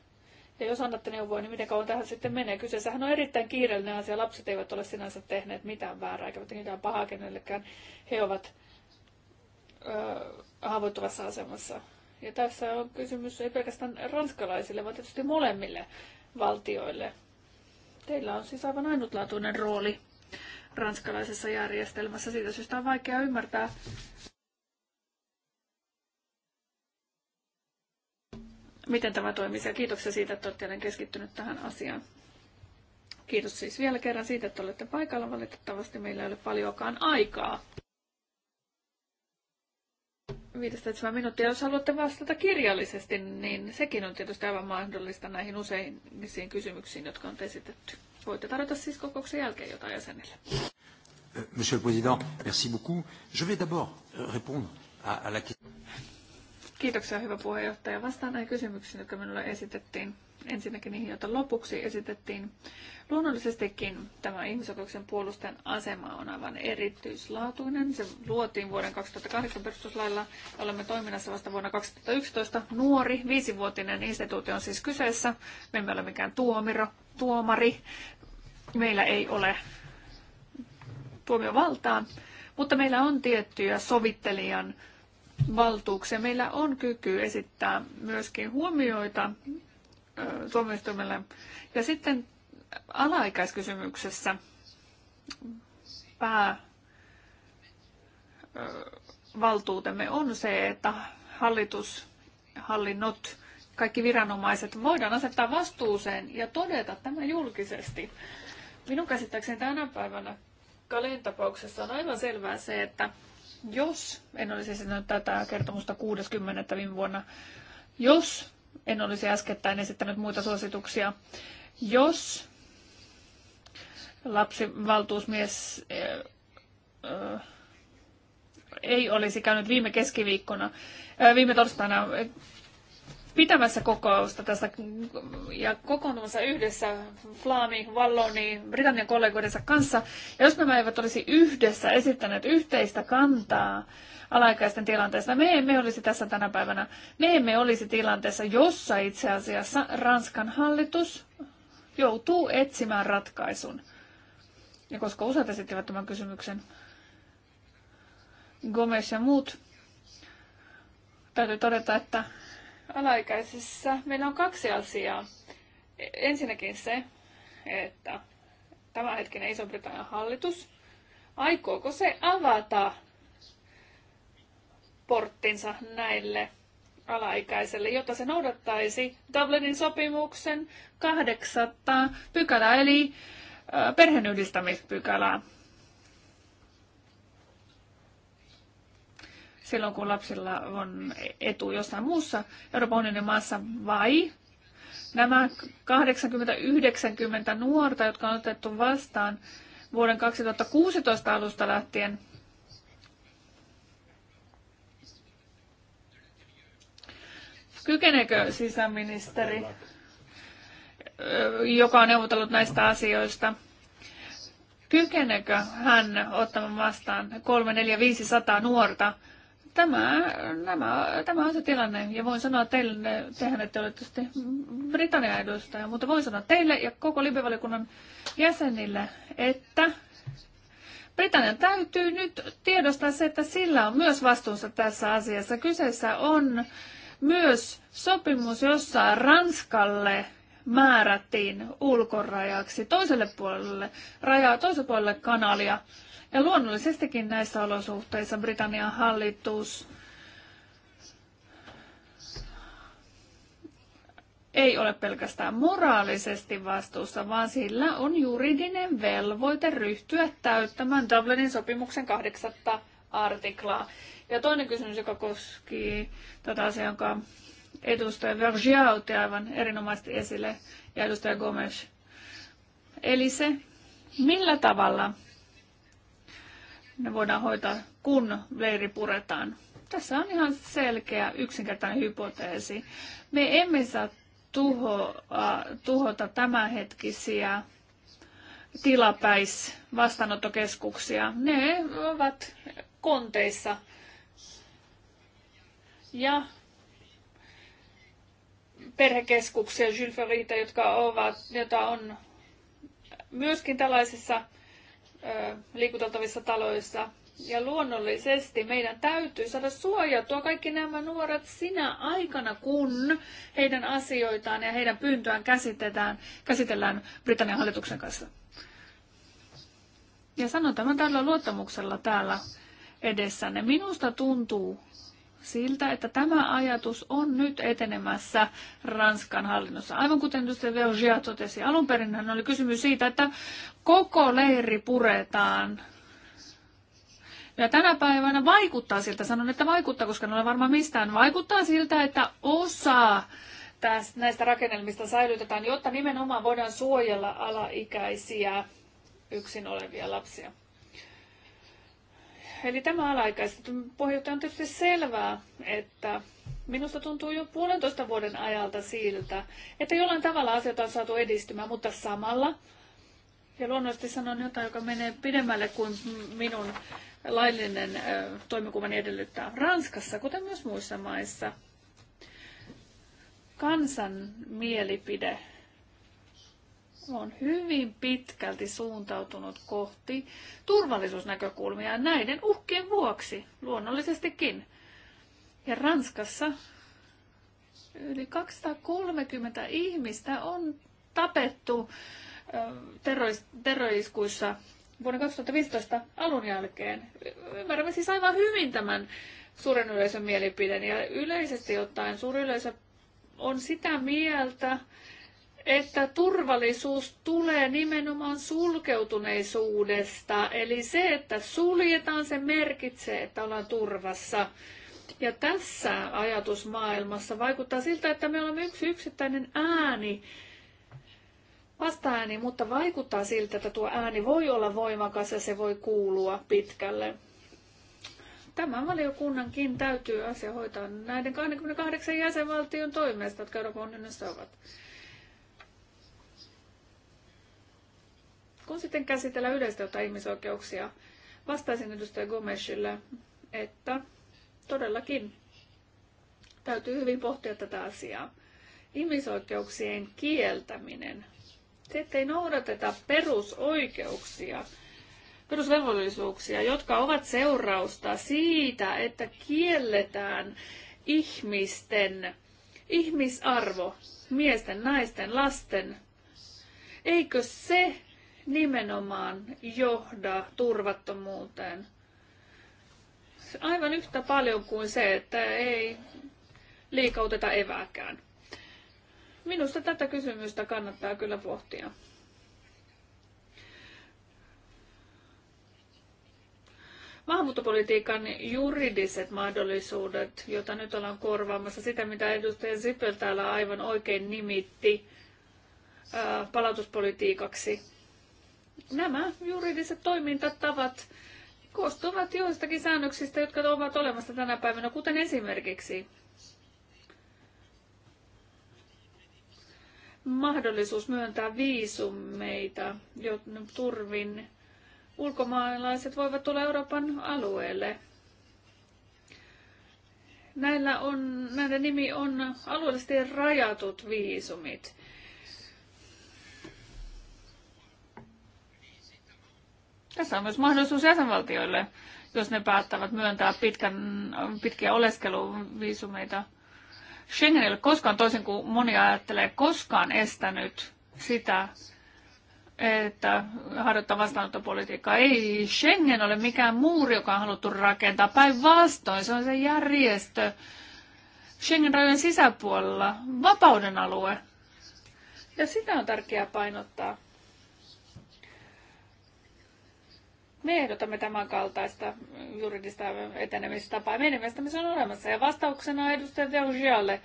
ja jos annatte neuvoa, niin miten kauan tähän sitten menee? Kyseessähän on erittäin kiireellinen asia. Lapset eivät ole sinänsä tehneet mitään väärää, eikä mitään pahaa kenellekään. He ovat ö, haavoittuvassa asemassa. Ja tässä on kysymys ei pelkästään ranskalaisille, vaan tietysti molemmille valtioille. Teillä on siis aivan ainutlaatuinen rooli ranskalaisessa järjestelmässä. Siitä syystä on vaikea ymmärtää, miten tämä toimisi. Ja kiitoksia siitä, että olette keskittynyt tähän asiaan. Kiitos siis vielä kerran siitä, että olette paikalla. Valitettavasti meillä ei ole paljonkaan aikaa. 15 minuuttia. Jos haluatte vastata kirjallisesti, niin sekin on tietysti aivan mahdollista näihin useisiin kysymyksiin, jotka on esitetty. Voitte tarjota siis kokouksen jälkeen jotain jäsenille. Monsieur le Président, merci beaucoup. Je vais d'abord répondre à, à la question. Kiitoksia, hyvä puheenjohtaja. Vastaan näihin kysymyksiin, jotka minulle esitettiin. Ensinnäkin niihin, joita lopuksi esitettiin. Luonnollisestikin tämä ihmisoikeuksien puolusten asema on aivan erityislaatuinen. Se luotiin vuoden 2008 perustuslailla. Olemme toiminnassa vasta vuonna 2011. Nuori, viisivuotinen instituutio on siis kyseessä. Me emme ole mikään tuomiro, tuomari. Meillä ei ole tuomiovaltaa, mutta meillä on tiettyjä sovittelijan valtuuksia. Meillä on kyky esittää myöskin huomioita tuomioistuimelle. Ja sitten alaikäiskysymyksessä pää valtuutemme on se, että hallitus, hallinnot, kaikki viranomaiset voidaan asettaa vastuuseen ja todeta tämä julkisesti. Minun käsittääkseni tänä päivänä Kalin tapauksessa on aivan selvää se, että jos en olisi esittänyt tätä kertomusta 60. viime vuonna, jos en olisi äskettäin esittänyt muita suosituksia, jos lapsivaltuusmies eh, eh, ei olisi käynyt viime keskiviikkona, eh, viime torstaina pitämässä kokousta tässä ja kokoontumassa yhdessä Flaami, Walloni, Britannian kollegoidensa kanssa. Ja jos nämä eivät olisi yhdessä esittäneet yhteistä kantaa alaikäisten tilanteesta, me emme olisi tässä tänä päivänä, me emme olisi tilanteessa, jossa itse asiassa Ranskan hallitus joutuu etsimään ratkaisun. Ja koska useat esittivät tämän kysymyksen, Gomes ja muut, täytyy todeta, että alaikäisissä meillä on kaksi asiaa. E, ensinnäkin se, että tämänhetkinen Iso-Britannian hallitus, aikooko se avata porttinsa näille alaikäiselle, jotta se noudattaisi Dublinin sopimuksen kahdeksatta pykälää, eli perheenyhdistämispykälää. silloin, kun lapsilla on etu jossain muussa Euroopan unionin maassa, vai nämä 80-90 nuorta, jotka on otettu vastaan vuoden 2016 alusta lähtien, Kykeneekö sisäministeri, joka on neuvotellut näistä asioista, kykeneekö hän ottamaan vastaan 3, 4, 500 nuorta Tämä, nämä, tämä on se tilanne, ja voin sanoa teille, tehän ette ole tietysti Britannian edustaja, mutta voin sanoa teille ja koko libevaliokunnan jäsenille, että Britannian täytyy nyt tiedostaa se, että sillä on myös vastuunsa tässä asiassa. Kyseessä on myös sopimus, jossa Ranskalle määrättiin ulkorajaksi toiselle puolelle rajaa, toiselle puolelle kanalia. Ja luonnollisestikin näissä olosuhteissa Britannian hallitus ei ole pelkästään moraalisesti vastuussa, vaan sillä on juridinen velvoite ryhtyä täyttämään Dublinin sopimuksen kahdeksatta artiklaa. Ja toinen kysymys, joka koski tätä asiaa, jonka edustaja Vergia otti aivan erinomaisesti esille ja edustaja Gomes. Eli se, millä tavalla ne voidaan hoitaa, kun leiri puretaan. Tässä on ihan selkeä, yksinkertainen hypoteesi. Me emme saa tuho, äh, tuhota tämänhetkisiä tilapäisvastaanottokeskuksia. Ne ovat konteissa. Ja perhekeskuksia, Jules jotka ovat, joita on myöskin tällaisissa liikuteltavissa taloissa. Ja luonnollisesti meidän täytyy saada suojattua kaikki nämä nuoret sinä aikana, kun heidän asioitaan ja heidän pyyntöään käsitetään, käsitellään Britannian hallituksen kanssa. Ja sanon tämän tällä luottamuksella täällä edessänne. Minusta tuntuu siltä, että tämä ajatus on nyt etenemässä Ranskan hallinnossa. Aivan kuten edustaja Veogia totesi, alun perin oli kysymys siitä, että koko leiri puretaan. Ja tänä päivänä vaikuttaa siltä, sanon, että vaikuttaa, koska en ole varmaan mistään, vaikuttaa siltä, että osa tästä, näistä rakennelmista säilytetään, jotta nimenomaan voidaan suojella alaikäisiä yksin olevia lapsia. Eli tämä alaikäiset puheenjohtaja on tietysti selvää, että minusta tuntuu jo puolentoista vuoden ajalta siltä, että jollain tavalla asioita on saatu edistymään, mutta samalla, ja luonnollisesti sanon jotain, joka menee pidemmälle kuin minun laillinen toimikuvani edellyttää. Ranskassa, kuten myös muissa maissa, kansan mielipide on hyvin pitkälti suuntautunut kohti turvallisuusnäkökulmia näiden uhkien vuoksi, luonnollisestikin. Ja Ranskassa yli 230 ihmistä on tapettu terroriskuissa vuonna 2015 alun jälkeen. Ymmärrämme siis aivan hyvin tämän suuren yleisön mielipiden ja yleisesti ottaen suuri yleisö on sitä mieltä, että turvallisuus tulee nimenomaan sulkeutuneisuudesta. Eli se, että suljetaan, se merkitsee, että ollaan turvassa. Ja tässä ajatusmaailmassa vaikuttaa siltä, että me olemme yksi yksittäinen ääni, vasta-ääni, mutta vaikuttaa siltä, että tuo ääni voi olla voimakas ja se voi kuulua pitkälle. Tämän valiokunnankin täytyy asia hoitaa näiden 28 jäsenvaltion toimesta, jotka Euroopan unionissa ovat. Kun sitten käsitellään yleistä jotain ihmisoikeuksia, vastaisin edustaja Gomesille, että todellakin täytyy hyvin pohtia tätä asiaa. Ihmisoikeuksien kieltäminen, se, ettei noudateta perusoikeuksia, perusvelvollisuuksia, jotka ovat seurausta siitä, että kielletään ihmisten ihmisarvo, miesten, naisten, lasten, eikö se nimenomaan johda turvattomuuteen. Aivan yhtä paljon kuin se, että ei liikauteta evääkään. Minusta tätä kysymystä kannattaa kyllä pohtia. maahanmuuttopolitiikan juridiset mahdollisuudet, joita nyt ollaan korvaamassa, sitä mitä edustaja Sipöl täällä aivan oikein nimitti palautuspolitiikaksi. Nämä juridiset toimintatavat koostuvat joistakin säännöksistä, jotka ovat olemassa tänä päivänä, kuten esimerkiksi mahdollisuus myöntää viisumeita, joiden turvin ulkomaalaiset voivat tulla Euroopan alueelle. Näillä on, näiden nimi on alueellisesti rajatut viisumit. Tässä on myös mahdollisuus jäsenvaltioille, jos ne päättävät myöntää pitkän, pitkiä oleskeluviisumeita. Schengenille. koskaan, toisin kuin moni ajattelee, koskaan estänyt sitä, että harjoittaa vastaanottopolitiikkaa. Ei Schengen ole mikään muuri, joka on haluttu rakentaa. Päinvastoin se on se järjestö Schengen-rajojen sisäpuolella, vapauden alue. Ja sitä on tärkeää painottaa. Me ehdotamme tämän kaltaista juridista etenemistapaa. Meidän mielestämme se on olemassa. Ja vastauksena edustaja Deogialle.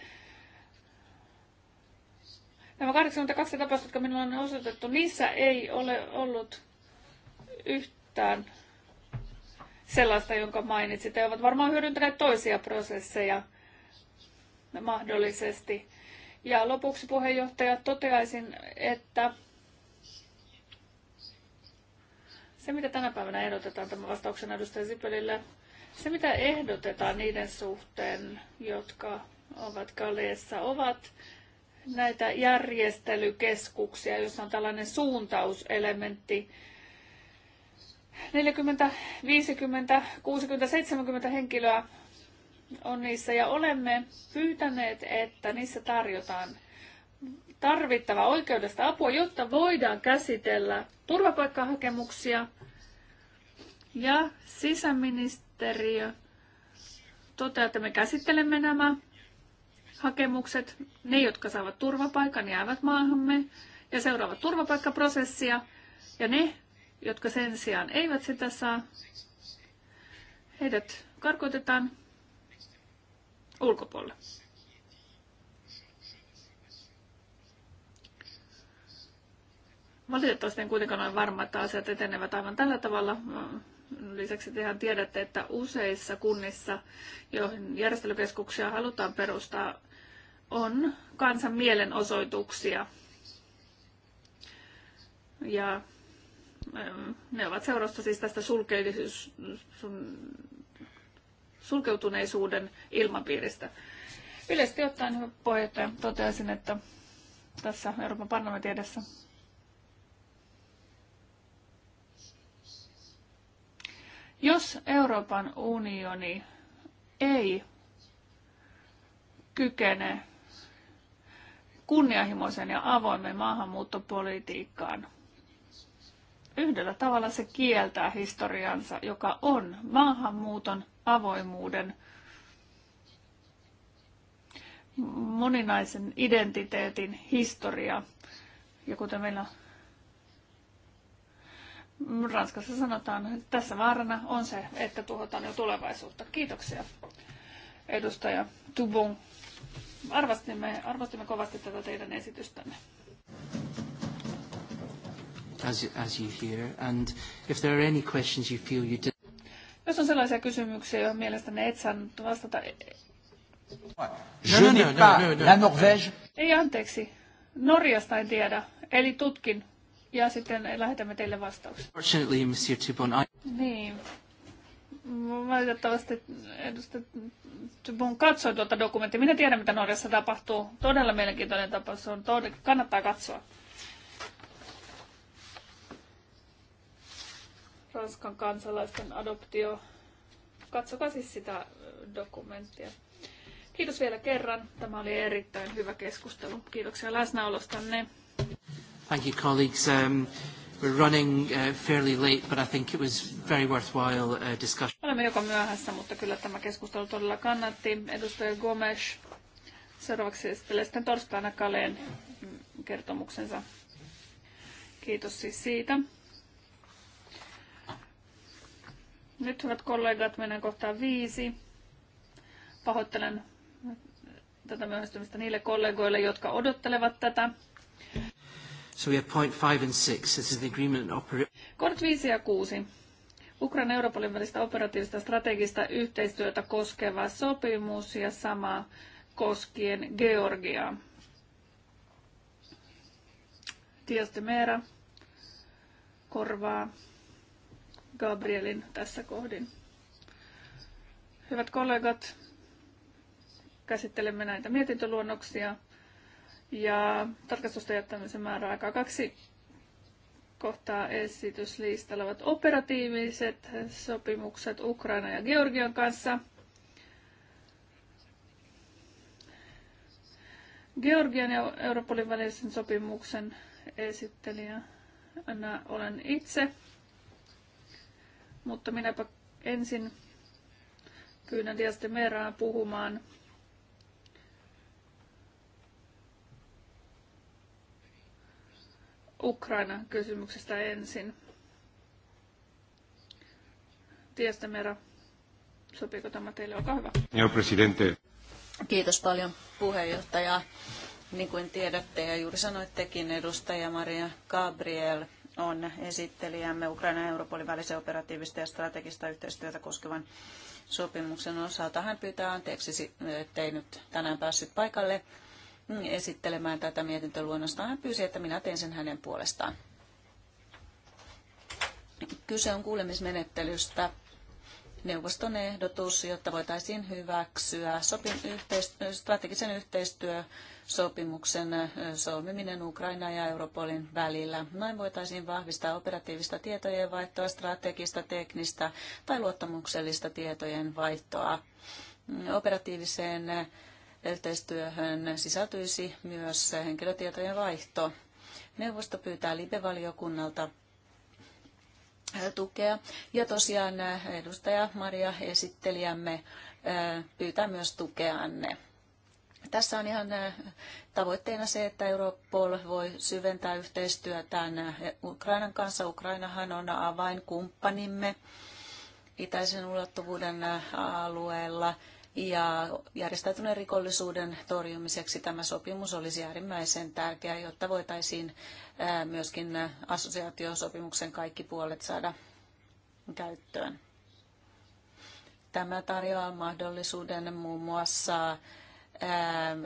Nämä 82 tapausta, jotka minulla on osoitettu, niissä ei ole ollut yhtään sellaista, jonka mainitsit. He ovat varmaan hyödyntäneet toisia prosesseja mahdollisesti. Ja lopuksi puheenjohtaja toteaisin, että Se, mitä tänä päivänä ehdotetaan tämän vastauksen edustaja Sipelille, se, mitä ehdotetaan niiden suhteen, jotka ovat Kaleessa, ovat näitä järjestelykeskuksia, joissa on tällainen suuntauselementti. 40, 50, 60, 70 henkilöä on niissä ja olemme pyytäneet, että niissä tarjotaan tarvittava oikeudesta apua, jotta voidaan käsitellä turvapaikkahakemuksia. Ja sisäministeriö toteaa, että me käsittelemme nämä hakemukset, ne jotka saavat turvapaikan jäävät maahamme ja seuraavat turvapaikkaprosessia ja ne, jotka sen sijaan eivät sitä saa, heidät karkotetaan ulkopuolelle. Valitettavasti en kuitenkaan ole varma, että asiat etenevät aivan tällä tavalla. Lisäksi tehän tiedätte, että useissa kunnissa, joihin järjestelykeskuksia halutaan perustaa, on kansan mielenosoituksia. Ja ähm, ne ovat seurausta siis tästä sulkeutuneisuuden ilmapiiristä. Yleisesti ottaen, hyvä puheenjohtaja, toteaisin, että tässä Euroopan parlamentin edessä Jos Euroopan unioni ei kykene kunnianhimoisen ja avoimen maahanmuuttopolitiikkaan, yhdellä tavalla se kieltää historiansa, joka on maahanmuuton avoimuuden moninaisen identiteetin historia. Ja kuten meillä Ranskassa sanotaan, että tässä vaarana on se, että tuhotaan jo tulevaisuutta. Kiitoksia, edustaja Tubon. Arvostimme, arvostimme kovasti tätä teidän esitystänne. As, as you hear, and if there are any questions you feel you did... Jos on sellaisia kysymyksiä, joihin mielestäni et saanut vastata... E- Je no, no, no, La Norvège. Ei anteeksi. Norjasta en tiedä. Eli tutkin ja sitten lähetämme teille vastauksen. Fortunately, Monsieur Tubon, I... Niin. Valitettavasti edustaja Tubon katsoi tuota dokumenttia. Minä tiedän, mitä Norjassa tapahtuu. Todella mielenkiintoinen tapaus on. Todella, kannattaa katsoa. Ranskan kansalaisten adoptio. Katsokaa siis sitä dokumenttia. Kiitos vielä kerran. Tämä oli erittäin hyvä keskustelu. Kiitoksia läsnäolostanne. Thank you, colleagues. Um, we're running uh, fairly late, but I think it was very worthwhile uh, discussion. Olemme joka myöhässä, mutta kyllä tämä keskustelu todella kannatti. Edustaja Gomes seuraavaksi esittelee sitten torstaina Kaleen mm, kertomuksensa. Kiitos siis siitä. Nyt hyvät kollegat, mennään kohtaan viisi. Pahoittelen tätä myöhästymistä niille kollegoille, jotka odottelevat tätä. So we have point five and six. This is the agreement opera- 5 ja 6. Ukraina Euroopan välistä operatiivista strategista yhteistyötä koskeva sopimus ja sama koskien Georgiaa. Tiesti Meera korvaa Gabrielin tässä kohdin. Hyvät kollegat, käsittelemme näitä mietintöluonnoksia ja tarkastusta jättämisen määräaikaa kaksi kohtaa esityslistalla ovat operatiiviset sopimukset Ukraina ja Georgian kanssa. Georgian ja Europolin välisen sopimuksen esittelijä Anna olen itse, mutta minäpä ensin pyydän Diaste Meraa puhumaan Ukraina-kysymyksestä ensin. Tiestemera, sopiiko tämä teille? Olkaa hyvä. Joo, presidente. Kiitos paljon puheenjohtaja. Niin kuin tiedätte ja juuri sanoittekin, edustaja Maria Gabriel on esittelijämme Ukraina ja Europolin välisen operatiivista ja strategista yhteistyötä koskevan sopimuksen osalta. Hän pyytää anteeksi, ettei nyt tänään päässyt paikalle esittelemään tätä mietintöluonnosta. Hän pyysi, että minä teen sen hänen puolestaan. Kyse on kuulemismenettelystä. Neuvoston ehdotus, jotta voitaisiin hyväksyä sopim- yhteistyö, strategisen yhteistyösopimuksen solmiminen Ukraina ja Europolin välillä. Noin voitaisiin vahvistaa operatiivista tietojen vaihtoa, strategista, teknistä tai luottamuksellista tietojen vaihtoa mm, operatiiviseen yhteistyöhön sisältyisi myös henkilötietojen vaihto. Neuvosto pyytää LIBE-valiokunnalta tukea. Ja tosiaan edustaja Maria esittelijämme pyytää myös tukeanne. Tässä on ihan tavoitteena se, että Europol voi syventää yhteistyötään Ukrainan kanssa. Ukrainahan on avainkumppanimme itäisen ulottuvuuden alueella ja järjestäytyneen rikollisuuden torjumiseksi tämä sopimus olisi äärimmäisen tärkeä, jotta voitaisiin myöskin assosiaatiosopimuksen kaikki puolet saada käyttöön. Tämä tarjoaa mahdollisuuden muun muassa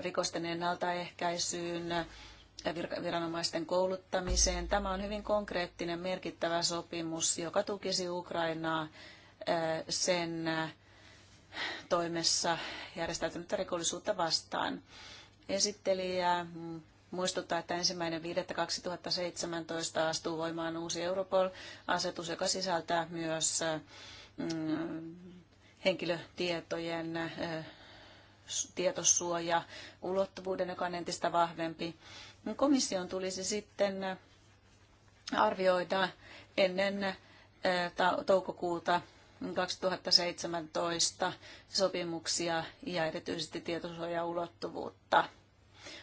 rikosten ennaltaehkäisyyn, viranomaisten kouluttamiseen. Tämä on hyvin konkreettinen merkittävä sopimus, joka tukisi Ukrainaa sen toimessa järjestäytynyttä rikollisuutta vastaan. Esittelijä muistuttaa, että ensimmäinen 2017 astuu voimaan uusi Europol-asetus, joka sisältää myös mm, henkilötietojen tietosuoja ulottuvuuden, joka on entistä vahvempi. Komission tulisi sitten arvioida ennen toukokuuta 2017 sopimuksia ja erityisesti tietosuojaulottuvuutta.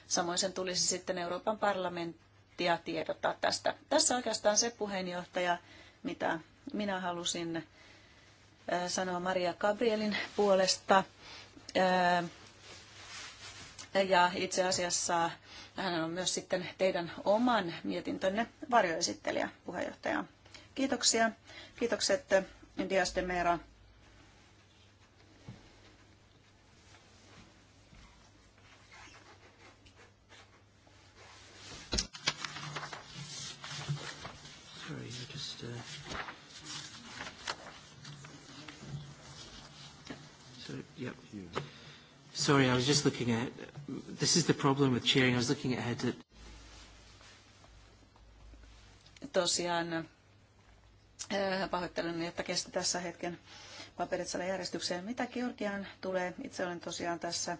Samoin sen tulisi sitten Euroopan parlamenttia tiedottaa tästä. Tässä oikeastaan se puheenjohtaja, mitä minä halusin äh, sanoa Maria Gabrielin puolesta. Äh, ja itse asiassa hän on myös sitten teidän oman mietintönne varjoesittelijä, puheenjohtaja. Kiitoksia. Kiitokset Dias de Mera. Sorry, I just... Uh... yep. Sorry, I was just looking at... This is the problem with chairing. I was looking at... Tosiaan Äh, pahoittelen, että kesti tässä hetken paperit saada järjestykseen. Mitä Georgiaan tulee? Itse olen tosiaan tässä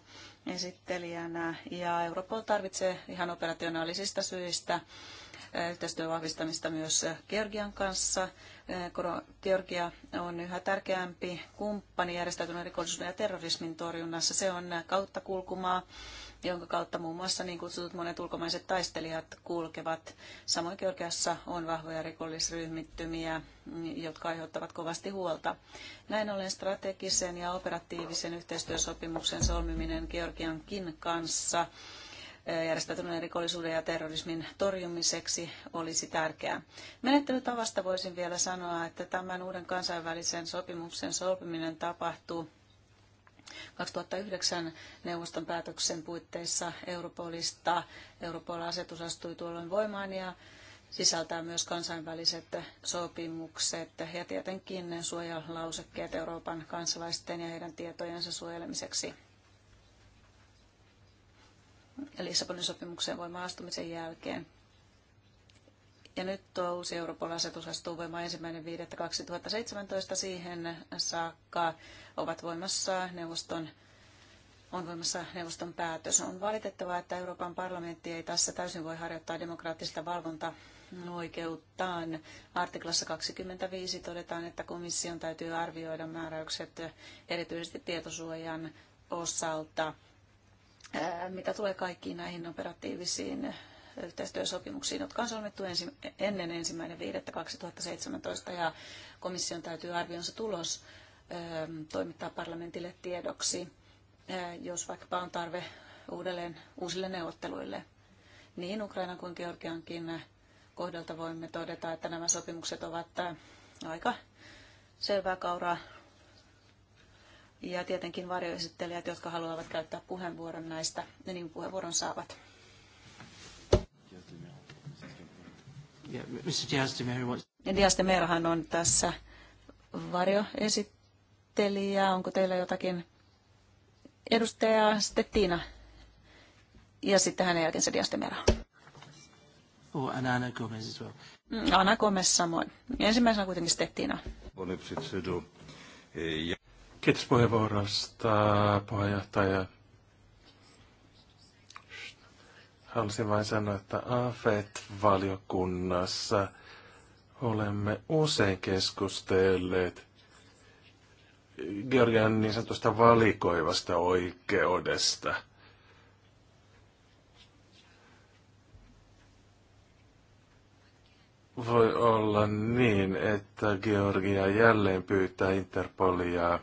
esittelijänä ja Europol tarvitsee ihan operationaalisista syistä äh, yhteistyön vahvistamista myös Georgian kanssa. Äh, Georgia on yhä tärkeämpi kumppani järjestäytyneen rikollisuuden ja terrorismin torjunnassa. Se on kauttakulkumaa jonka kautta muun muassa niin kutsutut monet ulkomaiset taistelijat kulkevat. Samoin Georgiassa on vahvoja rikollisryhmittymiä, jotka aiheuttavat kovasti huolta. Näin ollen strategisen ja operatiivisen yhteistyösopimuksen solmiminen Georgiankin kanssa eh, järjestäytyneen rikollisuuden ja terrorismin torjumiseksi olisi tärkeää. Menettelytavasta voisin vielä sanoa, että tämän uuden kansainvälisen sopimuksen solpiminen tapahtuu 2009 neuvoston päätöksen puitteissa Europolista. Europol-asetus astui tuolloin voimaan ja sisältää myös kansainväliset sopimukset ja tietenkin suojalausekkeet Euroopan kansalaisten ja heidän tietojensa suojelemiseksi. Lissabonin sopimuksen voimaan astumisen jälkeen. Ja nyt tuo uusi Euroopan asetus astuu voimaan ensimmäinen 2017 siihen saakka ovat voimassa neuvoston on voimassa neuvoston päätös. On valitettavaa, että Euroopan parlamentti ei tässä täysin voi harjoittaa demokraattista oikeuttaan. Artiklassa 25 todetaan, että komission täytyy arvioida määräykset erityisesti tietosuojan osalta. Mitä tulee kaikkiin näihin operatiivisiin yhteistyösopimuksiin, jotka on solmittu ensi, ennen ensimmäinen 5.2017 ja komission täytyy arvionsa tulos ähm, toimittaa parlamentille tiedoksi, äh, jos vaikkapa on tarve uudelleen uusille neuvotteluille. Niin Ukrainan kuin Georgiankin kohdalta voimme todeta, että nämä sopimukset ovat äh, aika selvää kauraa. Ja tietenkin varjoesittelijät, jotka haluavat käyttää puheenvuoron näistä, niin puheenvuoron saavat. Dias de Merohan on tässä varjoesittelijä. Onko teillä jotakin edustaja sitten Tiina ja sitten hänen jälkeensä Dias de Mera. Oh, and Anna Gomez as well. Mm, Anna Gomez samoin. Ensimmäisenä kuitenkin sitten Kiitos puheenvuorosta, puheenjohtaja. Halusin vain sanoa, että AFET-valiokunnassa olemme usein keskustelleet Georgian niin sanotusta valikoivasta oikeudesta. Voi olla niin, että Georgia jälleen pyytää Interpolia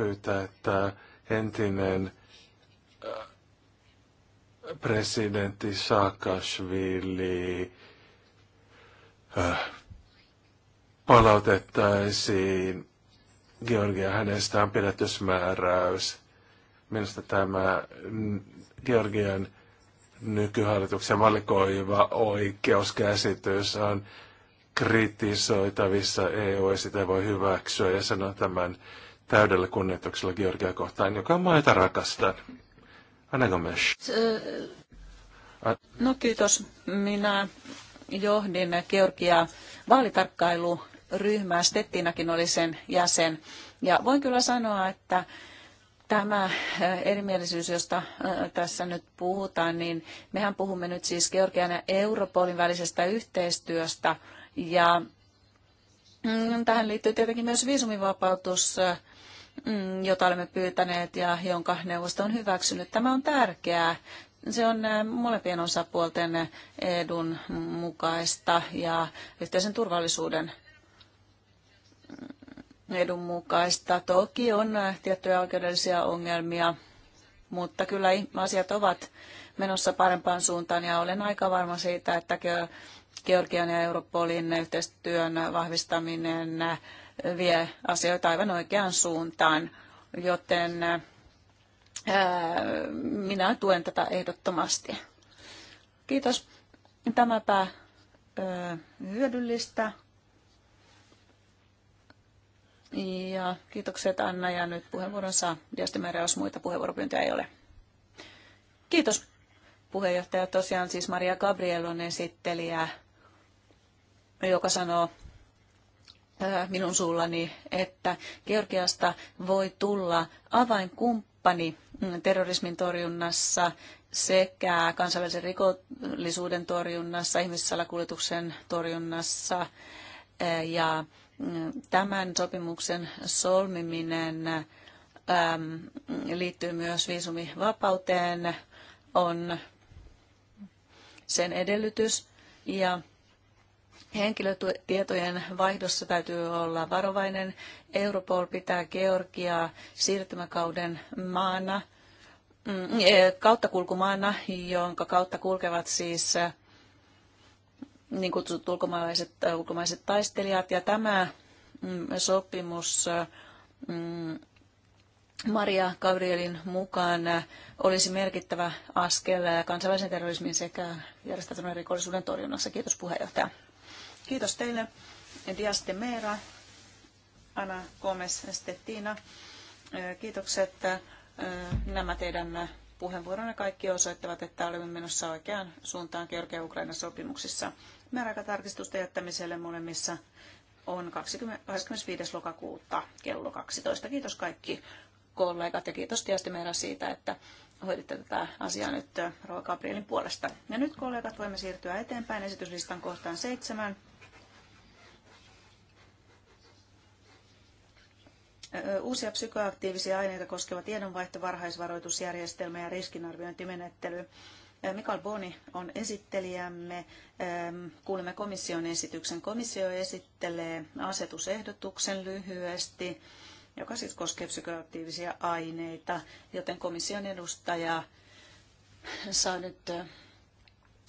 pyytää, että entinen äh, presidentti Saakashvili äh, palautettaisiin Georgia hänestä on pidätysmääräys. Minusta tämä Georgian nykyhallituksen valikoiva oikeuskäsitys on kritisoitavissa EU ei sitä voi hyväksyä ja sanoa tämän täydellä kunnioituksella Georgia kohtaan, joka maita rakastan. Anna Gomes. Äh. No kiitos. Minä johdin Georgia vaalitarkkailuryhmää. Stettinäkin oli sen jäsen. Ja voin kyllä sanoa, että tämä äh, erimielisyys, josta äh, tässä nyt puhutaan, niin mehän puhumme nyt siis Georgian ja Europolin välisestä yhteistyöstä. Ja mm, tähän liittyy tietenkin myös viisumivapautus Mm, jota olemme pyytäneet ja jonka neuvosto on hyväksynyt. Tämä on tärkeää. Se on äh, molempien osapuolten edun mukaista ja yhteisen turvallisuuden mm, edun mukaista. Toki on äh, tiettyjä oikeudellisia ongelmia, mutta kyllä asiat ovat menossa parempaan suuntaan ja olen aika varma siitä, että Georgian ja Europolin yhteistyön vahvistaminen vie asioita aivan oikeaan suuntaan, joten minä tuen tätä ehdottomasti. Kiitos. Tämäpä hyödyllistä. Ja kiitokset Anna ja nyt puheenvuoron saa Diastimäärä, jos muita puheenvuoropyyntöjä ei ole. Kiitos puheenjohtaja. Tosiaan siis Maria Gabriel on esittelijä, joka sanoo minun suullani, että Georgiasta voi tulla avainkumppani mm, terrorismin torjunnassa sekä kansainvälisen rikollisuuden torjunnassa, ihmissalakuljetuksen torjunnassa ja mm, tämän sopimuksen solmiminen liittyy myös viisumivapauteen, on sen edellytys. Ja Henkilötietojen vaihdossa täytyy olla varovainen. Europol pitää Georgiaa siirtymäkauden maana, mm, eh, kauttakulkumaana, jonka kautta kulkevat siis eh, niin kutsutut ulkomaalaiset, eh, ulkomaiset taistelijat. Ja tämä mm, sopimus mm, Maria Gabrielin mukaan olisi merkittävä askel kansainvälisen terrorismin sekä järjestäytyneen rikollisuuden torjunnassa. Kiitos puheenjohtaja. Kiitos teille, Dias de Meera, Ana Gomez Stettina. Kiitokset. Nämä teidän puheenvuoronne kaikki osoittavat, että olemme menossa oikeaan suuntaan Georgian Ukrainan sopimuksissa. Määräaikatarkistusta jättämiselle molemmissa on 20, 25. lokakuuta kello 12. Kiitos kaikki kollegat ja kiitos tietysti meidän siitä, että hoiditte tätä asiaa nyt Rova Gabrielin puolesta. Ja nyt kollegat voimme siirtyä eteenpäin esityslistan kohtaan seitsemän. uusia psykoaktiivisia aineita koskeva tiedonvaihto, varhaisvaroitusjärjestelmä ja riskinarviointimenettely. Mikael Boni on esittelijämme. Kuulemme komission esityksen. Komissio esittelee asetusehdotuksen lyhyesti, joka siis koskee psykoaktiivisia aineita, joten komission edustaja saa nyt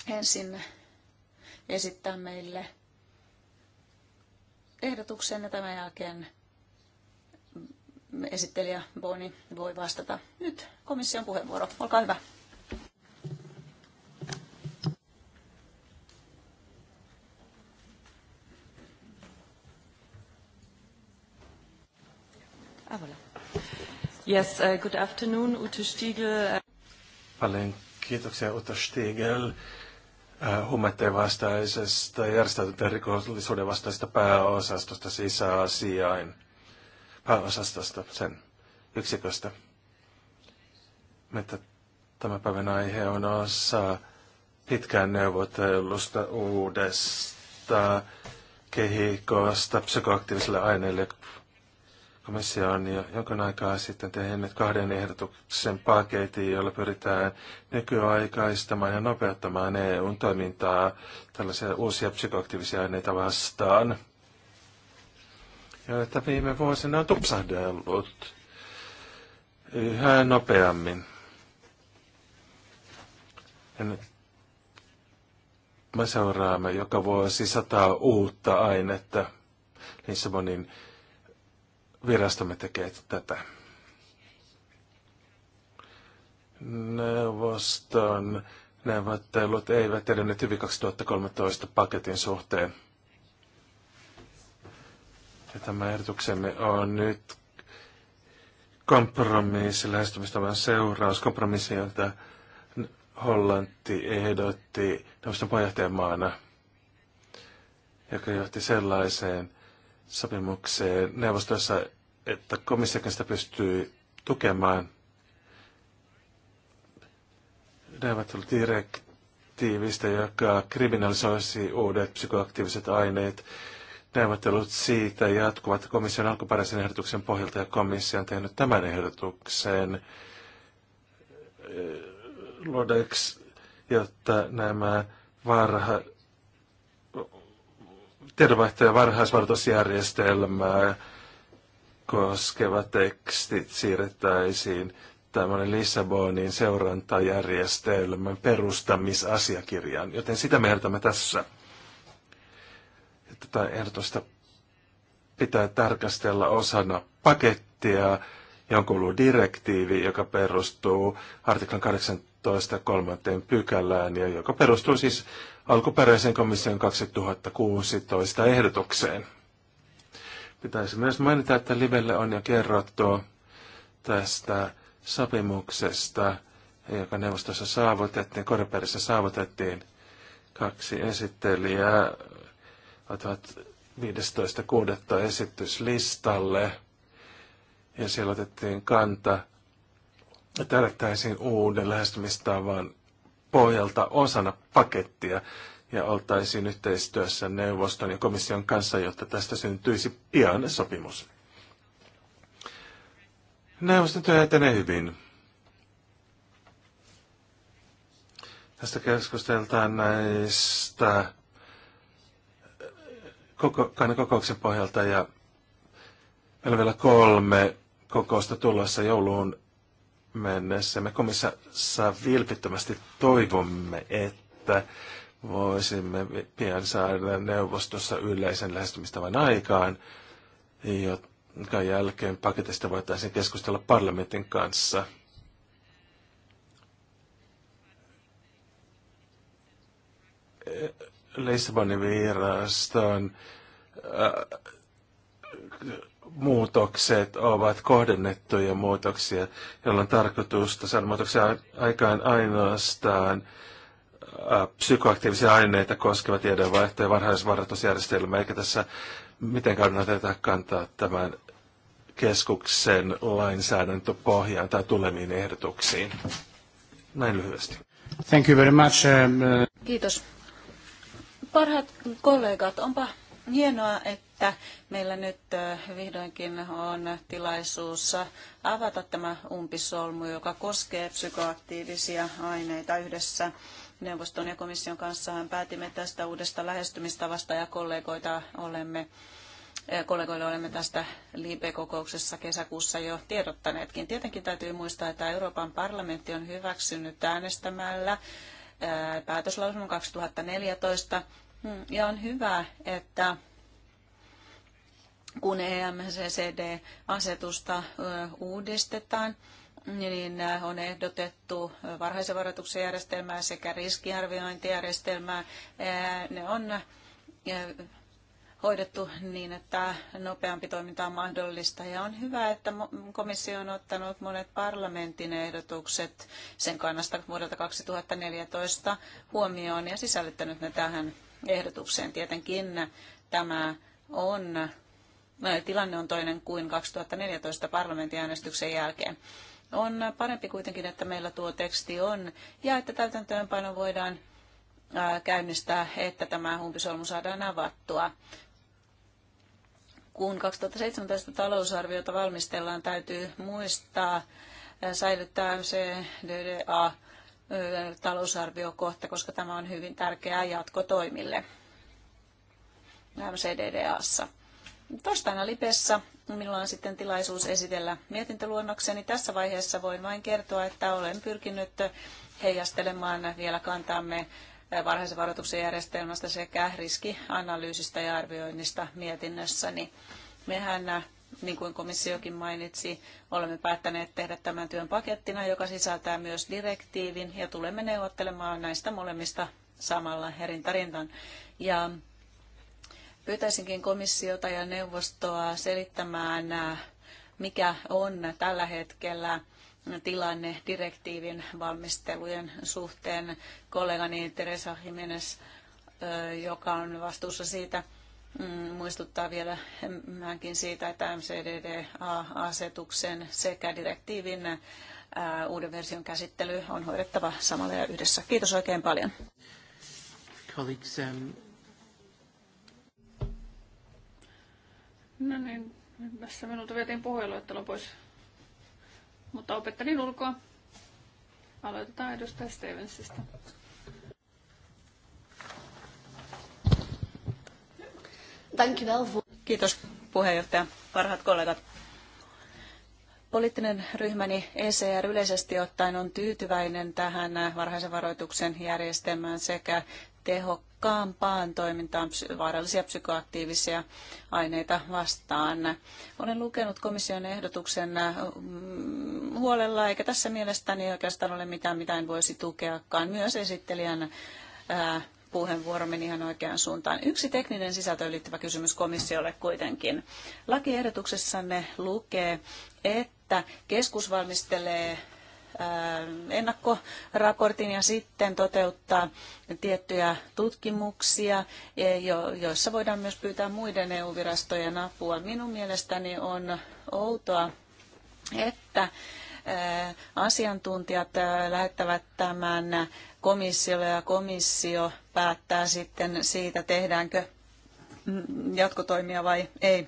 ensin esittää meille ehdotuksen ja tämän jälkeen esittelijä Boni voi vastata. Nyt komission puheenvuoro. Olkaa hyvä. Ah, yes, uh, good afternoon, Ute Stiegel. Paljon kiitoksia Ute Stiegel uh, huumeiden vastaisesta järjestäytyneen rikollisuuden vastaisesta pääosastosta sisäasiain pääosastosta, sen yksiköstä. Että tämän päivän aihe on osa pitkään neuvotellusta uudesta kehikosta psykoaktiivisille aineille. Komissio on jo jonkin aikaa sitten tehnyt kahden ehdotuksen paketin, jolla pyritään nykyaikaistamaan ja nopeuttamaan EUn toimintaa tällaisia uusia psykoaktiivisia aineita vastaan – että viime vuosina on tupsahdellut yhä nopeammin. Ja nyt me seuraamme joka vuosi sataa uutta ainetta. Lissabonin virastomme tekee tätä. Neuvoston neuvottelut eivät edenneet hyvin 2013 paketin suhteen. Ja tämä ehdotuksemme on nyt kompromissi lähestymistavan seuraus, kompromissi, jota Hollanti ehdotti neuvoston puheenjohtajamaana, joka johti sellaiseen sopimukseen neuvostossa, että komissiokin sitä pystyy tukemaan. Neuvotteludirektiivistä, joka kriminalisoisi uudet psykoaktiiviset aineet Neuvottelut siitä jatkuvat komission alkuperäisen ehdotuksen pohjalta ja komissio on tehnyt tämän ehdotuksen eh, Lodex, jotta nämä varha, tiedonvaihto- ja varhaisvartoisjärjestelmää koskevat tekstit siirrettäisiin tämmöinen Lissabonin seurantajärjestelmän perustamisasiakirjaan, joten sitä me tässä tätä ehdotusta pitää tarkastella osana pakettia, johon kuuluu direktiivi, joka perustuu artiklan 18 kolmanteen pykälään ja joka perustuu siis alkuperäisen komission 2016 ehdotukseen. Pitäisi myös mainita, että Livelle on jo kerrottu tästä sopimuksesta, joka neuvostossa saavutettiin, Koreperissä saavutettiin kaksi esittelijää laitavat 15.6. esityslistalle ja siellä otettiin kanta tärkeäisiin uuden lähestymistavan pohjalta osana pakettia ja oltaisiin yhteistyössä neuvoston ja komission kanssa, jotta tästä syntyisi pian sopimus. Neuvoston työ etenee hyvin. Tästä keskusteltaan näistä koko, kannan kokouksen pohjalta ja meillä on vielä kolme kokousta tulossa jouluun mennessä. Me komissa vilpittömästi toivomme, että voisimme pian saada neuvostossa yleisen lähestymistavan aikaan, jonka jälkeen paketista voitaisiin keskustella parlamentin kanssa. Lissabonin viraston äh, muutokset ovat kohdennettuja muutoksia, joilla on tarkoitus saada muutoksia aikaan ainoastaan äh, psykoaktiivisia aineita koskeva tiedonvaihto ja varhaisvaroitusjärjestelmä, eikä tässä mitenkään oteta kantaa tämän keskuksen lainsäädäntöpohjaan tai tuleviin ehdotuksiin. Näin lyhyesti. Thank you very much. Uh, uh, Kiitos Parhaat kollegat, onpa hienoa, että meillä nyt vihdoinkin on tilaisuus avata tämä umpisolmu, joka koskee psykoaktiivisia aineita yhdessä neuvoston ja komission kanssa. Päätimme tästä uudesta lähestymistavasta ja kollegoita olemme kollegoille olemme tästä LIBE-kokouksessa kesäkuussa jo tiedottaneetkin. Tietenkin täytyy muistaa, että Euroopan parlamentti on hyväksynyt äänestämällä päätöslauselman 2014. Hmm, ja on hyvä, että kun EMCCD-asetusta uudistetaan, niin on ehdotettu varhaisen varoituksen järjestelmää sekä riskiarviointijärjestelmää. Ne on hoidettu niin, että nopeampi toiminta on mahdollista. Ja on hyvä, että komissio on ottanut monet parlamentin ehdotukset sen kannasta vuodelta 2014 huomioon ja sisällyttänyt ne tähän ehdotukseen. Tietenkin tämä on, tilanne on toinen kuin 2014 parlamentin äänestyksen jälkeen. On parempi kuitenkin, että meillä tuo teksti on ja että täytäntöönpano voidaan käynnistää, että tämä umpisolmu saadaan avattua kun 2017 talousarviota valmistellaan, täytyy muistaa säilyttää se DDA talousarviokohta, koska tämä on hyvin tärkeää jatkotoimille MCDDAssa. Torstaina Lipessä minulla on sitten tilaisuus esitellä mietintöluonnokseni. Tässä vaiheessa voin vain kertoa, että olen pyrkinyt heijastelemaan vielä kantaamme varhaisen varoituksen järjestelmästä sekä riskianalyysistä ja arvioinnista mietinnössäni. Mehän äh, niin kuin komissiokin mainitsi, olemme päättäneet tehdä tämän työn pakettina, joka sisältää myös direktiivin ja tulemme neuvottelemaan näistä molemmista samalla herintarintan. Ja pyytäisinkin komissiota ja neuvostoa selittämään, äh, mikä on tällä hetkellä tilanne direktiivin valmistelujen suhteen. Kollegani Teresa Jimenez, joka on vastuussa siitä, mm, muistuttaa vielä hänkin siitä, että a asetuksen sekä direktiivin uuden version käsittely on hoidettava samalla ja yhdessä. Kiitos oikein paljon. Um, no niin, tässä minulta vietiin puheluettelo pois mutta opettelin ulkoa. Aloitetaan edustaja Stevensistä. Kiitos puheenjohtaja, parhaat kollegat. Poliittinen ryhmäni ECR yleisesti ottaen on tyytyväinen tähän varhaisen varoituksen järjestelmään sekä tehokkaampaan toimintaan vaarallisia psykoaktiivisia aineita vastaan. Olen lukenut komission ehdotuksen äh, mm, huolella, eikä tässä mielestäni oikeastaan ole mitään, mitä en voisi tukeakaan. Myös esittelijän äh, puheenvuoro meni ihan oikeaan suuntaan. Yksi tekninen sisältöön liittyvä kysymys komissiolle kuitenkin. Lakiehdotuksessanne lukee, että keskus valmistelee ennakkoraportin ja sitten toteuttaa tiettyjä tutkimuksia, e, joissa voidaan myös pyytää muiden EU-virastojen apua. Minun mielestäni on outoa, että asiantuntijat lähettävät tämän komissiolle ja komissio päättää sitten siitä, tehdäänkö mm, jatkotoimia vai ei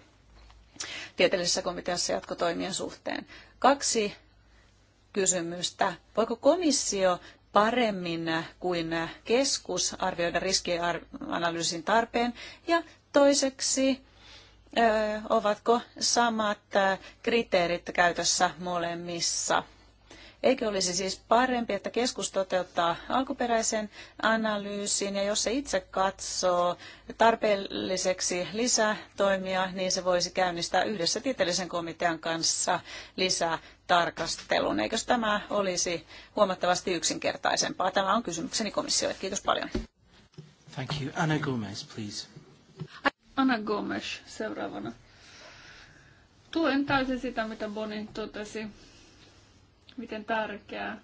tieteellisessä komiteassa jatkotoimien suhteen. Kaksi kysymystä. Voiko komissio paremmin kuin keskus arvioida riskianalyysin tarpeen? Ja toiseksi, ovatko samat kriteerit käytössä molemmissa? Eikö olisi siis parempi, että keskus toteuttaa alkuperäisen analyysin ja jos se itse katsoo tarpeelliseksi lisätoimia, niin se voisi käynnistää yhdessä tieteellisen komitean kanssa lisää tarkastelun. eikö tämä olisi huomattavasti yksinkertaisempaa? Tämä on kysymykseni komissiolle. Kiitos paljon. Thank you. Anna Gomez, please. Anna Gomes seuraavana. Tuen täysin sitä, mitä Boni totesi, miten tärkeää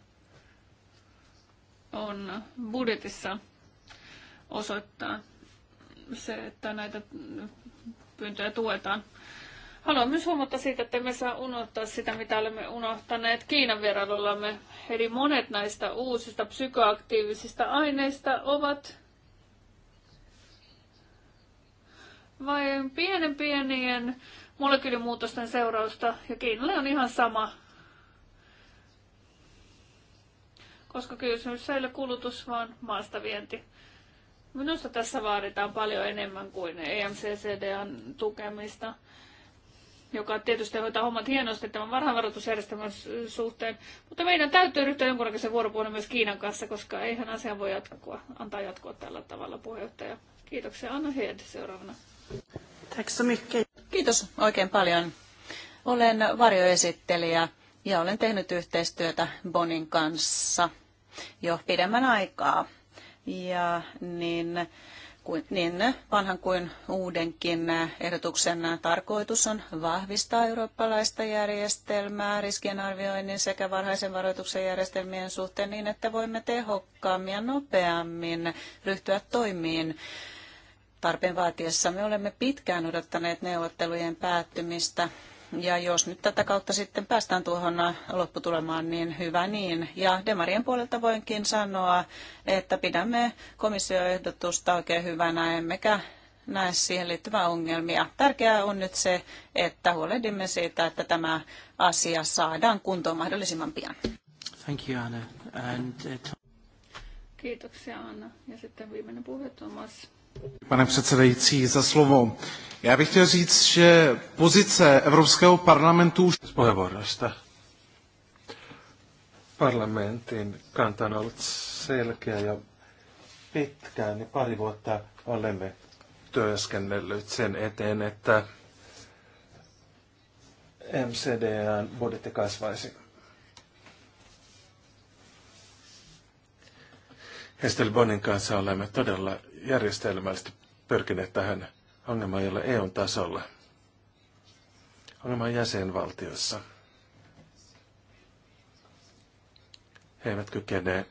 on budjetissa osoittaa se, että näitä pyyntöjä tuetaan. Haluan myös huomauttaa siitä, että me saa unohtaa sitä, mitä olemme unohtaneet Kiinan vierailullamme. Eli monet näistä uusista psykoaktiivisista aineista ovat vain pienen pienien molekyylimuutosten seurausta, ja Kiinalle on ihan sama, koska kysymys ei ole kulutus, vaan maasta vienti. Minusta tässä vaaditaan paljon enemmän kuin EMCCDn tukemista joka tietysti hoitaa hommat hienosti tämän varhainvaroitusjärjestelmän suhteen. Mutta meidän täytyy ryhtyä jonkunnäköisen vuoropuolen myös Kiinan kanssa, koska eihän asia voi jatkua, antaa jatkua tällä tavalla puheenjohtaja. Kiitoksia. Anna Hed seuraavana. Kiitos oikein paljon. Olen varjoesittelijä ja olen tehnyt yhteistyötä Bonin kanssa jo pidemmän aikaa. Ja niin kuin, niin vanhan kuin uudenkin ehdotuksen tarkoitus on vahvistaa eurooppalaista järjestelmää riskienarvioinnin sekä varhaisen varoituksen järjestelmien suhteen niin, että voimme tehokkaammin ja nopeammin ryhtyä toimiin tarpeen vaatiessa. Me olemme pitkään odottaneet neuvottelujen päättymistä ja jos nyt tätä kautta sitten päästään tuohon lopputulemaan, niin hyvä niin. Ja Demarien puolelta voinkin sanoa, että pidämme komissioehdotusta oikein hyvänä, emmekä näe siihen liittyvää ongelmia. Tärkeää on nyt se, että huolehdimme siitä, että tämä asia saadaan kuntoon mahdollisimman pian. Thank you, Anna. And, uh, Kiitoksia Anna. Ja sitten viimeinen puhe Thomas. Pane předsedající, za slovo. Já bych chtěl říct, že pozice Evropského parlamentu... Puheenvuorosta. Parlamentin kantana on ollut selkeä ja pitkään, niin pari vuotta olemme työskennellyt sen eteen, että MCDn budjetti kasvaisi. Hestel Bonin kanssa olemme todella järjestelmällisesti pyrkineet tähän ongelmaan, jolla EUn tasolla. ongelman jäsenvaltiossa. He eivät kykene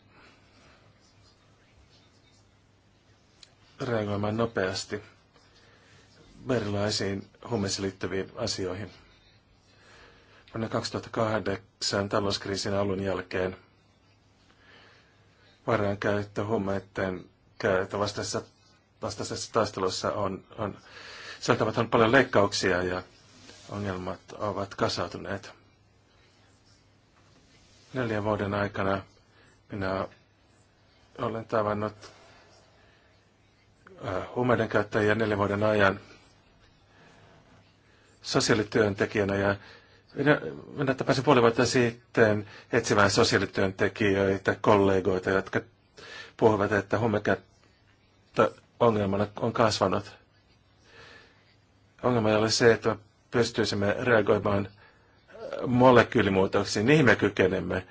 reagoimaan nopeasti erilaisiin huumeisiin liittyviin asioihin. Vuonna 2008 talouskriisin alun jälkeen varankäyttö huumeiden että vastaisessa, vastaisessa taistelussa on, on sieltävät on paljon leikkauksia ja ongelmat ovat kasautuneet. Neljän vuoden aikana minä olen tavannut äh, huumeiden käyttäjiä neljän vuoden ajan sosiaalityöntekijänä ja minä, minä tapasin puoli vuotta sitten etsimään sosiaalityöntekijöitä, kollegoita, jotka puhuvat, että huumekäyttö ongelmana on kasvanut. Ongelma ei ole se, että pystyisimme reagoimaan molekyylimuutoksiin. Niihin me kykenemme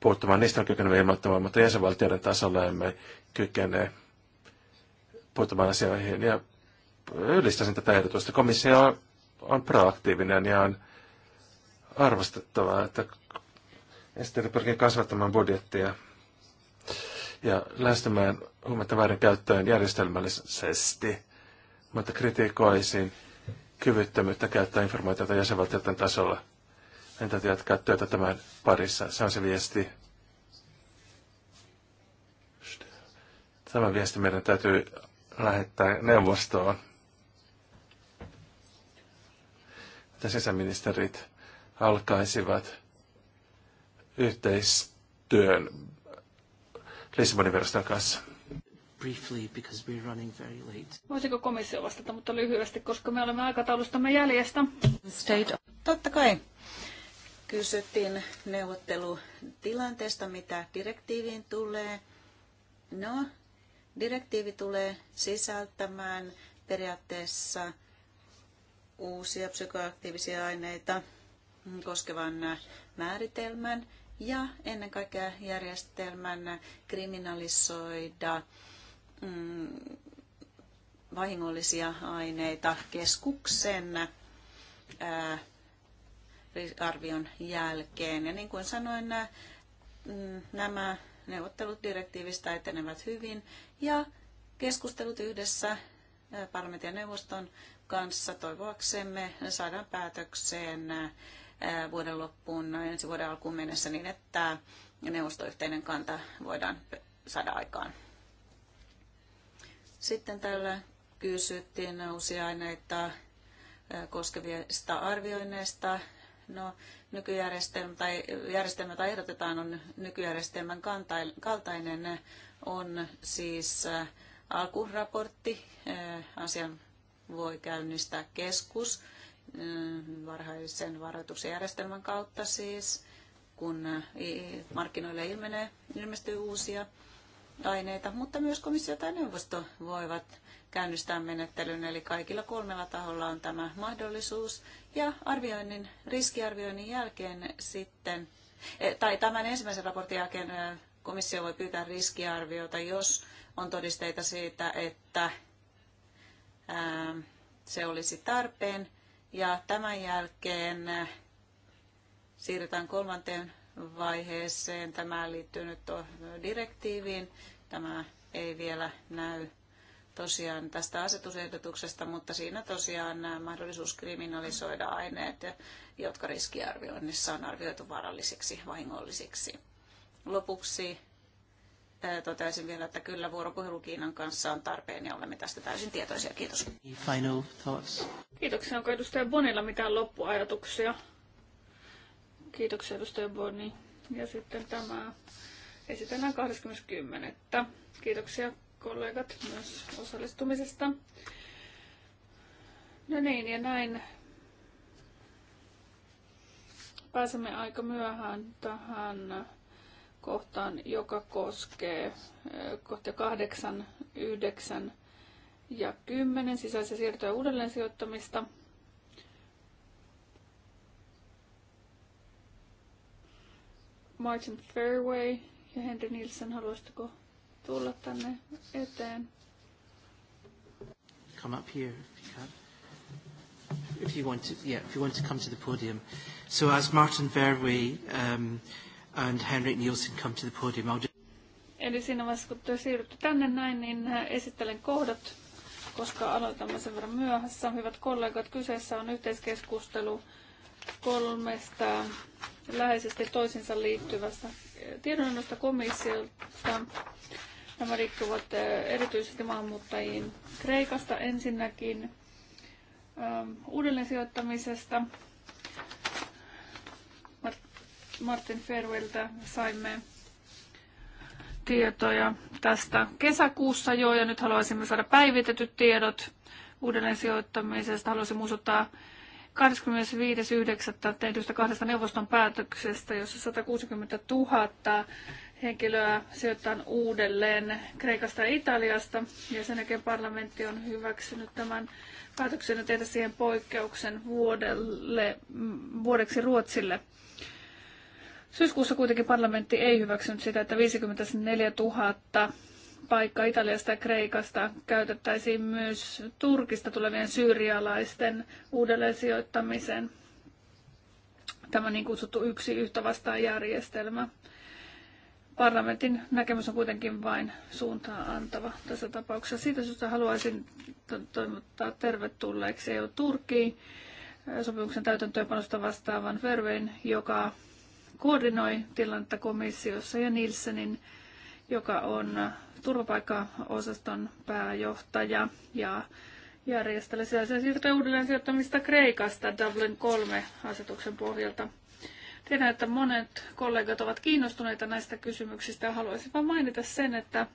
puuttumaan, niistä me kykenemme ilmoittamaan, mutta jäsenvaltioiden tasolla emme kykene puuttumaan asioihin. Ja ylistäisin tätä ehdotusta. Komissio on proaktiivinen ja on arvostettavaa, että Esteri pyrkii kasvattamaan budjettia ja lähestymään huumetta käyttöön järjestelmällisesti, mutta kritikoisin kyvyttömyyttä käyttää informaatiota jäsenvaltioiden tasolla. En täytyy jatkaa työtä tämän parissa. Se on se viesti. Tämä viesti meidän täytyy lähettää neuvostoon. Että sisäministerit alkaisivat yhteistyön Lissabonin viraston kanssa. Briefly, because we're running very late. Voisiko komissio vastata, mutta lyhyesti, koska me olemme aikataulustamme jäljestä? State. Totta kai. Kysyttiin neuvottelutilanteesta, mitä direktiiviin tulee. No, direktiivi tulee sisältämään periaatteessa uusia psykoaktiivisia aineita koskevan määritelmän ja ennen kaikkea järjestelmän kriminalisoida mm, vahingollisia aineita keskuksen ää, arvion jälkeen. Ja niin kuin sanoin, nämä, mm, nämä neuvottelut direktiivistä etenevät hyvin ja keskustelut yhdessä parlamentin ja neuvoston kanssa toivoaksemme saadaan päätökseen vuoden loppuun, ensi vuoden alkuun mennessä niin, että neuvostoyhteinen kanta voidaan saada aikaan. Sitten täällä kysyttiin uusia aineita koskevista arvioinneista. No, nykyjärjestelmä tai järjestelmä, tai ehdotetaan, on nykyjärjestelmän kaltainen, on siis alkuraportti. Asian voi käynnistää keskus Mm, varhaisen varoituksen järjestelmän kautta siis, kun eh, markkinoille ilmenee, ilmestyy uusia aineita, mutta myös komissio tai neuvosto voivat käynnistää menettelyn, eli kaikilla kolmella taholla on tämä mahdollisuus. Ja arvioinnin, riskiarvioinnin jälkeen sitten, eh, tai tämän ensimmäisen raportin jälkeen eh, komissio voi pyytää riskiarviota, jos on todisteita siitä, että se olisi tarpeen. Ja tämän jälkeen siirrytään kolmanteen vaiheeseen. Tämä liittyy nyt direktiiviin. Tämä ei vielä näy tosiaan tästä asetusehdotuksesta, mutta siinä tosiaan mahdollisuus kriminalisoida aineet, jotka riskiarvioinnissa on arvioitu vaarallisiksi, vahingollisiksi. Lopuksi Äh, toteaisin vielä, että kyllä vuoropuhelu Kiinan kanssa on tarpeen ja olemme tästä täysin tietoisia. Kiitos. Final thoughts. Kiitoksia. Onko edustaja Bonilla mitään loppuajatuksia? Kiitoksia edustaja Boni. Ja sitten tämä esitellään 20.10. Kiitoksia kollegat myös osallistumisesta. No niin, ja näin pääsemme aika myöhään tähän kohtaan, joka koskee kohtia 8, 9 ja 10 sisäisiä siirtoja uudelleen sijoittamista. Martin Fairway ja Henry Nielsen, haluaisitko tulla tänne eteen? Come up here if you can. If you want to, yeah, if you want to come to the podium. So as Martin Fairway um, and Henrik Nielsen come to the podium. I'll just... Eli siinä vaiheessa, kun te siirrytte tänne näin, niin eh, esittelen kohdat, koska aloitamme sen verran myöhässä. Hyvät kollegat, kyseessä on yhteiskeskustelu kolmesta läheisesti toisinsa liittyvästä eh, tiedonannosta komissiolta. Nämä liittyvät eh, erityisesti maahanmuuttajiin Kreikasta ensinnäkin, uudelleensijoittamisesta, Martin Ferweltä saimme tietoja tästä kesäkuussa jo, ja nyt haluaisimme saada päivitetyt tiedot uudelleen sijoittamisesta. Haluaisin muistuttaa 25.9. tehdystä kahdesta neuvoston päätöksestä, jossa 160 000 henkilöä sijoittaa uudelleen Kreikasta ja Italiasta. Ja sen jälkeen parlamentti on hyväksynyt tämän päätöksen ja tehdä siihen poikkeuksen vuodelle, vuodeksi Ruotsille. Syyskuussa kuitenkin parlamentti ei hyväksynyt sitä, että 54 000 paikkaa Italiasta ja Kreikasta käytettäisiin myös Turkista tulevien syyrialaisten uudelleen sijoittamiseen. Tämä niin kutsuttu yksi yhtä vastaan järjestelmä. Parlamentin näkemys on kuitenkin vain suuntaa antava tässä tapauksessa. Siitä syystä haluaisin toivottaa tervetulleeksi EU Turkkiin sopimuksen täytäntöönpanosta vastaavan Vervein, joka koordinoi tilannetta komissiossa ja Nilsenin, joka on turvapaikkaosaston pääjohtaja ja järjestelee sisäisen siirto uudelleen sijoittamista Kreikasta Dublin 3 asetuksen pohjalta. Tiedän, että monet kollegat ovat kiinnostuneita näistä kysymyksistä ja haluaisin vain mainita sen, että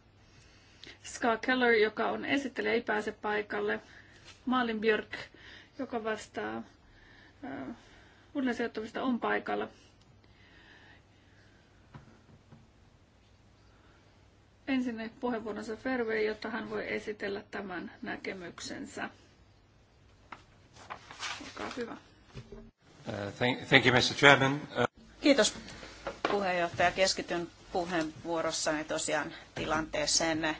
Ska Keller, joka on esittelijä, ei pääse paikalle. Malin Björk, joka vastaa äh, sijoittamista, on paikalla. ensin puheenvuoronsa Ferve, jotta hän voi esitellä tämän näkemyksensä. Olkaa hyvä. Uh, thank you, Mr. Chairman. Uh, Kiitos puheenjohtaja. Keskityn puheenvuorossani tosiaan tilanteeseen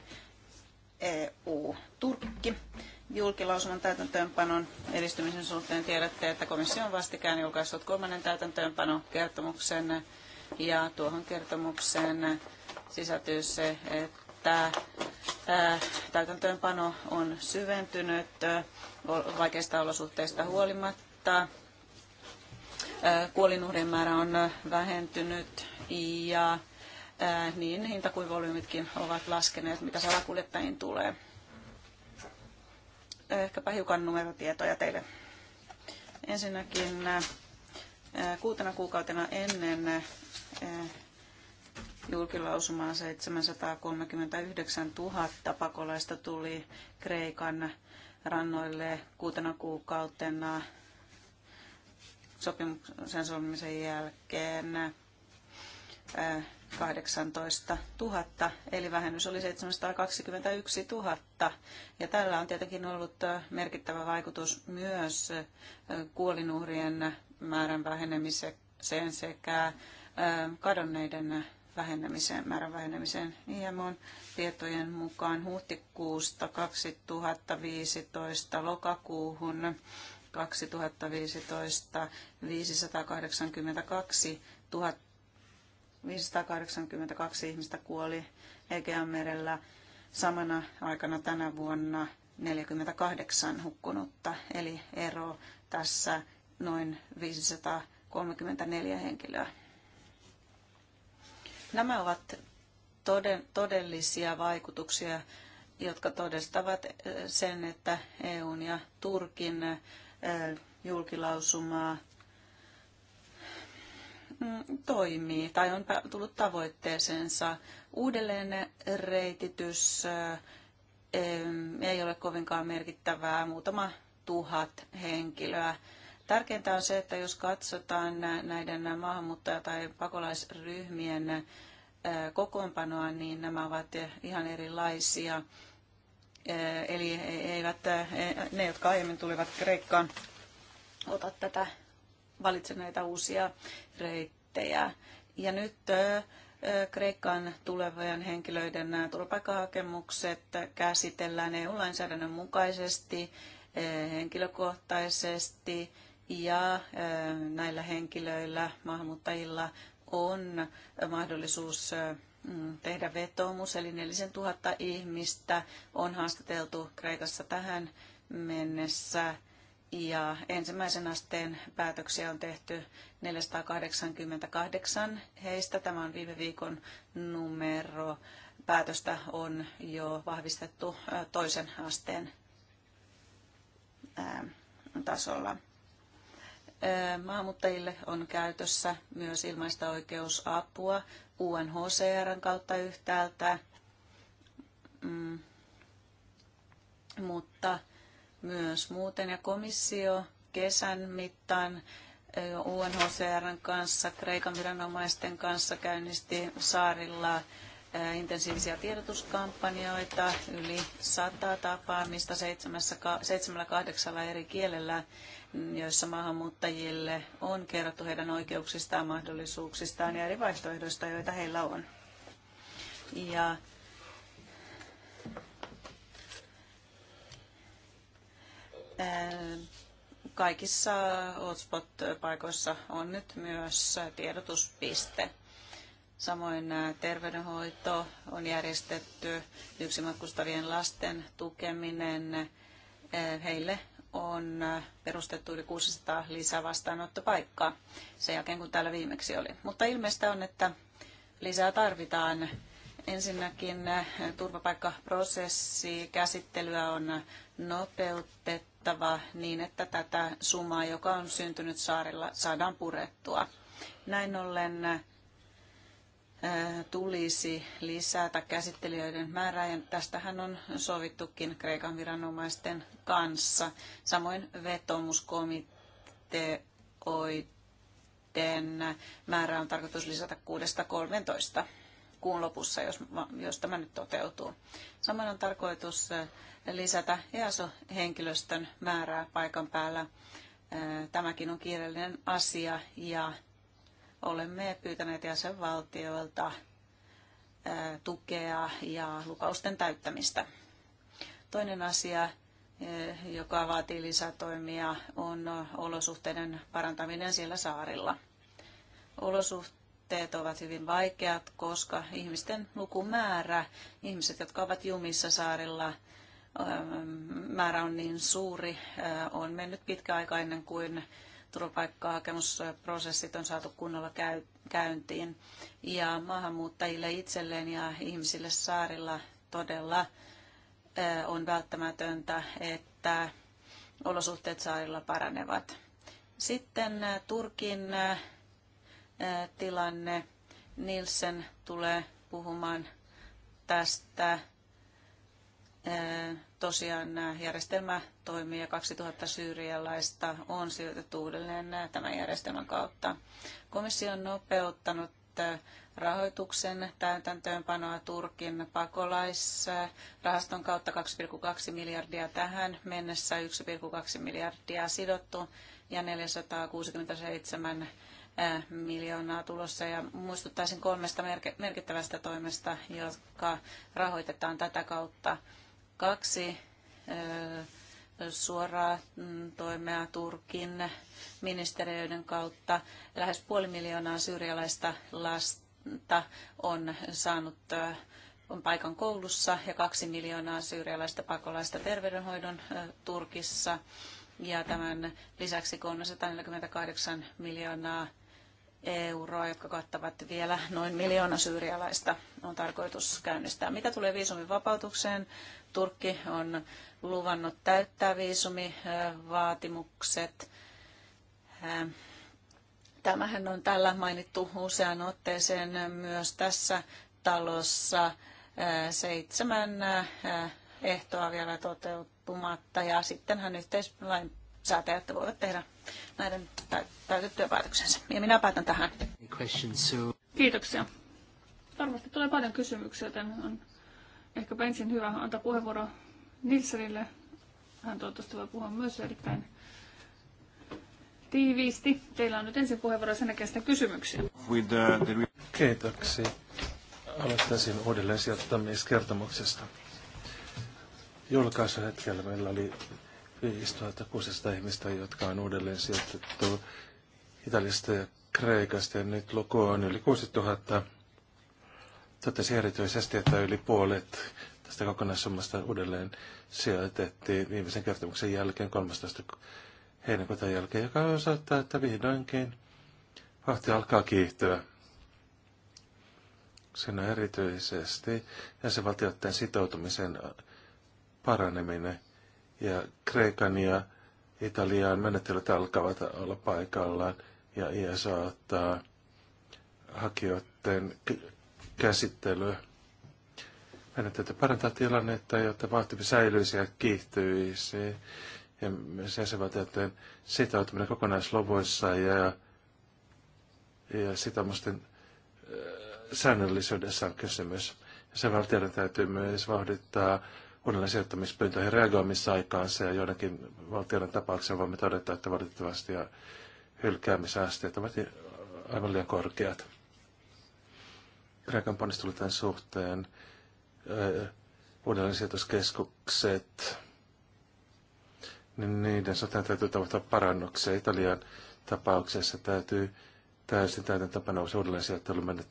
EU-Turkki julkilausuman täytäntöönpanon edistymisen suhteen tiedätte, että komissio on vastikään julkaissut kolmannen täytäntöönpanon kertomuksen ja tuohon kertomukseen sisältyy se, että täytäntöönpano on syventynyt vaikeista olosuhteista huolimatta. Kuolinuhrien määrä on vähentynyt ja niin hinta kuin volyymitkin ovat laskeneet, mitä salakuljettajiin tulee. Ehkäpä hiukan numerotietoja teille. Ensinnäkin kuutena kuukautena ennen julkilausumaan 739 000 pakolaista tuli Kreikan rannoille kuutena kuukautena sopimuksen solmimisen jälkeen 18 äh, 000, eli vähennys oli 721 000. Ja tällä on tietenkin ollut äh, merkittävä vaikutus myös äh, kuolinuhrien määrän vähenemiseen sekä kadonneiden vähenemiseen, määrän vähenemiseen IMOn tietojen mukaan huhtikuusta 2015 lokakuuhun 2015 582 000 582 ihmistä kuoli Egeanmerellä. Samana aikana tänä vuonna 48 hukkunutta, eli ero tässä noin 534 henkilöä. Nämä ovat todellisia vaikutuksia, jotka todistavat eh, sen, että EUn ja Turkin eh, julkilausumaa mm, toimii tai on tullut tavoitteeseensa. Uudelleen reititys eh, ei ole kovinkaan merkittävää, muutama tuhat henkilöä Tärkeintä on se, että jos katsotaan näiden maahanmuuttaja- tai pakolaisryhmien kokoonpanoa, niin nämä ovat ihan erilaisia. Eli e, eivät e, ne, jotka aiemmin tulivat Kreikkaan, ota tätä, valitsenneita uusia reittejä. Ja nyt Kreikan tulevien henkilöiden turvapaikkahakemukset käsitellään EU-lainsäädännön mukaisesti, henkilökohtaisesti ja näillä henkilöillä, maahanmuuttajilla, on mahdollisuus mm, tehdä vetoomus, eli 4000 ihmistä on haastateltu Kreikassa tähän mennessä. Ja ensimmäisen asteen päätöksiä on tehty 488 heistä. Tämä on viime viikon numero. Päätöstä on jo vahvistettu toisen asteen tasolla maahanmuuttajille on käytössä myös ilmaista oikeusapua UNHCRn kautta yhtäältä, mm. mutta myös muuten. Ja komissio kesän mittaan UNHCRn kanssa, Kreikan viranomaisten kanssa käynnisti saarilla intensiivisiä tiedotuskampanjoita, yli sata tapaamista seitsemällä kahdeksalla eri kielellä joissa maahanmuuttajille on kerrottu heidän oikeuksistaan, mahdollisuuksistaan ja eri vaihtoehdoista, joita heillä on. Ja kaikissa hotspot-paikoissa on nyt myös tiedotuspiste. Samoin terveydenhoito on järjestetty, yksimatkustavien lasten tukeminen, heille on perustettu yli 600 vastaanottopaikkaa sen jälkeen, kun täällä viimeksi oli. Mutta ilmeistä on, että lisää tarvitaan. Ensinnäkin eh, turvapaikkaprosessi käsittelyä on nopeutettava niin, että tätä sumaa, joka on syntynyt saarella, saadaan purettua. Näin ollen tulisi lisätä käsittelijöiden määrää, ja tästähän on sovittukin Kreikan viranomaisten kanssa. Samoin vetomuskomiteoiden määrä on tarkoitus lisätä 6-13 kuun lopussa, jos, jos tämä nyt toteutuu. Samoin on tarkoitus lisätä EASO-henkilöstön määrää paikan päällä. Tämäkin on kiireellinen asia ja olemme pyytäneet jäsenvaltioilta tukea ja lupausten täyttämistä. Toinen asia, joka vaatii lisätoimia, on olosuhteiden parantaminen siellä saarilla. Olosuhteet ovat hyvin vaikeat, koska ihmisten lukumäärä, ihmiset, jotka ovat jumissa saarilla, määrä on niin suuri, on mennyt pitkä aika ennen kuin turvapaikkahakemusprosessit on saatu kunnolla käyntiin. Ja maahanmuuttajille itselleen ja ihmisille saarilla todella on välttämätöntä, että olosuhteet saarilla paranevat. Sitten Turkin tilanne. Nielsen tulee puhumaan tästä tosiaan järjestelmä toimii ja 2000 syyrialaista on sijoitettu uudelleen tämän järjestelmän kautta. Komissio on nopeuttanut rahoituksen täytäntöönpanoa Turkin pakolaisrahaston kautta 2,2 miljardia tähän mennessä, 1,2 miljardia sidottu ja 467 miljoonaa tulossa. Ja muistuttaisin kolmesta merkittävästä toimesta, jotka rahoitetaan tätä kautta kaksi suoraa mm, toimea Turkin ministeriöiden kautta. Lähes puoli miljoonaa syyrialaista lasta on saanut on paikan koulussa ja kaksi miljoonaa syyrialaista pakolaista terveydenhoidon Turkissa. Ja tämän lisäksi 348 miljoonaa euroa, jotka kattavat vielä noin miljoona syyrialaista, on tarkoitus käynnistää. Mitä tulee viisumin vapautukseen? Turkki on luvannut täyttää viisumivaatimukset. Tämähän on tällä mainittu usean otteeseen myös tässä talossa seitsemän ehtoa vielä toteutumatta ja sittenhän yhteislainsäätäjät voivat tehdä näiden täytettyä päätöksensä. Ja minä päätän tähän. Kiitoksia. Varmasti tulee paljon kysymyksiä, joten on ehkä ensin hyvä antaa puheenvuoro Nilsenille. Hän toivottavasti voi puhua myös erittäin tiiviisti. Teillä on nyt ensin puheenvuoro sen jälkeen kysymyksiä. Uh, Kiitoksia. Aloittaisin uudelleen sijoittamiskertomuksesta. Julkaisuhetkellä meillä oli 5600 ihmistä, jotka on uudelleen sijoitettu Italiasta ja Kreikasta, ja nyt luku on yli 6000. Totesi erityisesti, että yli puolet tästä kokonaissummasta uudelleen sijoitettiin viimeisen kertomuksen jälkeen 13. heinäkuuta jälkeen, joka osoittaa, että vihdoinkin vahti alkaa kiihtyä. Siinä erityisesti jäsenvaltioiden sitoutumisen paraneminen ja Kreikan ja Italian menettelyt alkavat olla paikallaan ja ISA ottaa hakijoiden käsittelyä. Meidän parantaa tilannetta, jotta vauhtimi säilyisi ja kiihtyisi. Ja myös jäsenvaltioiden sitoutuminen kokonaisluvuissa ja, ja sitoumusten äh, säännöllisyydessä on kysymys. Jäsenvaltioiden täytyy myös vauhdittaa uudelleen sijoittamispyyntöihin reagoimisaikaansa ja joidenkin valtioiden tapauksessa voimme todeta, että valitettavasti ja hylkäämisasteet ovat aivan liian korkeat. Kreikan ponnistelu tämän suhteen, uudelleen sijoituskeskukset, niin niiden suhteen täytyy tavoittaa parannuksia. Italian tapauksessa täytyy täysin täytäntöpanoa uudelleen sijoittelumenet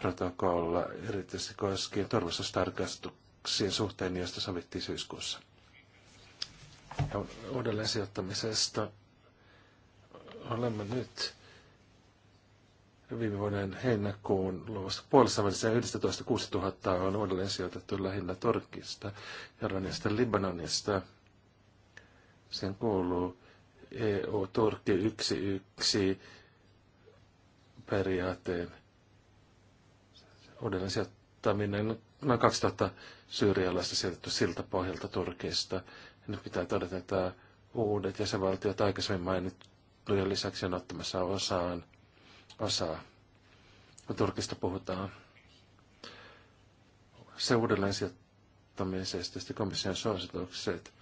protokolla, erityisesti koskien turvallisuustarkastuksia sen suhteen, josta sovittiin syyskuussa. Ja uudelleen sijoittamisesta olemme nyt viime vuoden heinäkuun luvussa puolessa välissä 11 6000 on uudelleen sijoitettu lähinnä Turkista, Jordanista, Libanonista. Sen kuuluu EU-Turkki 11 periaatteen uudelleen sijoittaminen noin 2000 syyrialaista siirretty siltä pohjalta Turkista. Ja nyt pitää todeta, että uudet jäsenvaltiot aikaisemmin mainittujen lisäksi on ottamassa osaan osaa. Kun Turkista puhutaan se uudelleen sijoittamisesta ja komission suositukset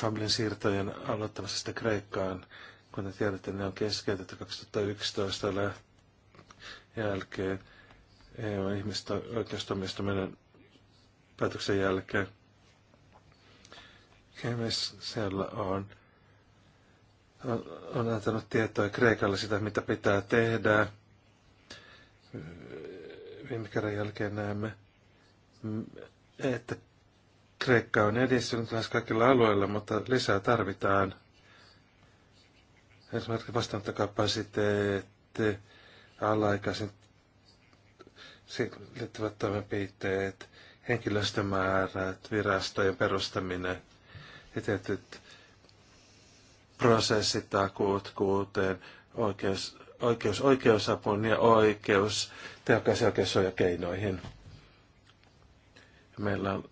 Trumpin siirtojen aloittamisesta Kreikkaan, kun kuten tiedätte, ne on keskeytetty 2011 jälkeen. EU-ihmistä oikeustoimistominen päätöksen jälkeen. siellä on, on, on antanut tietoa Kreikalle sitä, mitä pitää tehdä. Viime kerran jälkeen näemme, että Kreikka on edistynyt lähes kaikilla alueilla, mutta lisää tarvitaan. Esimerkiksi vastaanottokapasiteetti, alaikäisin liittyvät toimenpiteet, henkilöstömäärät, virastojen perustaminen ja tietyt prosessit, takuut, kuuteen, oikeus, oikeus oikeusapuun ja oikeus tehokas oikeussuojakeinoihin. Meillä on,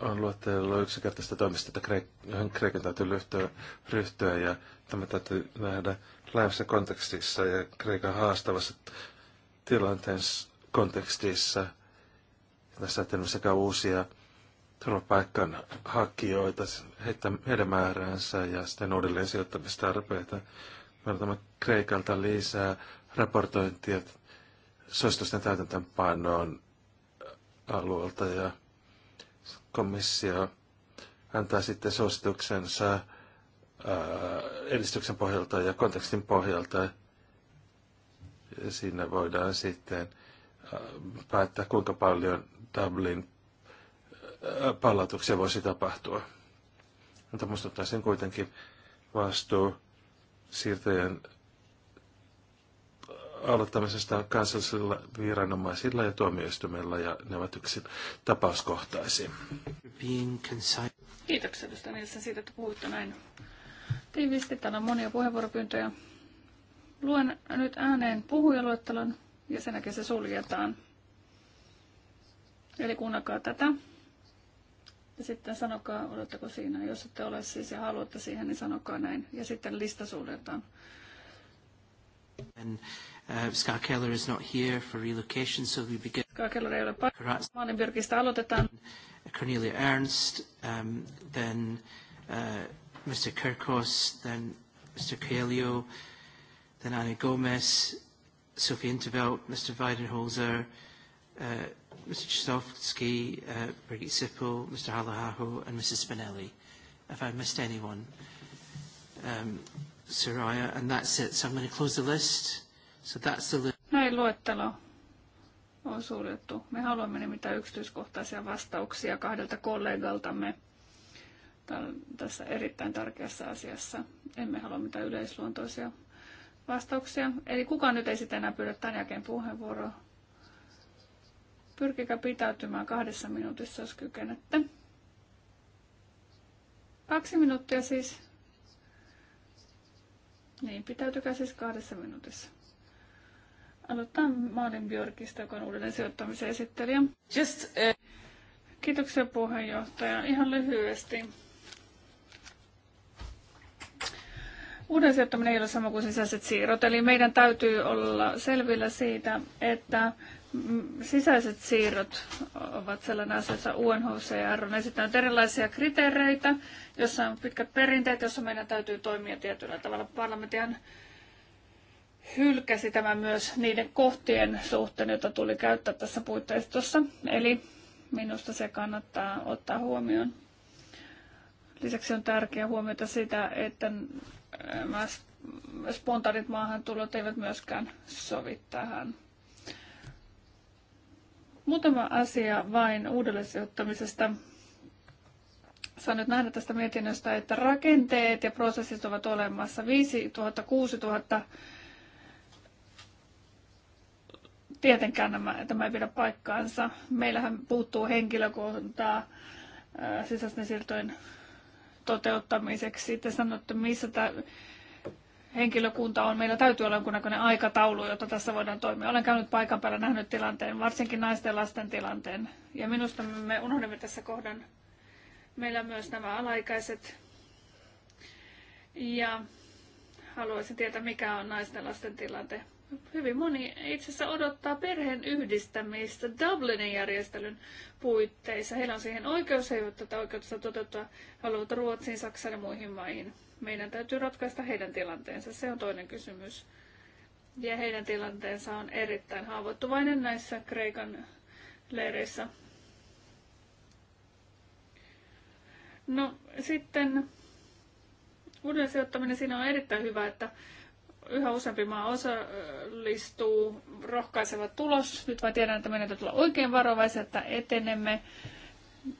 on luettelo yksinkertaista toimista, että Kreikan täytyy ryhtyä, ryhtyä ja tämä täytyy nähdä laajassa kontekstissa ja Kreikan haastavassa tilanteen kontekstissa – tässä ajattelemme sekä uusia turvapaikan hakijoita, heidän määräänsä ja sitten uudelleen sijoittamistarpeita. Me odotamme Kreikalta lisää raportointia suositusten täytäntöönpanoon alueelta ja komissio antaa sitten suosituksensa edistyksen pohjalta ja kontekstin pohjalta. Ja siinä voidaan sitten päättää, kuinka paljon Dublin palautuksia voisi tapahtua. Mutta muistuttaisin kuitenkin vastuu siirtojen aloittamisesta kansallisilla viranomaisilla ja tuomioistumilla ja ne ovat yksin tapauskohtaisia. Kiitoksia edustaja Nilsen siitä, että puhuitte näin tiiviisti. Täällä on monia puheenvuoropyyntöjä. Luen nyt ääneen puhujaluettelon ja sen jälkeen se suljetaan. Eli kuunnakaa tätä. Ja sitten sanokaa, odottako siinä. Jos ette ole siis ja haluatte siihen, niin sanokaa näin. Ja sitten lista suljetaan. And, uh, Scott Keller is not here for relocation, so we begin... Scott Keller ei ole paikalla. Birkistä aloitetaan. Cornelia Ernst, um, then uh, Mr. Kirkos, then Mr. Coelho, then Annie Gomez, Sophie Intervelt, Mr. Weidenholzer, uh, Mr. Chisovsky, uh, Brigitte Sippel, Mr. Halahaho, and Mrs. Spinelli. If I missed anyone, um, Soraya, and that's it. So I'm going to close the list. So that's the list. Näin luettelo on suljettu. Me haluamme nimittäin yksityiskohtaisia vastauksia kahdelta kollegaltamme tässä erittäin tärkeässä asiassa. Emme halua mitään yleisluontoisia vastauksia. Eli kukaan nyt ei sitten enää pyydä tämän jälkeen puheenvuoroa. Pyrkikää pitäytymään kahdessa minuutissa, jos kykenette. Kaksi minuuttia siis. Niin, pitäytykää siis kahdessa minuutissa. Aloitetaan Maalin Björkistä, joka on uudelleen sijoittamisen esittelijä. Just, uh... Kiitoksia puheenjohtaja. Ihan lyhyesti. Uuden sijoittaminen ei ole sama kuin sisäiset siirrot, eli meidän täytyy olla selvillä siitä, että Mm, sisäiset siirrot ovat sellainen jossa UNHCR on esittänyt erilaisia kriteereitä, jossa on pitkät perinteet, jossa meidän täytyy toimia tietyllä tavalla. Parlamentihan hylkäsi tämä myös niiden kohtien suhteen, jota tuli käyttää tässä puitteistossa. Eli minusta se kannattaa ottaa huomioon. Lisäksi on tärkeää huomiota sitä, että spontaanit maahantulot eivät myöskään sovi tähän Muutama asia vain uudellesijoittamisesta. Saan nyt nähdä tästä mietinnöstä, että rakenteet ja prosessit ovat olemassa 5000, 6000. Tietenkään nämä, tämä ei pidä paikkaansa. Meillähän puuttuu henkilökuntaa sisäisten siirtojen toteuttamiseksi. Te sanotte, missä tämä henkilökunta on. Meillä täytyy olla jonkunnäköinen aikataulu, jotta tässä voidaan toimia. Olen käynyt paikan päällä, nähnyt tilanteen, varsinkin naisten ja lasten tilanteen. Ja minusta me unohdamme tässä kohdan. Meillä on myös nämä alaikäiset. Ja haluaisin tietää, mikä on naisten ja lasten tilanteen hyvin moni itse asiassa odottaa perheen yhdistämistä Dublinin järjestelyn puitteissa. Heillä on siihen oikeus, he eivät tätä oikeutta toteuttaa, haluavat Ruotsiin, Saksaan ja muihin maihin. Meidän täytyy ratkaista heidän tilanteensa, se on toinen kysymys. Ja heidän tilanteensa on erittäin haavoittuvainen näissä Kreikan leireissä. No sitten uudelleen sijoittaminen siinä on erittäin hyvä, että yhä useampi maa osallistuu, rohkaiseva tulos. Nyt vain tiedän, että meidän täytyy olla oikein varovaisia, että etenemme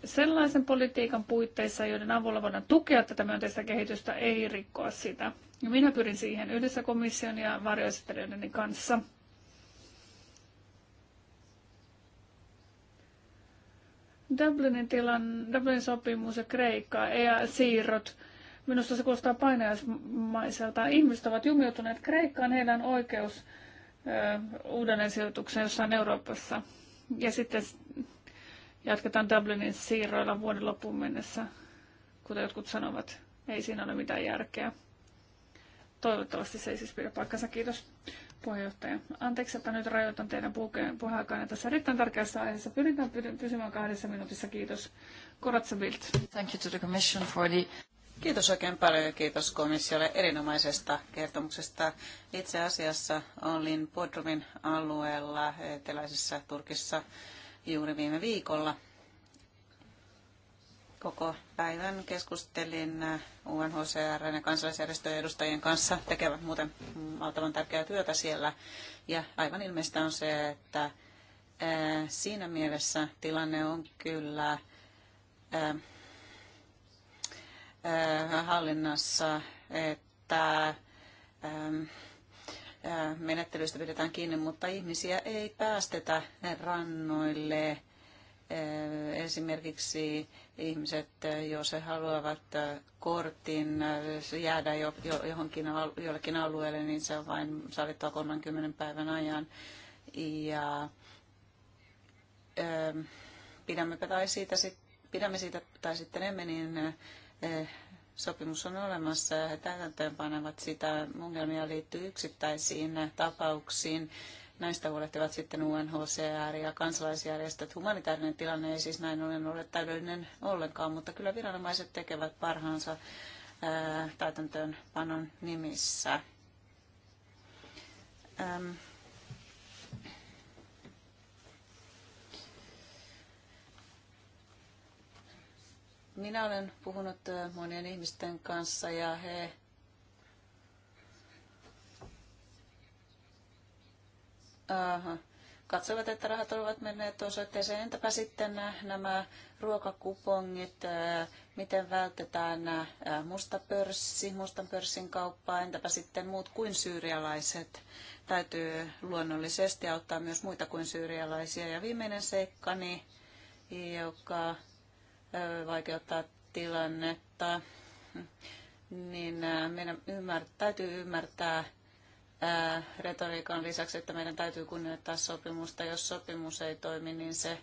sellaisen politiikan puitteissa, joiden avulla voidaan tukea tätä myönteistä kehitystä, ei rikkoa sitä. Ja minä pyrin siihen yhdessä komission ja varjoesittelijöideni kanssa. Dublinin tilan, Dublinin sopimus ja Kreikka ja e siirrot. Minusta se kuulostaa painajaismaiselta. Ihmiset ovat jumiutuneet Kreikkaan, heidän oikeus ö, uudelleen sijoitukseen jossain Euroopassa. Ja sitten jatketaan Dublinin siirroilla vuoden loppuun mennessä. Kuten jotkut sanovat, ei siinä ole mitään järkeä. Toivottavasti se ei siis pidä paikkansa. Kiitos puheenjohtaja. Anteeksi, että nyt rajoitan teidän puheaikanne tässä erittäin tärkeässä aiheessa. Pyritään pysymään kahdessa minuutissa. Kiitos. Koratsa Bild. Thank you to the commission for the... Kiitos oikein paljon ja kiitos komissiolle erinomaisesta kertomuksesta. Itse asiassa olin Bodrumin alueella eteläisessä Turkissa juuri viime viikolla. Koko päivän keskustelin UNHCR ja kansalaisjärjestöjen edustajien kanssa, tekevät muuten valtavan tärkeää työtä siellä. Ja aivan ilmeistä on se, että siinä mielessä tilanne on kyllä hallinnassa, että menettelystä pidetään kiinni, mutta ihmisiä ei päästetä rannoille. Esimerkiksi ihmiset, jos he haluavat kortin jäädä johonkin, jollekin alueelle, niin se on vain sallittua 30 päivän ajan. Ja pidämme, tai siitä, pidämme siitä tai sitten emme, niin sopimus on olemassa ja he täytäntöönpanevat sitä. Ongelmia liittyy yksittäisiin tapauksiin. Näistä huolehtivat sitten UNHCR ja kansalaisjärjestöt. Humanitaarinen tilanne ei siis näin ollen ole täydellinen ollenkaan, mutta kyllä viranomaiset tekevät parhaansa täytäntöönpanon nimissä. Ähm, Minä olen puhunut äh, monien ihmisten kanssa ja he Aha. katsovat, että rahat olivat menneet osoitteeseen. Entäpä sitten äh, nämä ruokakupongit, äh, miten vältetään musta pörssi, mustan pörssin kauppaa, entäpä sitten muut kuin syyrialaiset. Täytyy luonnollisesti auttaa myös muita kuin syyrialaisia. Ja viimeinen seikkani, joka vaikeuttaa tilannetta, niin meidän ymmär- täytyy ymmärtää retoriikan lisäksi, että meidän täytyy kunnioittaa sopimusta. Jos sopimus ei toimi, niin se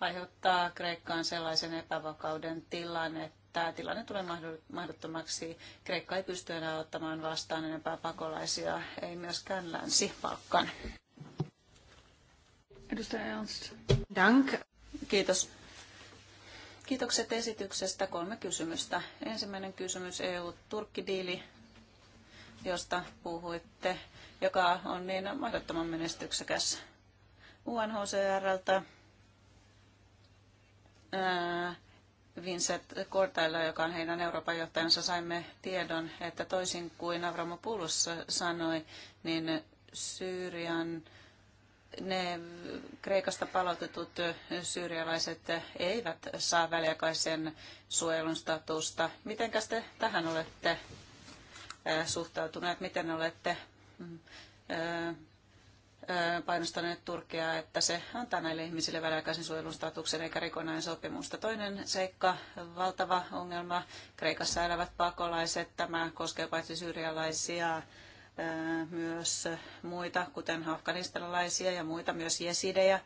aiheuttaa Kreikkaan sellaisen epävakauden tilan, että tilanne tulee mahdottomaksi. Kreikka ei pysty enää ottamaan vastaan enempää pakolaisia, ei myöskään länsi-Balkan. Edustaja Ernst. Dank. Kiitos Kiitokset esityksestä. Kolme kysymystä. Ensimmäinen kysymys EU-Turkki-diili, josta puhuitte, joka on niin mahdottoman menestyksekäs UNHCRltä. Vincent Kortailla, joka on heidän Euroopan johtajansa, saimme tiedon, että toisin kuin Avramopoulos sanoi, niin Syyrian ne Kreikasta palautetut syyrialaiset eivät saa väliaikaisen suojelun statusta. Mitenkäs te tähän olette suhtautuneet? Miten olette mm, painostaneet Turkia, että se antaa näille ihmisille väliaikaisen suojelun statuksen eikä rikonainen sopimusta. Toinen seikka, valtava ongelma, Kreikassa elävät pakolaiset, tämä koskee paitsi syyrialaisia myös muita, kuten afganistanilaisia ja muita, myös jesidejä.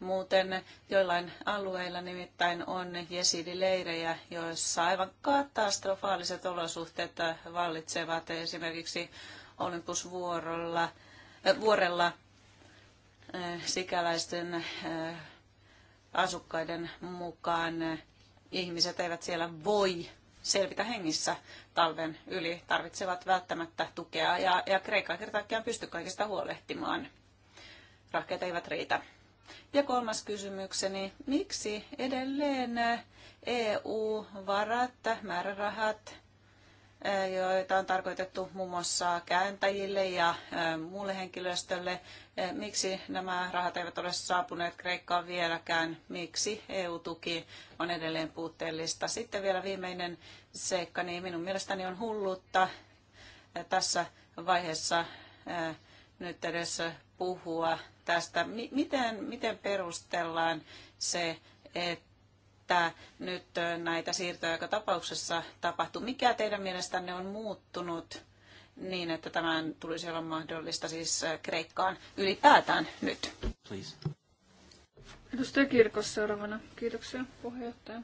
Muuten joillain alueilla nimittäin on jesidileirejä, joissa aivan katastrofaaliset olosuhteet vallitsevat esimerkiksi Olympusvuorolla, vuorella sikäläisten asukkaiden mukaan ihmiset eivät siellä voi selvitä hengissä talven yli, tarvitsevat välttämättä tukea ja, ja Kreikka ei kertaakaan pysty kaikista huolehtimaan. Rahkeet eivät riitä. Ja kolmas kysymykseni, miksi edelleen EU-varat, määrärahat, e, joita on tarkoitettu muun muassa kääntäjille ja e, muulle henkilöstölle. E, miksi nämä rahat eivät ole saapuneet Kreikkaan vieläkään? Miksi EU-tuki on edelleen puutteellista? Sitten vielä viimeinen seikka, niin minun mielestäni on hullutta tässä vaiheessa nyt edes puhua tästä. Miten, miten perustellaan se, että nyt näitä siirtoja joka tapauksessa tapahtuu? Mikä teidän mielestänne on muuttunut niin, että tämän tulisi olla mahdollista siis Kreikkaan ylipäätään nyt? Please. Edustaja Kirkos seuraavana. Kiitoksia puheenjohtaja.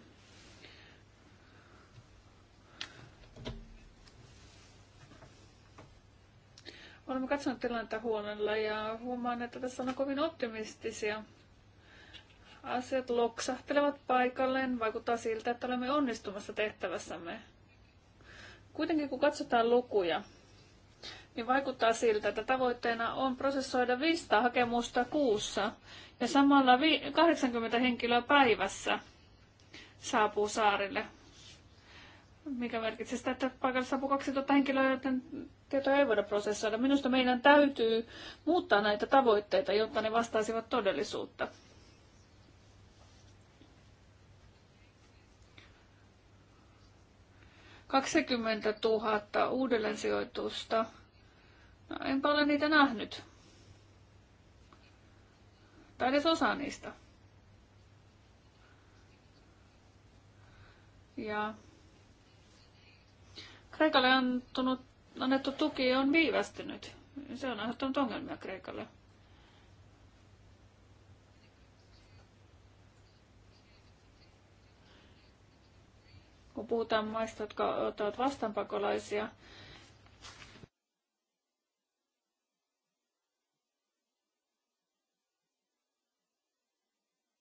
Olemme katsoneet tilannetta huolella ja huomaan, että tässä on kovin optimistisia. Asiat loksahtelevat paikalleen. Vaikuttaa siltä, että olemme onnistumassa tehtävässämme. Kuitenkin kun katsotaan lukuja, niin vaikuttaa siltä, että tavoitteena on prosessoida 500 hakemusta kuussa ja samalla 80 henkilöä päivässä saapuu saarille mikä merkitsee sitä, että paikalla saapuu 2000 henkilöä, joten tietoja ei voida prosessoida. Minusta meidän täytyy muuttaa näitä tavoitteita, jotta ne vastaisivat todellisuutta. Kaksikymmentä tuhatta uudelleensijoitusta. No, enpä ole niitä nähnyt. Tai edes osa niistä. Ja Kreikalle antunut, annettu tuki on viivästynyt. Se on aiheuttanut ongelmia Kreikalle. kun puhutaan maista, jotka ovat vastaanpakolaisia,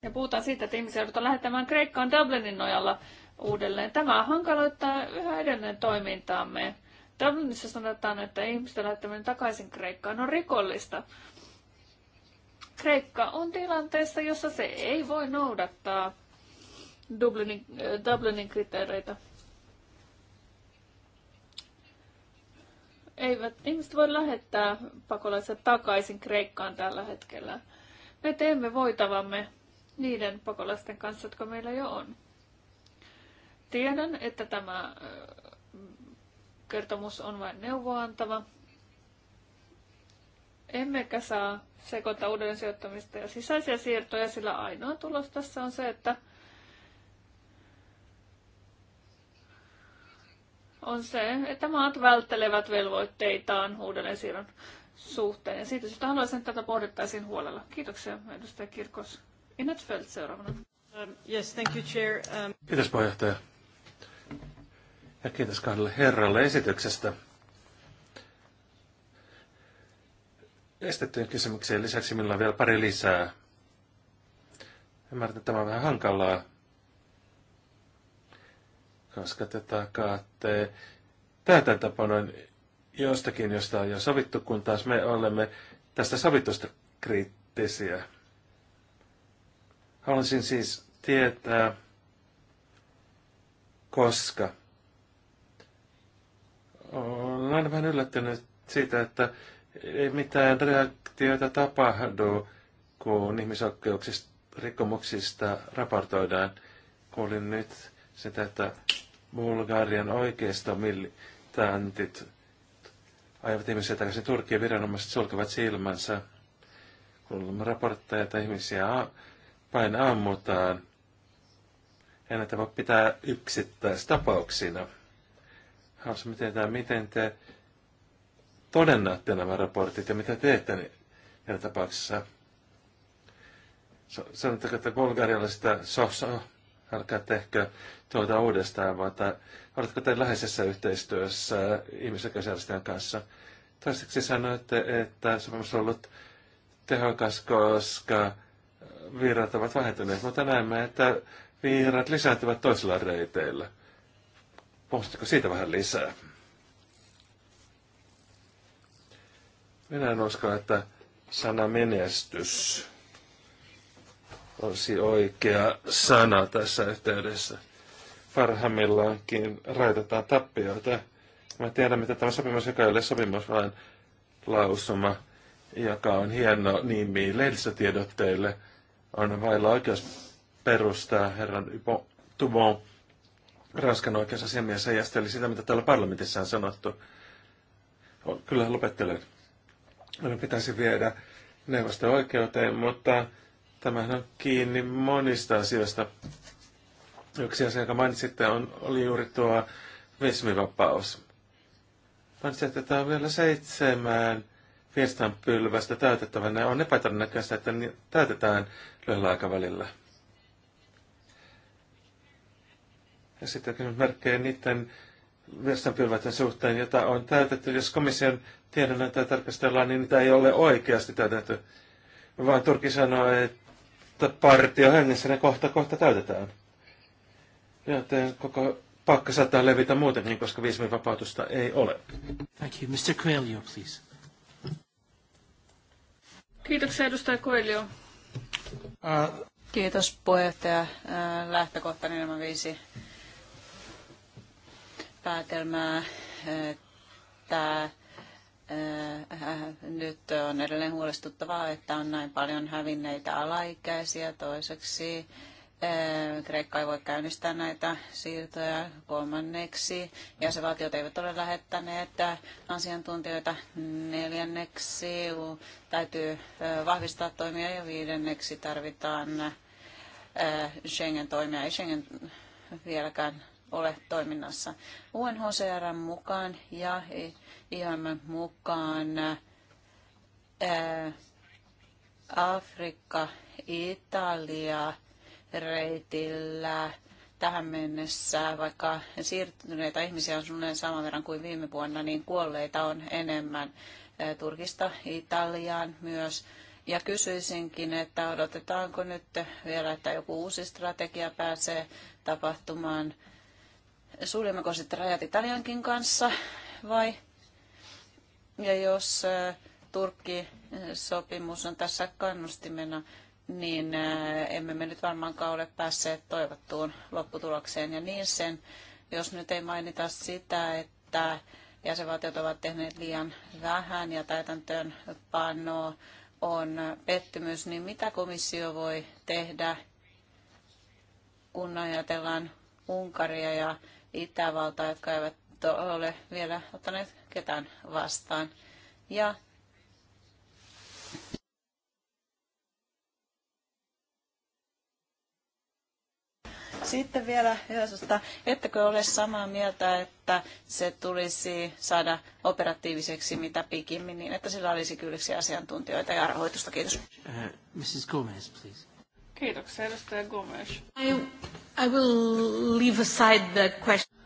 Ja puhutaan siitä, että ihmisiä joudutaan lähettämään Kreikkaan Dublinin nojalla uudelleen. Tämä hankaloittaa yhä edelleen toimintaamme. Dublinissa sanotaan, että ihmisten lähettäminen takaisin Kreikkaan on rikollista. Kreikka on tilanteessa, jossa se ei voi noudattaa Dublinin, äh, Dublinin kriteereitä. Eivät ihmiset voi lähettää pakolaisia takaisin Kreikkaan tällä hetkellä. Me teemme voitavamme niiden pakolaisten kanssa, jotka meillä jo on. Tiedän, että tämä kertomus on vain neuvoantava. Emmekä saa sekoittaa uuden sijoittamista ja sisäisiä siirtoja, sillä ainoa tulos tässä on se, että on se, että maat välttelevät velvoitteitaan uudelleen siirron suhteen. Ja siitä syystä haluaisin, että tätä pohdittaisiin huolella. Kiitoksia, edustaja Kirkos. Inet Feld seuraavana. Um, yes, thank you, chair. Um... Kiitos, puheenjohtaja. Ja kiitos kahdelle herralle esityksestä. Estettyjen kysymyksiin lisäksi minulla on vielä pari lisää. Ymmärrän, että tämä on vähän hankalaa, koska te takaatte täytäntöpanon jostakin, josta on jo sovittu, kun taas me olemme tästä sovitusta kriittisiä. Haluaisin siis tietää, koska olen aina vähän yllättynyt siitä, että ei mitään reaktioita tapahdu, kun ihmisoikeuksista rikkomuksista raportoidaan. Kuulin nyt sitä, että Bulgarian oikeistomilitantit ajavat ihmisiä takaisin Turkkiin viranomaiset sulkevat silmänsä. Kuulemme raportteja, että ihmisiä vain ammutaan. Ei näitä voi pitää yksittäistapauksina. tapauksina Haluaisimme tietää, miten te todennatte nämä raportit ja mitä teette niiden tapauksessa. Sanotteko, että bulgarialaisista soso, älkää tehkö tuota uudestaan, vaan oletko te läheisessä yhteistyössä ihmisoikeusjärjestöjen kanssa? Toiseksi sanoitte, että sopimus on ollut tehokas, koska virrat ovat vähentyneet, mutta näemme, että virrat lisääntyvät toisilla reiteillä – Puhuisitko siitä vähän lisää? Minä en usko, että sana menestys olisi oikea sana tässä yhteydessä. Parhaimmillaankin raitetaan tappioita. Mä tiedän, mitä tämä sopimus, joka ei ole sopimus, vaan lausuma, joka on hieno nimi lehdistötiedotteille, on vailla oikeus perustaa herran Tubon Ranskan oikeusasiamies ajasteli sitä, mitä täällä parlamentissa on sanottu. Kyllä lopettelen. Meidän pitäisi viedä neuvosto oikeuteen, mutta tämähän on kiinni monista asioista. Yksi asia, jonka mainitsitte, on, oli juuri tuo vismivapaus. Mainitsin, että on vielä seitsemän pylvästä täytettävänä. On epätodennäköistä, että täytetään lyhyellä aikavälillä. ja sitten merkkejä niiden virstanpylväiden suhteen, jota on täytetty. Jos komission tiedonantoja tarkastellaan, niin niitä ei ole oikeasti täytetty. Vaan Turki sanoi, että partio hengessä ne kohta kohta täytetään. Joten koko pakka saattaa levitä muutenkin, koska viisumin vapautusta ei ole. Thank you. Mr. Coelho, please. Kiitoksia, edustaja Coelho. Uh. Kiitos puheenjohtaja. Äh, Lähtökohtainen nämä viisi päätelmää, että äh, äh, nyt on edelleen huolestuttavaa, että on näin paljon hävinneitä alaikäisiä. Toiseksi äh, Kreikka ei voi käynnistää näitä siirtoja kolmanneksi. Jäsenvaltiot eivät ole lähettäneet asiantuntijoita neljänneksi. täytyy vahvistaa toimia ja viidenneksi tarvitaan Schengen-toimia. Ei Schengen vieläkään ole toiminnassa. UNHCR mukaan ja IOM mukaan ää, Afrikka, Italia reitillä tähän mennessä, vaikka siirtyneitä ihmisiä on suunnilleen saman verran kuin viime vuonna, niin kuolleita on enemmän Turkista Italiaan myös. Ja kysyisinkin, että odotetaanko nyt vielä, että joku uusi strategia pääsee tapahtumaan suljemmeko sitten rajat Italiankin kanssa vai? Ja jos äh, Turkki-sopimus äh, on tässä kannustimena, niin äh, emme me nyt varmaankaan ole päässeet toivottuun lopputulokseen. Ja niin sen, jos nyt ei mainita sitä, että jäsenvaltiot ovat tehneet liian vähän ja täytäntöön panoa on pettymys, niin mitä komissio voi tehdä, kun ajatellaan Unkaria ja Itävaltaa, jotka eivät ole vielä ottaneet ketään vastaan. Ja Sitten vielä Jeesusta, ettekö ole samaa mieltä, että se tulisi saada operatiiviseksi mitä pikimmin, niin että sillä olisi kylliksi asiantuntijoita ja rahoitusta. Kiitos. Uh, Mrs. Gomez, please. Kiitoksia, edustaja Gomes. I, I will leave aside the question.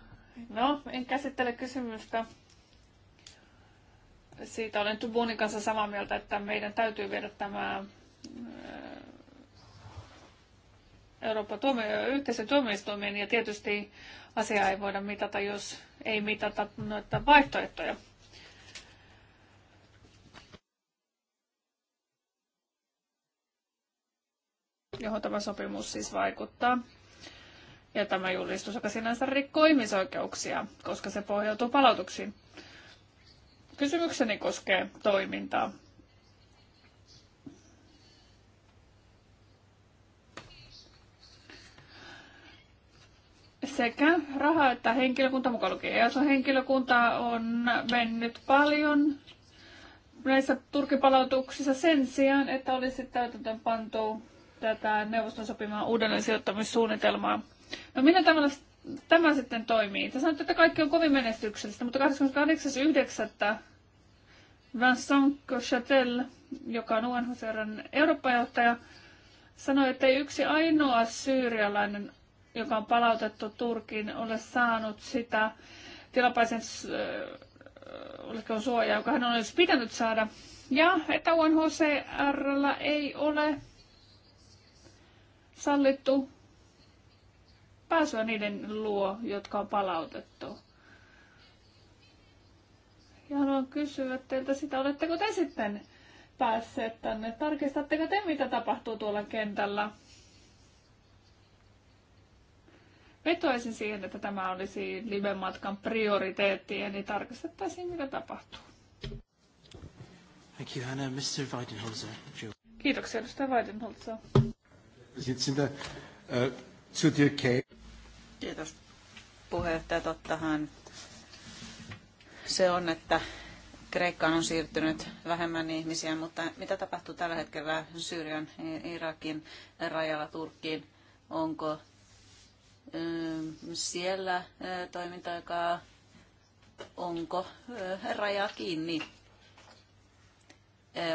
No, en käsittele kysymystä. Siitä olen Tubunin kanssa samaa mieltä, että meidän täytyy viedä tämä äh, Euroopan tuomio, yhteisen tuomioistuimen ja tietysti asiaa ei voida mitata, jos ei mitata noita vaihtoehtoja. johon tämä sopimus siis vaikuttaa. Ja tämä julistus, joka sinänsä rikkoo ihmisoikeuksia, koska se pohjautuu palautuksiin. Kysymykseni koskee toimintaa. Sekä raha että henkilökunta, mukaan lukien EASO-henkilökunta, on mennyt paljon näissä turkipalautuksissa sen sijaan, että olisi täytäntöön pantu tätä neuvoston sopimaa uudelleen sijoittamissuunnitelmaa. No millä tavalla tämä sitten toimii? Te sanotte, että kaikki on kovin menestyksellistä, mutta 28.9. Vincent Cochatel, joka on UNHCRn Eurooppa-johtaja, sanoi, että ei yksi ainoa syyrialainen, joka on palautettu Turkiin, ole saanut sitä tilapäisen äh, suojaa, joka hän olisi pitänyt saada. Ja että UNHCRllä ei ole sallittu pääsyä niiden luo, jotka on palautettu. Ja haluan kysyä teiltä sitä, oletteko te sitten päässeet tänne? Tarkistatteko te, mitä tapahtuu tuolla kentällä? Vetoisin siihen, että tämä olisi Live-matkan prioriteetti, eli tarkistettaisiin, mitä tapahtuu. Thank you, Anna. Mr. Kiitoksia, edustaja Weidenholzer. Äh, Kiitos puheenjohtaja. Tottahan se on, että Kreikkaan on siirtynyt vähemmän ihmisiä, mutta mitä tapahtuu tällä hetkellä Syyrian, Irakin rajalla Turkkiin? Onko äh, siellä äh, joka Onko raja kiinni?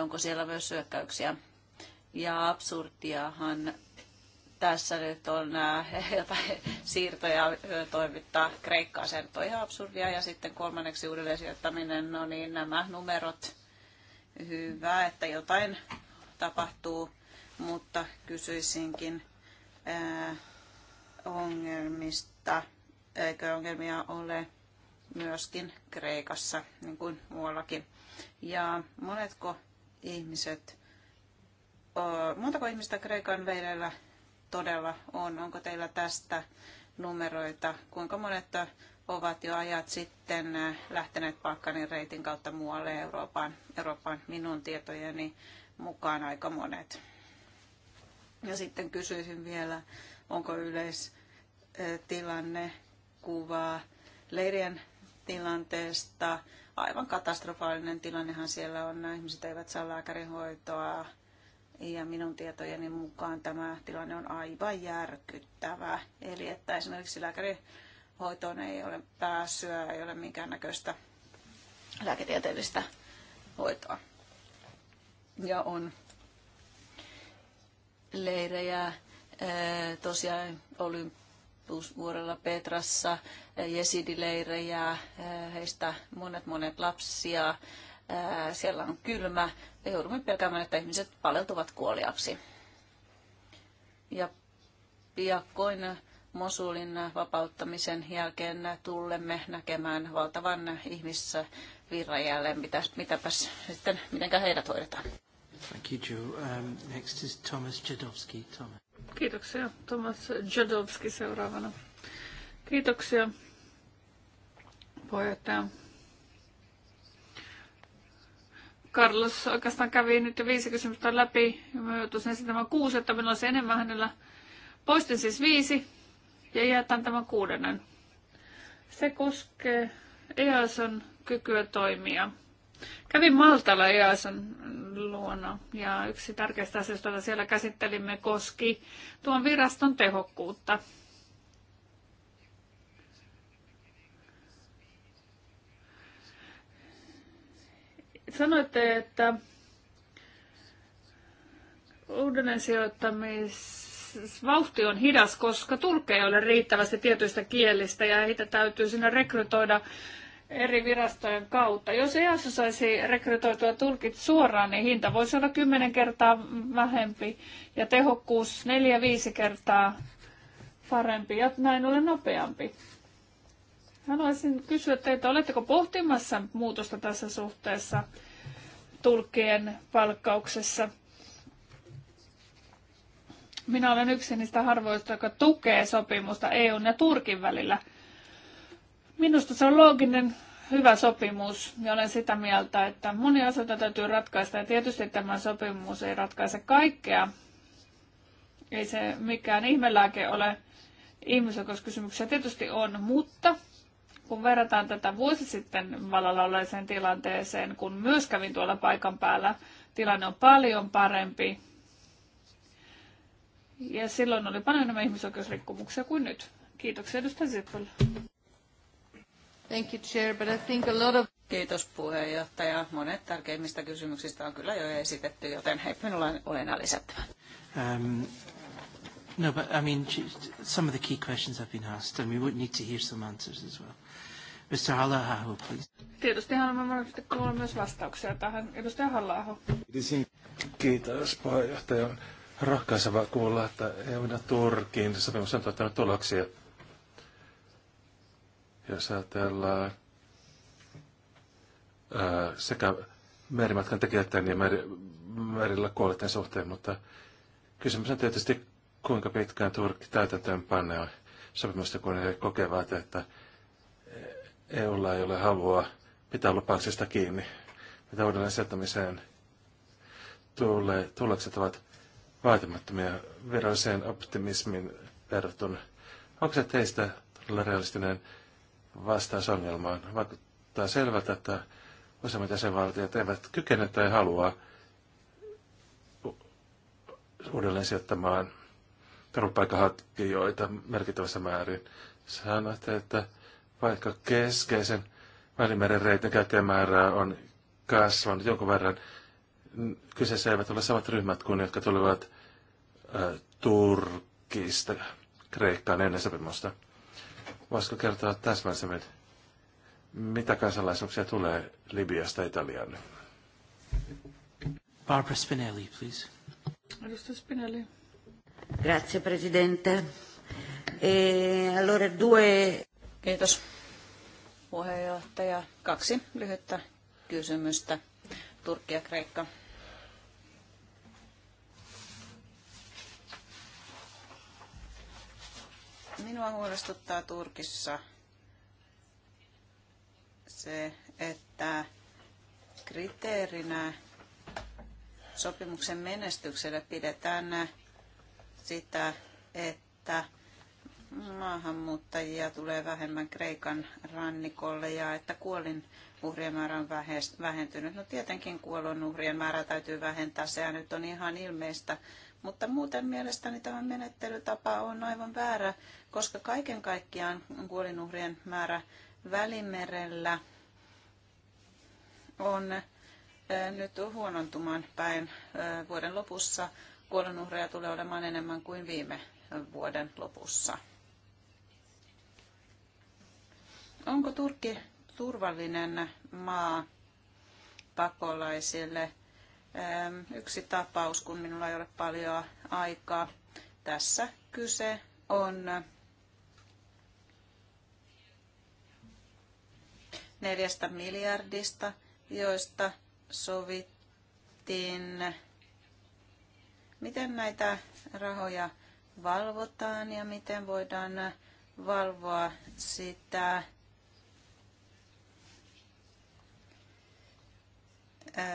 Onko siellä myös syökkäyksiä? Ja absurdiahan tässä nyt on äh, jotain siirtoja toimittaa Kreikkaa se nyt on ihan absurdia. Ja sitten kolmanneksi uudelleen sijoittaminen, no niin nämä numerot, hyvä, että jotain tapahtuu, mutta kysyisinkin ää, äh, ongelmista, eikö ongelmia ole myöskin Kreikassa, niin kuin muuallakin. Ja monetko ihmiset, montako ihmistä Kreikan leireillä todella on? Onko teillä tästä numeroita? Kuinka monet ovat jo ajat sitten äh, lähteneet Balkanin reitin kautta muualle Euroopan, Euroopan minun tietojeni mukaan aika monet. Ja sitten kysyisin vielä, onko yleistilanne kuvaa leirien tilanteesta. Aivan katastrofaalinen tilannehan siellä on. Ihmiset eivät saa lääkärihoitoa, ja minun tietojeni mukaan tämä tilanne on aivan järkyttävä. Eli että esimerkiksi lääkärihoitoon ei ole pääsyä, ei ole minkäännäköistä lääketieteellistä hoitoa. Ja on leirejä tosiaan Olympusvuorella Petrassa, jesidileirejä, heistä monet monet lapsia, siellä on kylmä ja joudumme pelkäämään, että ihmiset paleltuvat kuoliaksi. Ja piakkoin Mosulin vapauttamisen jälkeen tullemme näkemään valtavan ihmissä virran jälleen. Mitä, mitäpäs sitten, mitenkä heidät hoidetaan? Thank you, Joe. Um, next is Thomas Jadowski. Thomas. Kiitoksia. Thomas Jadowski seuraavana. Kiitoksia, puheenjohtaja. Carlos oikeastaan kävi nyt jo viisi kysymystä läpi. Mä joutuisin esittämään kuusi, että minulla olisi enemmän hänellä. Poistin siis viisi ja jätän tämän kuudennen. Se koskee EASon kykyä toimia. Kävin Maltalla EASon luona ja yksi tärkeistä asioista, jota siellä käsittelimme, koski tuon viraston tehokkuutta. Sanoitte, että uudelleen sijoittamisvauhti on hidas, koska tulkkeja ei ole riittävästi tietyistä kielistä ja heitä täytyy sinne rekrytoida eri virastojen kautta. Jos EAS saisi rekrytoitua tulkit suoraan, niin hinta voisi olla kymmenen kertaa vähempi ja tehokkuus neljä viisi kertaa parempi ja näin ollen nopeampi. Haluaisin kysyä teitä, oletteko pohtimassa muutosta tässä suhteessa tulkkien palkkauksessa? Minä olen yksi niistä harvoista, joka tukee sopimusta EUn ja Turkin välillä. Minusta se on looginen, hyvä sopimus ja olen sitä mieltä, että moni asioita täytyy ratkaista ja tietysti tämä sopimus ei ratkaise kaikkea. Ei se mikään ihmelääke ole ihmisoikeuskysymyksiä tietysti on, mutta kun verrataan tätä vuosi sitten valalla olleeseen tilanteeseen, kun myös kävin tuolla paikan päällä, tilanne on paljon parempi. Ja silloin oli paljon enemmän ihmisoikeusrikkomuksia kuin nyt. Kiitoksia edustaja Zippel. Thank you, Chair, but I think a lot of... Kiitos puheenjohtaja. Monet tärkeimmistä kysymyksistä on kyllä jo esitetty, joten hei, minulla on enää lisättävä. Um, no, but I mean, some of the key questions have been asked, and we would need to hear some answers as well. Mr. halla please. Tietysti haluamme mahdollisesti kuulla myös vastauksia tähän. Edustaja halla Kiitos puheenjohtaja. On rohkaisevaa kuulla, että EU Turkin sopimus on tuottanut tuloksia. Jos ajatellaan ää, sekä merimatkan tekijöiden ja meri, merillä kuolleiden suhteen, mutta kysymys on tietysti, kuinka pitkään Turkki täytäntöön panee sopimusta, kun he kokevat, että EUlla ei ole halua pitää lupauksista kiinni, mitä uudelleen sijoittamiseen tulee. Tulokset ovat vaatimattomia viralliseen optimismin verrattuna. Onko se teistä todella realistinen vastaus ongelmaan? Vaikuttaa selvältä, että useimmat jäsenvaltiot eivät kykene tai halua uudelleen sijoittamaan turvapaikanhakijoita merkittävässä määrin. Sanoitte, että vaikka keskeisen Välimeren reitin käyttäjämäärää on kasvanut jonkun verran, kyseessä eivät ole samat ryhmät kuin jotka tulivat äh, Turkista Kreikkaan ennen sopimusta. Voisiko kertoa täsmällisemmin, mitä kansalaisuuksia tulee Libiasta Italiaan? Barbara Spinelli, please. Edustaja Spinelli. Grazie, Presidente. E, allora, due... Kiitos puheenjohtaja. Kaksi lyhyttä kysymystä. Turkki ja Kreikka. Minua huolestuttaa Turkissa se, että kriteerinä sopimuksen menestykselle pidetään sitä, että maahanmuuttajia tulee vähemmän Kreikan rannikolle ja että kuolin uhrien määrä on vähentynyt. No tietenkin kuolon uhrien määrä täytyy vähentää, se nyt on ihan ilmeistä. Mutta muuten mielestäni tämä menettelytapa on aivan väärä, koska kaiken kaikkiaan kuolinuhrien määrä Välimerellä on nyt huonontumaan päin. Vuoden lopussa kuolonuhreja tulee olemaan enemmän kuin viime vuoden lopussa. Onko Turkki turvallinen maa pakolaisille? Ehm, yksi tapaus, kun minulla ei ole paljon aikaa. Tässä kyse on neljästä miljardista, joista sovittiin. Miten näitä rahoja valvotaan ja miten voidaan valvoa sitä,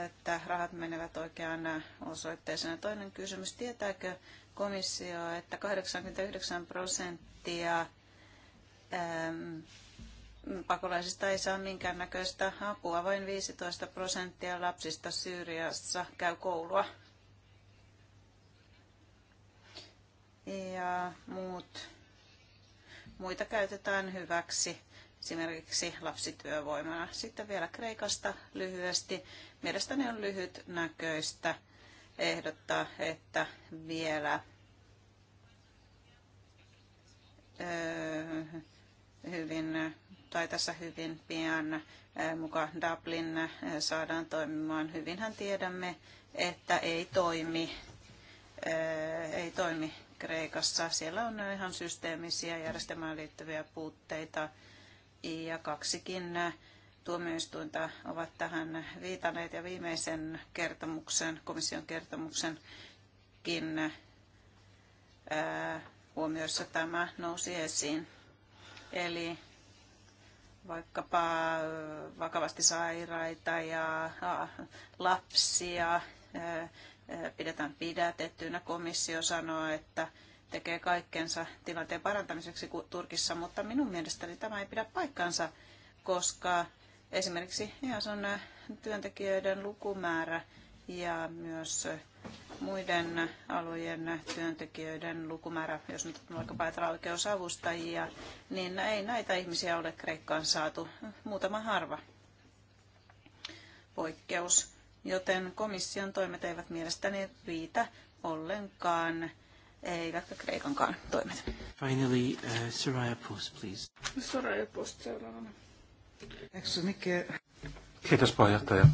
että rahat menevät oikeaan osoitteeseen. Toinen kysymys, tietääkö komissio, että 89 prosenttia ähm, pakolaisista ei saa minkäännäköistä apua, vain 15 prosenttia lapsista Syyriassa käy koulua. Ja muut, muita käytetään hyväksi esimerkiksi lapsityövoimana. Sitten vielä Kreikasta lyhyesti. Mielestäni on lyhytnäköistä ehdottaa, että vielä hyvin, tai tässä hyvin pian mukaan Dublin saadaan toimimaan. Hyvinhän tiedämme, että ei toimi, ei toimi Kreikassa. Siellä on ihan systeemisiä järjestelmään liittyviä puutteita ja kaksikin tuomioistuinta ovat tähän viitaneet ja viimeisen kertomuksen, komission kertomuksenkin ää, huomioissa tämä nousi esiin. Eli vaikkapa vakavasti sairaita ja lapsia pidetään pidätettynä. Komissio sanoo, että tekee kaikkensa tilanteen parantamiseksi Turkissa, mutta minun mielestäni tämä ei pidä paikkaansa, koska esimerkiksi EASON äh, työntekijöiden lukumäärä ja myös äh, muiden alojen äh, työntekijöiden lukumäärä, jos nyt on vaikka päätellä oikeusavustajia, niin ei näitä ihmisiä ole Kreikkaan saatu, muutama harva poikkeus, joten komission toimet eivät mielestäni riitä ollenkaan eivätkä Kreikankaan toimet. Finally, uh, Soraya Post, please. Soraya Post seuraavana. Kiitos puheenjohtaja.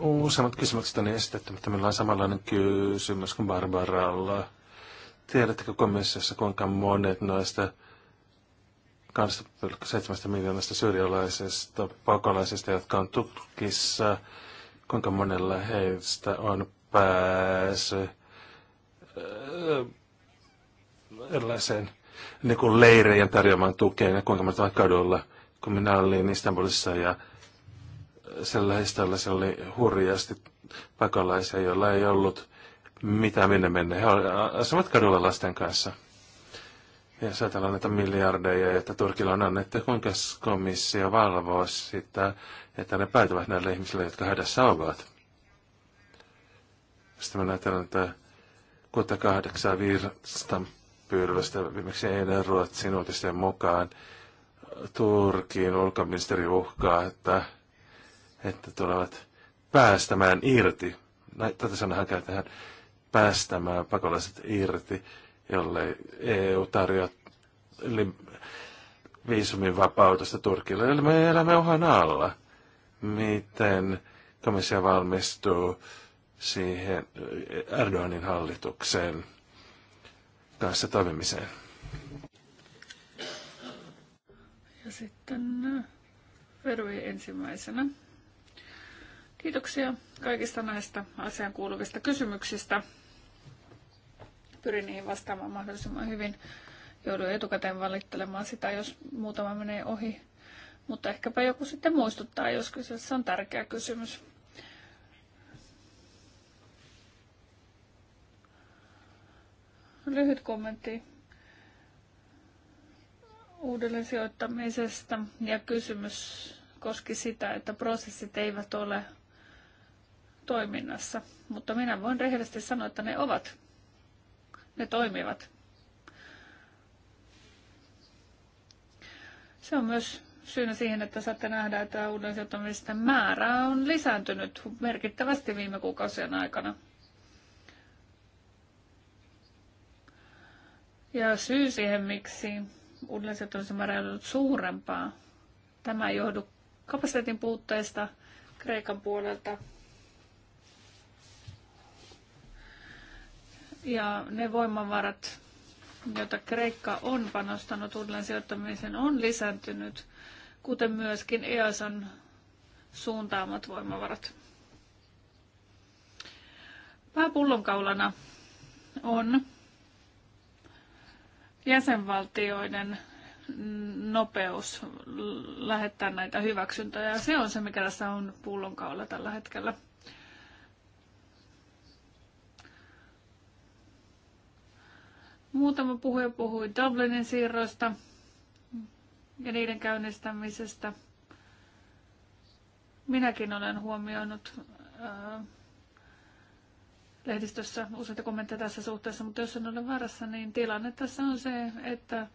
Useimmat kysymykset on esitetty, mutta meillä on samanlainen kysymys kuin Barbaralla. Tiedättekö komissiossa, kuinka monet noista 2,7 miljoonasta syyrialaisesta pakolaisista, jotka on Turkissa, kuinka monella heistä on pääsy erilaiseen niin kuin leirejen tarjoamaan tukea, ja kuinka monta kadulla, kun minä olin Istanbulissa ja sillä listalla se oli hurjasti pakolaisia, joilla ei ollut mitään minne mennä. He asuvat kadulla lasten kanssa. Ja saatellaan näitä miljardeja, että Turkilla on annettu, kuinka komissio valvoo sitä, että ne päätyvät näille ihmisille, jotka hädässä ovat. Sitten mä näytän, että kuuta kahdeksaa virtstan viimeksi eilen Ruotsin uutisten mukaan Turkin ulkoministeri uhkaa, että, että tulevat päästämään irti. Tätä sanaa käytetään päästämään pakolaiset irti, jolle EU tarjoaa viisumin vapautusta Turkille. Eli me elämme uhan alla. Miten komissio valmistuu siihen eh, Erdoganin hallituksen kanssa toimimiseen. Ja sitten Verui eh, ensimmäisenä. Kiitoksia kaikista näistä asian kuuluvista kysymyksistä. Pyrin niihin vastaamaan mahdollisimman hyvin. Joudun etukäteen valittelemaan sitä, jos muutama menee ohi. Mutta ehkäpä joku sitten muistuttaa, jos kyseessä on tärkeä kysymys. lyhyt kommentti uudelleen sijoittamisesta ja kysymys koski sitä, että prosessit eivät ole toiminnassa, mutta minä voin rehellisesti sanoa, että ne ovat. Ne toimivat. Se on myös syynä siihen, että saatte nähdä, että uuden sijoittamisten määrä on lisääntynyt merkittävästi viime kuukausien aikana. Ja syy siihen, miksi uudelliset määrä on suurempaa, tämä ei johdu kapasiteetin puutteesta Kreikan puolelta. Ja ne voimavarat, joita Kreikka on panostanut uudelleen sijoittamiseen, on lisääntynyt, kuten myöskin EASan suuntaamat voimavarat. Pääpullonkaulana on jäsenvaltioiden nopeus lähettää näitä hyväksyntöjä. se on se, mikä tässä on pullonkaula tällä hetkellä. Muutama puhuja puhui Dublinin siirroista ja niiden käynnistämisestä. Minäkin olen huomioinut äh, lehdistössä useita kommentteja tässä suhteessa, mutta jos en ole varassa, niin tilanne tässä on se, että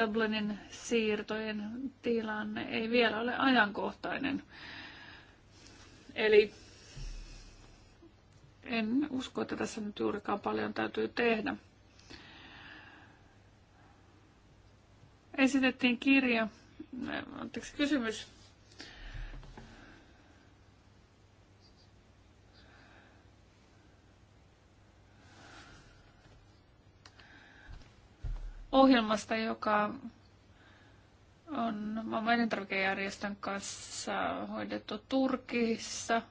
Dublinin siirtojen tilanne ei vielä ole ajankohtainen. Eli en usko, että tässä nyt juurikaan paljon täytyy tehdä. Esitettiin kirja, anteeksi kysymys ohjelmasta, joka on maailman elintarvikejärjestön kanssa hoidettu Turkissa,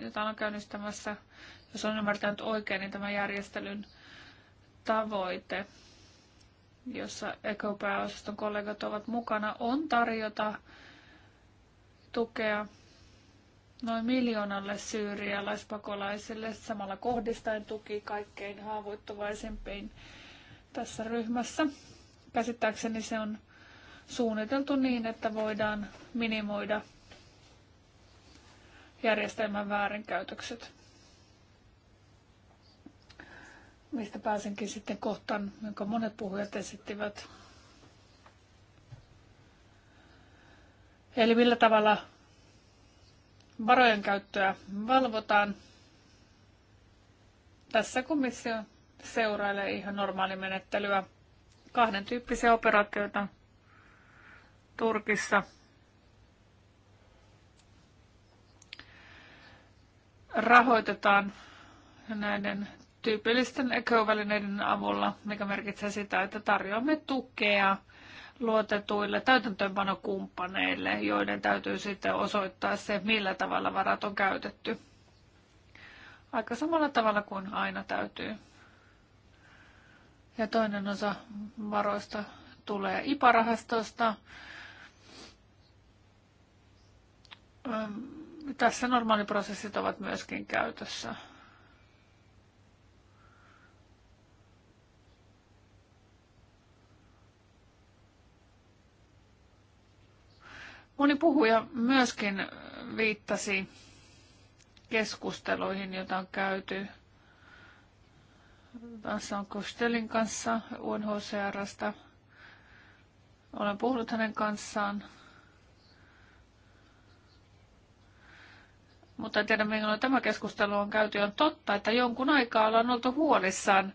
jota on käynnistämässä, jos on ymmärtänyt oikein, niin tämän järjestelyn tavoite, jossa ekopääosaston kollegat ovat mukana, on tarjota tukea noin miljoonalle syyrialaispakolaiselle, samalla kohdistaen tuki kaikkein haavoittuvaisempiin tässä ryhmässä. Käsittääkseni se on suunniteltu niin, että voidaan minimoida järjestelmän väärinkäytökset. Mistä pääsenkin sitten kohtaan, jonka monet puhujat esittivät. Eli millä tavalla varojen käyttöä valvotaan. Tässä komissio seurailee ihan normaali menettelyä Kahden tyyppisiä operaatioita Turkissa. Rahoitetaan näiden tyypillisten ekovälineiden avulla, mikä merkitsee sitä, että tarjoamme tukea luotetuille täytäntöönpanokumppaneille, joiden täytyy sitten osoittaa se, millä tavalla varat on käytetty. Aika samalla tavalla kuin aina täytyy ja toinen osa varoista tulee IPA-rahastosta. Tässä normaaliprosessit ovat myöskin käytössä. Moni puhuja myöskin viittasi keskusteluihin, joita on käyty Vincent Kostelin kanssa UNHCRstä. Olen puhunut hänen kanssaan. Mutta en tiedä, milloin tämä keskustelu on käyty. On totta, että jonkun aikaa ollaan oltu huolissaan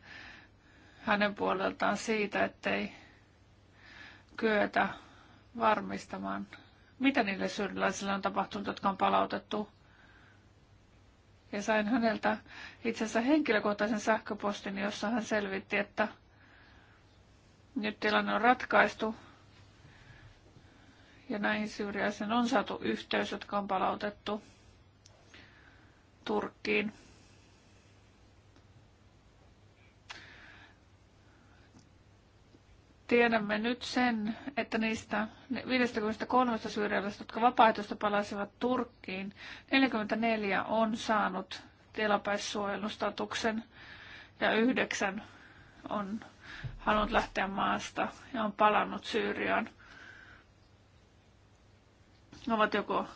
hänen puoleltaan siitä, ettei kyetä varmistamaan, mitä niille syyrialaisille on tapahtunut, jotka on palautettu – ja sain häneltä itse asiassa henkilökohtaisen sähköpostin, jossa hän selvitti, että nyt tilanne on ratkaistu ja näihin syrjäisiin on saatu yhteys, jotka on palautettu Turkkiin. Tiedämme nyt sen, että niistä 53 syyrialaisista, jotka vapaaehtoista palasivat Turkkiin, 44 on saanut tilapäissuojelustatuksen ja yhdeksän on halunnut lähteä maasta ja on palannut Syyriaan. Ne ovat joko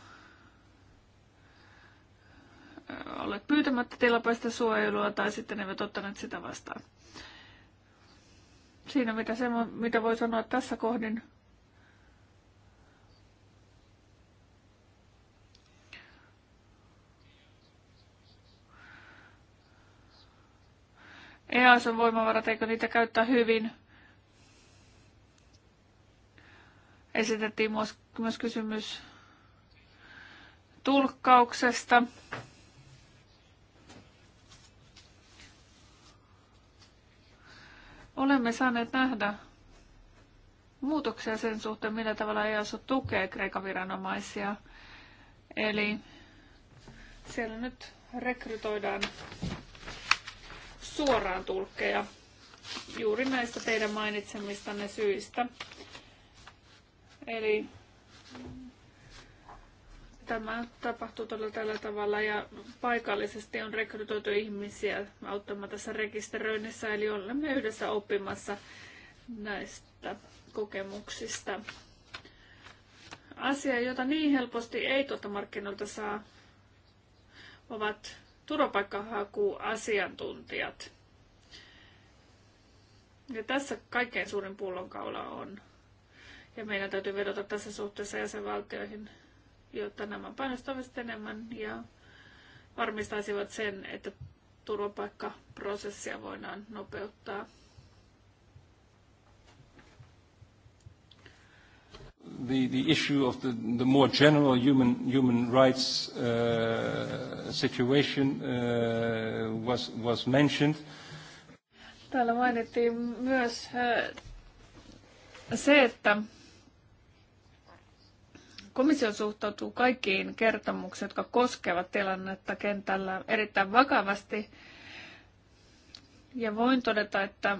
olleet pyytämättä tilapäistä suojelua tai sitten ne eivät ottaneet sitä vastaan. Siinä mitä, se, mitä voi sanoa tässä kohdin. E on voimavarat, eikö niitä käyttää hyvin? Esitettiin myös kysymys tulkkauksesta. Olemme saaneet nähdä muutoksia sen suhteen, millä tavalla EASO tukee Kreikan viranomaisia. Eli siellä nyt rekrytoidaan suoraan tulkkeja juuri näistä teidän mainitsemistanne syistä. Eli tämä tapahtuu todella tällä tavalla ja paikallisesti on rekrytoitu ihmisiä auttamaan tässä rekisteröinnissä, eli olemme yhdessä oppimassa näistä kokemuksista. Asia, jota niin helposti ei tuota markkinoilta saa, ovat turvapaikkahakuasiantuntijat. Ja tässä kaikkein suurin pullonkaula on. Ja meidän täytyy vedota tässä suhteessa jäsenvaltioihin – jotta nämä painostavat enemmän ja varmistaisivat sen, että turvapaikkaprosessia voidaan nopeuttaa. The, the issue of the, the more general human, human rights uh, situation uh, was, was mentioned. Täällä mainittiin myös uh, se, että Komissio suhtautuu kaikkiin kertomuksiin, jotka koskevat tilannetta kentällä erittäin vakavasti. Ja voin todeta, että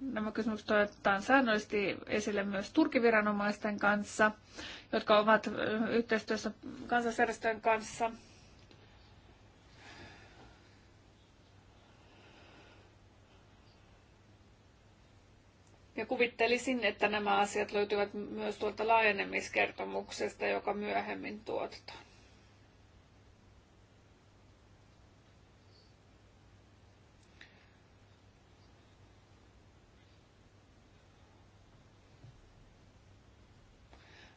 nämä kysymykset otetaan säännöllisesti esille myös turkiviranomaisten kanssa, jotka ovat yhteistyössä kansalaisjärjestöjen kanssa – Ja kuvittelisin, että nämä asiat löytyvät myös tuolta laajenemiskertomuksesta, joka myöhemmin tuotetaan.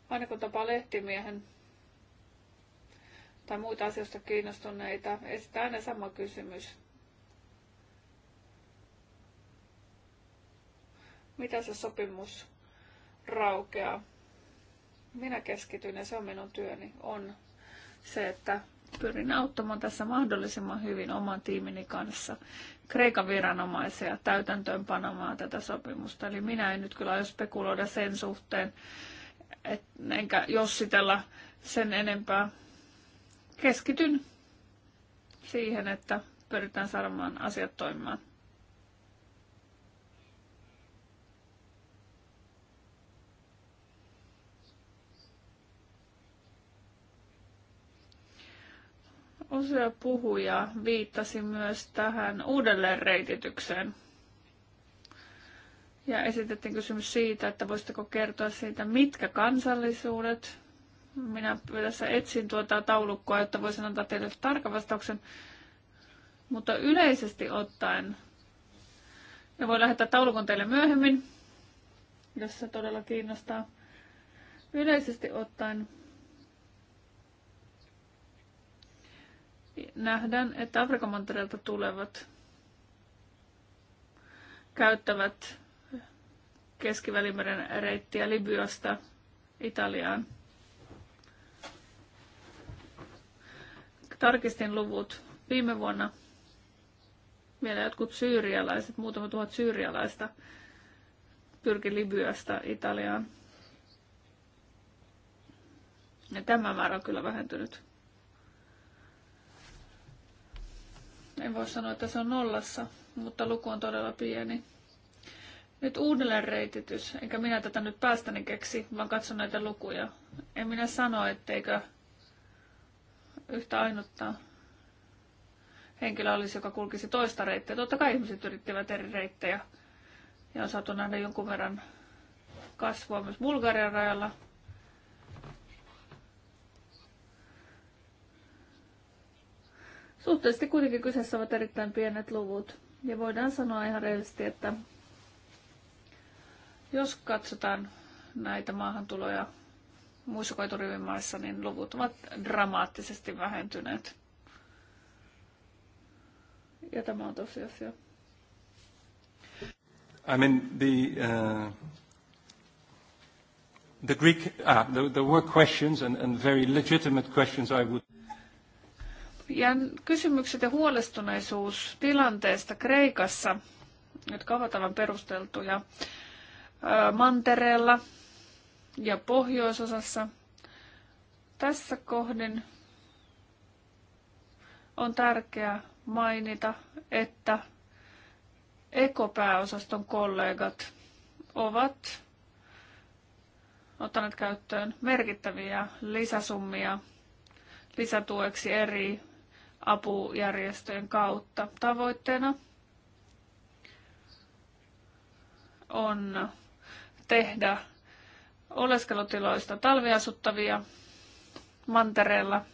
aina kun tapaa lehtimiehen tai muita asioista kiinnostuneita, esitää aina sama kysymys. Mitä se sopimus raukeaa? Minä keskityn ja se on minun työni, on se, että pyrin auttamaan tässä mahdollisimman hyvin oman tiimini kanssa Kreikan viranomaisia täytäntöönpanomaan tätä sopimusta. Eli minä en nyt kyllä aio spekuloida sen suhteen, et, enkä jossitella sen enempää. Keskityn siihen, että pyritään saamaan asiat toimimaan. Usea puhuja viittasi myös tähän uudelleenreititykseen. Ja esitettiin kysymys siitä, että voisitteko kertoa siitä, mitkä kansallisuudet. Minä tässä etsin tuota taulukkoa, jotta voisin antaa teille tarkan vastauksen. Mutta yleisesti ottaen, ja voi lähettää taulukon teille myöhemmin, jos se todella kiinnostaa. Yleisesti ottaen nähdään, että Afrikan mantereelta tulevat käyttävät keskivälimeren reittiä Libyasta Italiaan. Tarkistin luvut viime vuonna. Vielä jotkut syyrialaiset, muutama tuhat syyrialaista pyrki Libyasta Italiaan. Ja tämä määrä on kyllä vähentynyt. En voi sanoa, että se on nollassa, mutta luku on todella pieni. Nyt uudelleen reititys, enkä minä tätä nyt päästäni keksi, vaan katson näitä lukuja. En minä sano, etteikö yhtä ainutta henkilöä olisi, joka kulkisi toista reittiä. Totta kai ihmiset yrittivät eri reittejä ja on saatu nähdä jonkun verran kasvua myös Bulgarian rajalla, Suhteellisesti kuitenkin kyseessä ovat erittäin pienet luvut. Ja voidaan sanoa ihan reilisti, että jos katsotaan näitä maahantuloja muissa maissa, niin luvut ovat dramaattisesti vähentyneet. Ja tämä on tosiasia. I mean, the, uh, the Greek, ah, there, there were questions and, and very legitimate questions I would Jään kysymykset ja huolestuneisuus tilanteesta Kreikassa, jotka ovat aivan perusteltuja mantereella ja pohjoisosassa, tässä kohdin on tärkeää mainita, että ekopääosaston kollegat ovat ottaneet käyttöön merkittäviä lisäsummia lisätueksi eri apujärjestöjen kautta. Tavoitteena on tehdä oleskelutiloista talviasuttavia mantereella.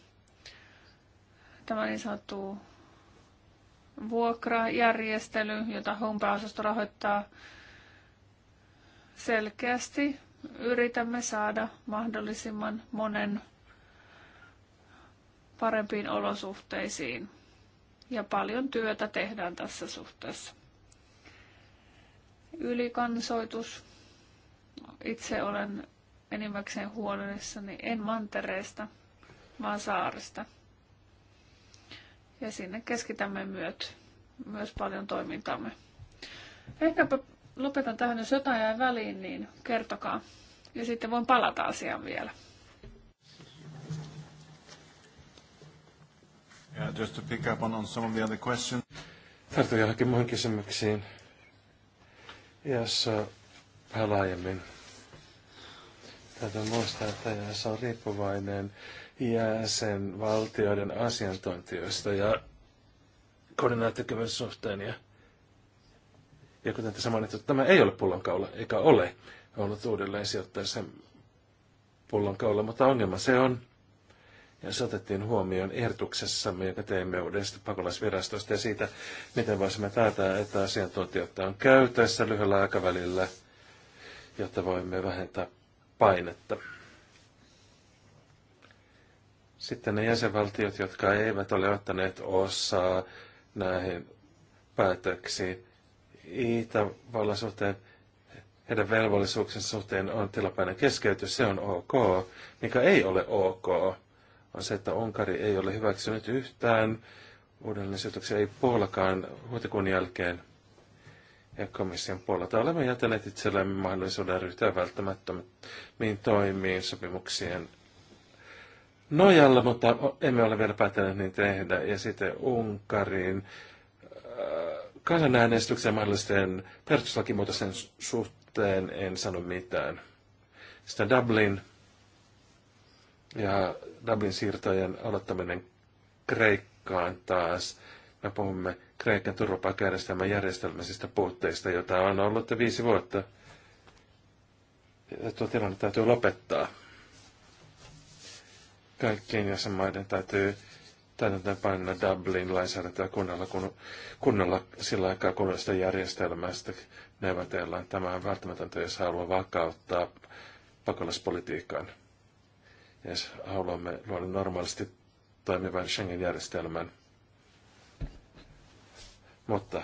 Tämä niin sanottu vuokrajärjestely, jota Homepääosasto rahoittaa selkeästi. Yritämme saada mahdollisimman monen parempiin olosuhteisiin. Ja paljon työtä tehdään tässä suhteessa. Ylikansoitus. Itse olen enimmäkseen huolissani en mantereesta, vaan saarista. Ja sinne keskitämme myöt, myös paljon toimintamme. Ehkäpä lopetan tähän, jos jotain jäi väliin, niin kertokaa. Ja sitten voin palata asiaan vielä. just to pick up on, some of the other questions. Tartun johonkin muihin kysymyksiin. Jos vähän laajemmin. Täytyy muistaa, että IAS on riippuvainen jäsenvaltioiden asiantuntijoista ja koordinaattikyvyn suhteen. Ja, ja kuten tässä mainittu, tämä ei ole pullonkaula, eikä ole ollut uudelleen sen pullonkaula, mutta ongelma se on, ja se otettiin huomioon ehdotuksessamme, joka teimme uudesta pakolaisvirastosta ja siitä, miten voisimme päätää, että asiantuntijoita on käytössä lyhyellä aikavälillä, jotta voimme vähentää painetta. Sitten ne jäsenvaltiot, jotka eivät ole ottaneet osaa näihin päätöksiin Itävallan suhteen, heidän velvollisuuksensa suhteen on tilapäinen keskeytys, se on ok, mikä ei ole ok on se, että Onkari ei ole hyväksynyt yhtään uudelleen sijoituksia, ei Puolakaan huhtikuun jälkeen ja komission puolelta olemme jätäneet itsellemme mahdollisuuden ryhtyä välttämättömiin toimiin sopimuksien nojalla, mutta emme ole vielä päättäneet niin tehdä. Ja sitten Unkarin äh, kansanäänestyksen mahdollisten perustuslakimuutosten suhteen en sano mitään. Sitten Dublin ja Dublin siirtojen aloittaminen Kreikkaan taas. Me puhumme Kreikan turvapaikkajärjestelmän järjestelmäisistä puutteista, joita on ollut viisi vuotta. Ja tuo tilanne täytyy lopettaa. Kaikkien jäsenmaiden täytyy täytäntöön panna Dublin-lainsäädäntöä kunnolla, kun, kunnolla sillä aikaa kunnollisesta järjestelmästä neuvotellaan. Tämä on välttämätöntä, jos haluaa vakauttaa pakolaispolitiikan jos haluamme luoda normaalisti toimivan Schengen-järjestelmän. Mutta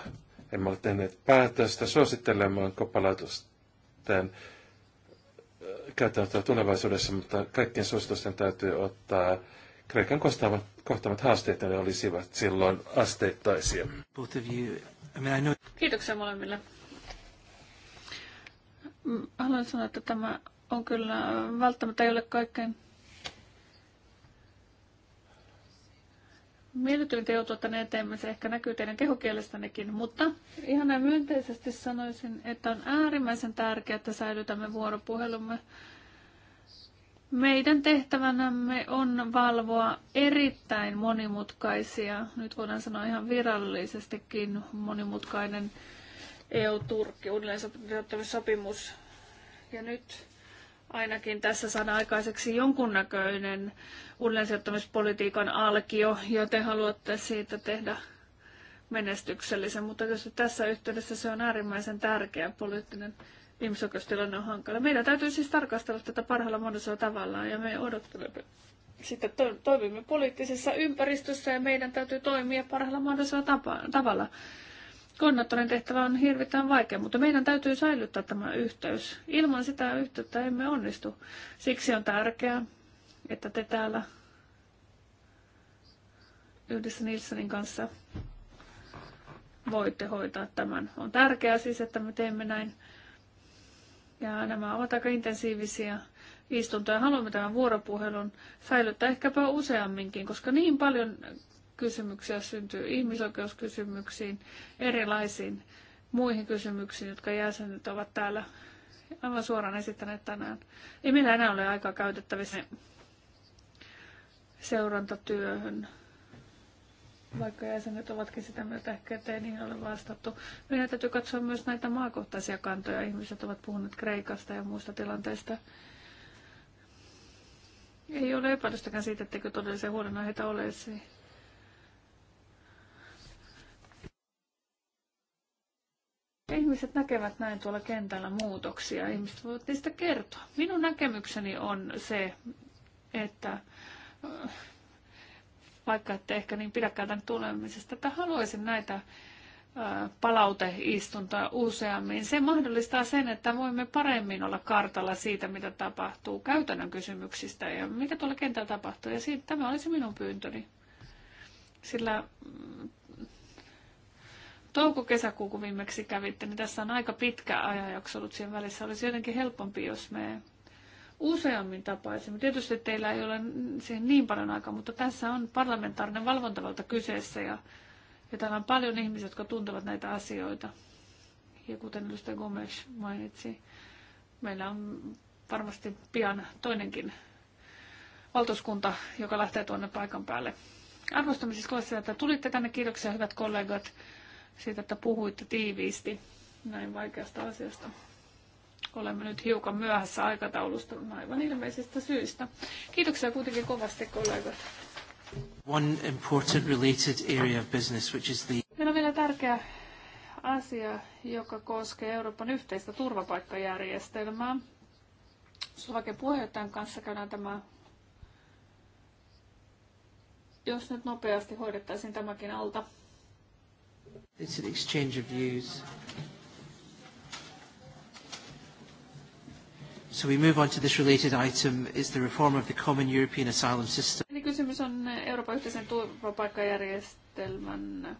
emme ole tehneet päätöstä suosittelemaan kopalautusten käyttöönottoa tulevaisuudessa, mutta kaikkien suositusten täytyy ottaa Kreikan kohtaamat, kohtaamat haasteet, ne olisivat silloin asteittaisia. Kiitoksia molemmille. Mm, haluan sanoa, että tämä on kyllä välttämättä ei ole kaikkein miellyttävintä joutua tänne eteen, se ehkä näkyy teidän kehokielestännekin, mutta ihan näin myönteisesti sanoisin, että on äärimmäisen tärkeää, että säilytämme vuoropuhelumme. Meidän tehtävänämme on valvoa erittäin monimutkaisia, nyt voidaan sanoa ihan virallisestikin monimutkainen EU-Turkki sopimus. Ja nyt ainakin tässä saada aikaiseksi jonkunnäköinen uudelleensijoittamispolitiikan alkio, joten haluatte siitä tehdä menestyksellisen, mutta tietysti tässä yhteydessä se on äärimmäisen tärkeä poliittinen ihmisoikeustilanne on hankala. Meidän täytyy siis tarkastella tätä parhaalla mahdollisella tavalla ja me odottelemme sitten to- toimimme poliittisessa ympäristössä ja meidän täytyy toimia parhaalla mahdollisella tapa- tavalla. Koordinaattorin tehtävä on hirvittävän vaikea, mutta meidän täytyy säilyttää tämä yhteys. Ilman sitä yhteyttä emme onnistu. Siksi on tärkeää, että te täällä yhdessä Nilssonin kanssa voitte hoitaa tämän. On tärkeää siis, että me teemme näin. Ja nämä ovat aika intensiivisiä istuntoja. Haluamme tämän vuoropuhelun säilyttää ehkäpä useamminkin, koska niin paljon kysymyksiä syntyy ihmisoikeuskysymyksiin, erilaisiin muihin kysymyksiin, jotka jäsenet ovat täällä aivan suoraan esittäneet tänään. Ei meillä enää ole aikaa käytettävissä seurantatyöhön, vaikka jäsenet ovatkin sitä mieltä ehkä, että ei niihin ole vastattu. Meidän täytyy katsoa myös näitä maakohtaisia kantoja. Ihmiset ovat puhuneet Kreikasta ja muista tilanteista. Ei ole epäilystäkään siitä, etteikö todellisia huolenaiheita ole. ihmiset näkevät näin tuolla kentällä muutoksia, ihmiset voivat niistä kertoa. Minun näkemykseni on se, että äh, vaikka ette ehkä niin pidäkään tämän tulemisesta, että haluaisin näitä äh, palauteistuntoja useammin. Se mahdollistaa sen, että voimme paremmin olla kartalla siitä, mitä tapahtuu käytännön kysymyksistä ja mitä tuolla kentällä tapahtuu. Ja siitä, tämä olisi minun pyyntöni. Sillä mm, touko kesäkuu kun viimeksi kävitte, niin tässä on aika pitkä ajanjakso ollut siinä välissä. Olisi jotenkin helpompi, jos me useammin tapaisimme. Tietysti teillä ei ole siihen niin paljon aikaa, mutta tässä on parlamentaarinen valvontavalta kyseessä ja, ja täällä on paljon ihmisiä, jotka tuntevat näitä asioita. Ja kuten edustaja Gomes mainitsi, meillä on varmasti pian toinenkin valtuuskunta, joka lähtee tuonne paikan päälle. kohdassa, että tulitte tänne. Kiitoksia hyvät kollegat siitä, että puhuitte tiiviisti näin vaikeasta asiasta. Olemme nyt hiukan myöhässä aikataulusta aivan ilmeisistä syistä. Kiitoksia kuitenkin kovasti kollegat. One important related area of business, which is the... Meillä on vielä tärkeä asia, joka koskee Euroopan yhteistä turvapaikkajärjestelmää. Slovakian puheenjohtajan kanssa käydään tämä, jos nyt nopeasti hoidettaisiin tämäkin alta. It's an exchange of views. So we move on to this related item is the reform of the common European asylum system. Eli kysymys on Euroopan yhteisen turvapaikkajärjestelmän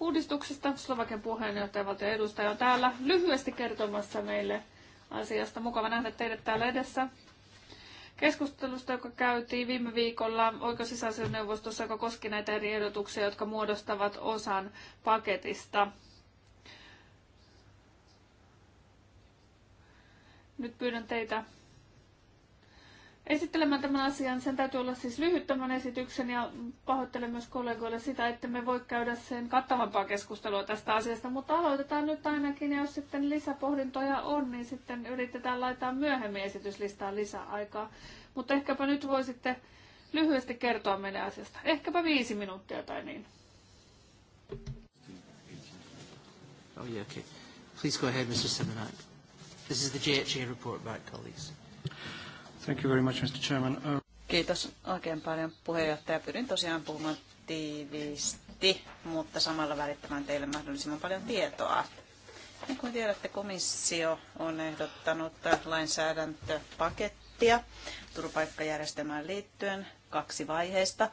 uudistuksesta. Slovakian puheenjohtajavaltion edustaja on täällä lyhyesti kertomassa meille asiasta. Mukava nähdä teidät täällä edessä keskustelusta, joka käytiin viime viikolla oikeusisäisen neuvostossa, joka koski näitä eri ehdotuksia, jotka muodostavat osan paketista. Nyt pyydän teitä esittelemään tämän asian. Sen täytyy olla siis lyhyt tämän esityksen ja pahoittelen myös kollegoille sitä, että me voi käydä sen kattavampaa keskustelua tästä asiasta, mutta aloitetaan nyt ainakin ja jos sitten lisäpohdintoja on, niin sitten yritetään laittaa myöhemmin esityslistaan lisäaikaa. Mutta ehkäpä nyt voisitte lyhyesti kertoa meille asiasta. Ehkäpä viisi minuuttia tai niin. Oh yeah, okay. Please go ahead, Mr. Semenak. This is the GHA report back, colleagues. Thank you very much, Mr. Chairman. Uh, Kiitos oikein paljon puheenjohtaja. Pyrin tosiaan puhumaan tiiviisti, mutta samalla välittämään teille mahdollisimman paljon tietoa. Niin kuin tiedätte, komissio on ehdottanut lainsäädäntöpakettia turvapaikkajärjestelmään liittyen kaksi vaiheista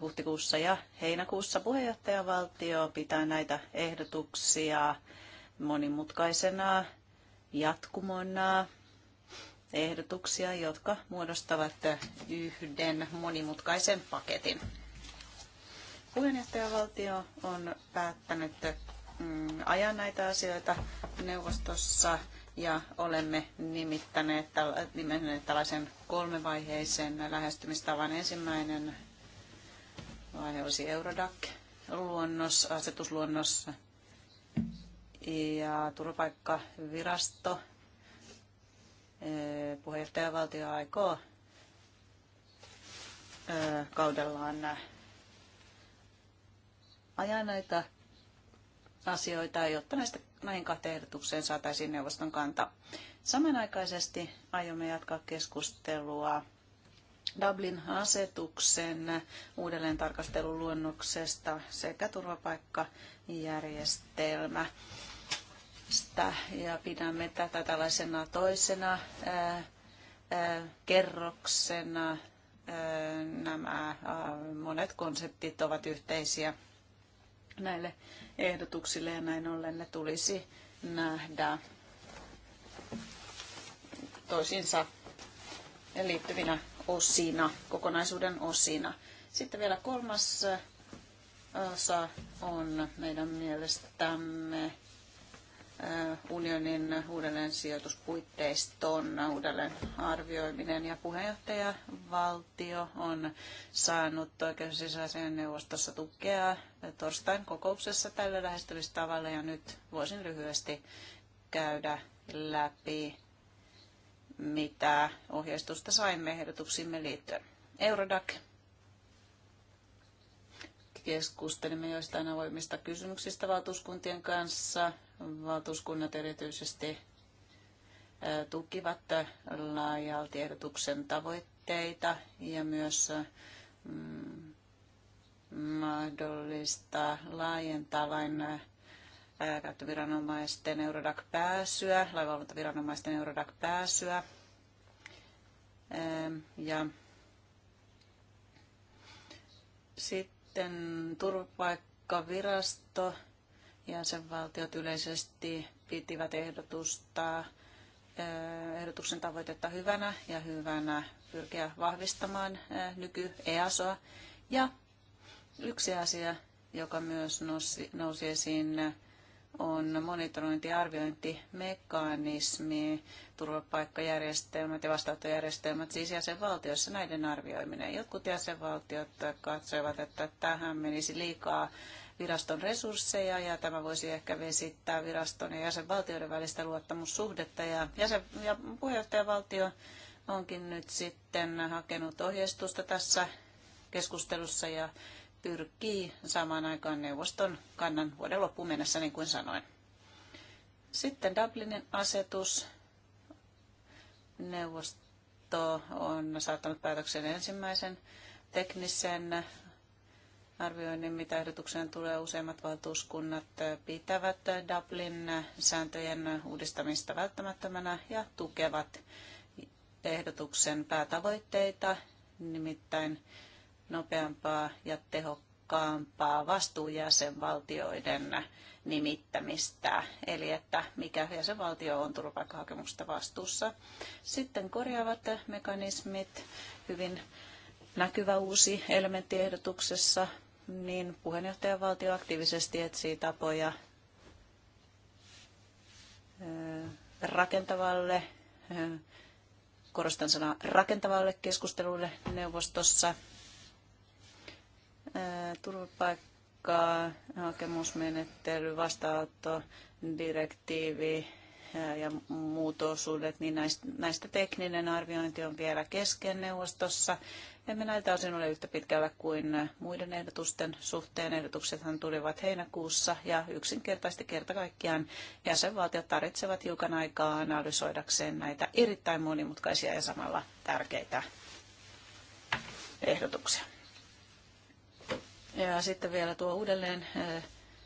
huhtikuussa ja heinäkuussa puheenjohtajavaltio pitää näitä ehdotuksia monimutkaisena jatkumona ehdotuksia, jotka muodostavat yhden monimutkaisen paketin. Puheenjohtajavaltio on päättänyt mm, ajaa näitä asioita neuvostossa ja olemme nimittäneet, tällaisen kolmevaiheisen lähestymistavan. Ensimmäinen vaihe olisi Eurodac-luonnos, asetusluonnos ja turvapaikkavirasto Puheenjohtajavaltio aikoo kaudellaan ajaa näitä asioita, jotta näistä, näihin kahteen ehdotukseen saataisiin neuvoston kanta. Samanaikaisesti aiomme jatkaa keskustelua Dublin-asetuksen uudelleen luonnoksesta sekä turvapaikkajärjestelmä sitä ja pidämme tätä tällaisena toisena ää, ää, kerroksena. Ää, nämä ää, monet konseptit ovat yhteisiä näille ehdotuksille ja näin ollen ne tulisi nähdä toisiinsa liittyvinä osina, kokonaisuuden osina. Sitten vielä kolmas osa on meidän mielestämme unionin uudelleen sijoituspuitteiston uudelleen arvioiminen ja puheenjohtajavaltio on saanut oikeus sisäisen neuvostossa tukea torstain kokouksessa tällä lähestymistavalla ja nyt voisin lyhyesti käydä läpi, mitä ohjeistusta saimme ehdotuksimme liittyen. Eurodac keskustelimme joistain avoimista kysymyksistä valtuuskuntien kanssa. Valtuuskunnat erityisesti tukivat laajalti ehdotuksen tavoitteita ja myös mm, mahdollista laajentaa lain käyttöviranomaisten Eurodac-pääsyä, lainvalvontaviranomaisten Eurodac-pääsyä. Ja sitten sitten turvapaikkavirasto valtiot yleisesti pitivät ehdotusta, ehdotuksen tavoitetta hyvänä ja hyvänä pyrkiä vahvistamaan nyky-EASOa. Ja yksi asia, joka myös nousi, nousi esiin on monitorointi- ja arviointimekanismi, turvapaikkajärjestelmät ja vastaanottojärjestelmät siis jäsenvaltioissa, näiden arvioiminen. Jotkut jäsenvaltiot katsoivat, että tähän menisi liikaa viraston resursseja ja tämä voisi ehkä vesittää viraston ja jäsenvaltioiden välistä luottamussuhdetta. Ja, jäsen, ja puheenjohtajavaltio onkin nyt sitten hakenut ohjeistusta tässä keskustelussa ja pyrkii saamaan aikaan neuvoston kannan vuoden loppuun mennessä, niin kuin sanoin. Sitten Dublinin asetus. Neuvosto on saattanut päätöksen ensimmäisen teknisen arvioinnin, mitä ehdotukseen tulee useimmat valtuuskunnat pitävät Dublin-sääntöjen uudistamista välttämättömänä ja tukevat ehdotuksen päätavoitteita, nimittäin nopeampaa ja tehokkaampaa vastuujäsenvaltioiden nimittämistä, eli että mikä jäsenvaltio on turvapaikkahakemusta vastuussa. Sitten korjaavat mekanismit, hyvin näkyvä uusi elementti ehdotuksessa, niin puheenjohtajavaltio aktiivisesti etsii tapoja rakentavalle, korostan sanaa rakentavalle keskustelulle neuvostossa – turvapaikkaa, hakemusmenettely, vastaanotto, direktiivi ja muut osuudet, niin näistä, näistä tekninen arviointi on vielä kesken neuvostossa. Emme näiltä osin ole yhtä pitkällä kuin muiden ehdotusten suhteen. Ehdotuksethan tulivat heinäkuussa ja yksinkertaisesti kerta kaikkiaan jäsenvaltiot tarvitsevat hiukan aikaa analysoidakseen näitä erittäin monimutkaisia ja samalla tärkeitä ehdotuksia. Ja sitten vielä tuo uudelleen eh,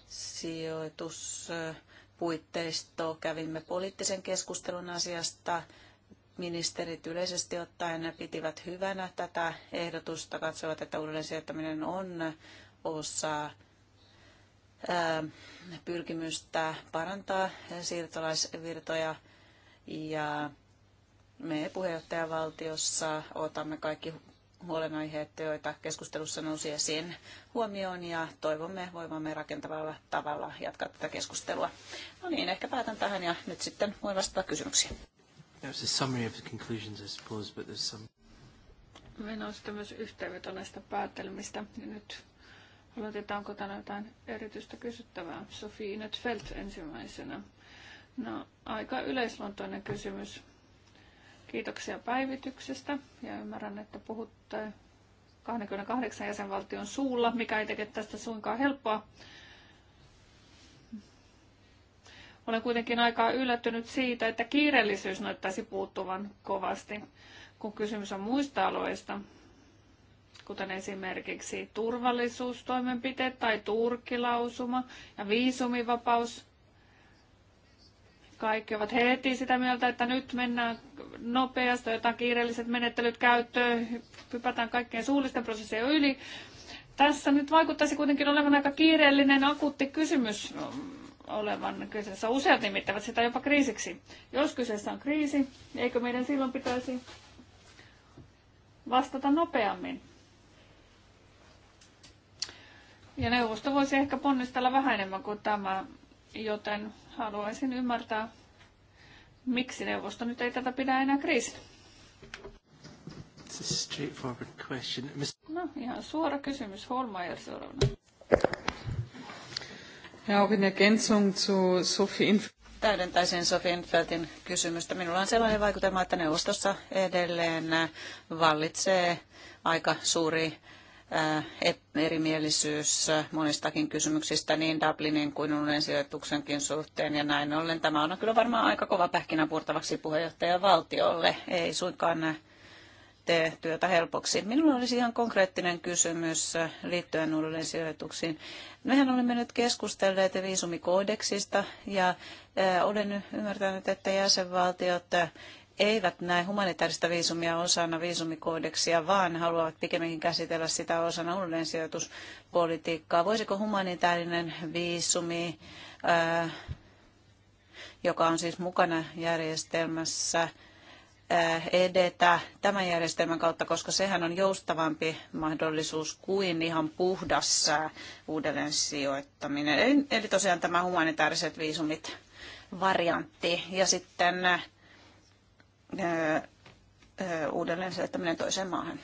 sijoituspuitteisto. Kävimme poliittisen keskustelun asiasta. Ministerit yleisesti ottaen pitivät hyvänä tätä ehdotusta, katsovat, että uudelleen sijoittaminen on osa eh, pyrkimystä parantaa siirtolaisvirtoja ja me puheenjohtajavaltiossa otamme kaikki huolenaiheet, joita keskustelussa nousi esiin huomioon ja toivomme voivamme rakentavalla tavalla jatkaa tätä keskustelua. No niin, ehkä päätän tähän ja nyt sitten voi vastata kysymyksiin. Meillä on sitten myös yhteenveto näistä päätelmistä. Ja nyt aloitetaanko täällä jotain erityistä kysyttävää. Sofie Inetfeldt ensimmäisenä. No, aika yleisluontoinen kysymys Kiitoksia päivityksestä ja ymmärrän, että puhutte 28 jäsenvaltion suulla, mikä ei teke tästä suinkaan helppoa. Olen kuitenkin aika yllättynyt siitä, että kiireellisyys näyttäisi puuttuvan kovasti, kun kysymys on muista aloista, kuten esimerkiksi turvallisuustoimenpiteet tai turkkilausuma ja viisumivapaus. Kaikki ovat heti sitä mieltä, että nyt mennään nopeasti, jotain kiireelliset menettelyt käyttöön, hypätään kaikkeen suullisten prosessien yli. Tässä nyt vaikuttaisi kuitenkin olevan aika kiireellinen, akuutti kysymys mm, olevan kyseessä. Useat nimittävät sitä jopa kriisiksi. Jos kyseessä on kriisi, eikö meidän silloin pitäisi vastata nopeammin? Ja neuvosto voisi ehkä ponnistella vähän enemmän kuin tämä, joten haluaisin ymmärtää, miksi neuvosto nyt ei tätä pidä enää kriisinä. No, ihan suora kysymys. Holmeier seuraavana. Ja auch in Ergänzung zu Sophie Täydentäisin Sofi Infeltin kysymystä. Minulla on sellainen vaikutelma, että neuvostossa edelleen vallitsee aika suuri erimielisyys monistakin kysymyksistä niin Dublinin kuin uuden sijoituksenkin suhteen ja näin ollen. Tämä on kyllä varmaan aika kova pähkinä purtavaksi valtiolle. Ei suinkaan tee työtä helpoksi. Minulla olisi ihan konkreettinen kysymys liittyen uudelleen sijoituksiin. Mehän olemme nyt keskustelleet viisumikoodeksista ja olen ymmärtänyt, että jäsenvaltiot eivät näe humanitaarista viisumia osana viisumikoodeksia, vaan haluavat pikemminkin käsitellä sitä osana uudelleensijoituspolitiikkaa. Voisiko humanitaarinen viisumi, äh, joka on siis mukana järjestelmässä, äh, edetä tämän järjestelmän kautta, koska sehän on joustavampi mahdollisuus kuin ihan puhdas äh, uudelleensijoittaminen. Eli tosiaan tämä humanitaariset viisumit variantti. Ja sitten uudelleen sijoittaminen toiseen maahan.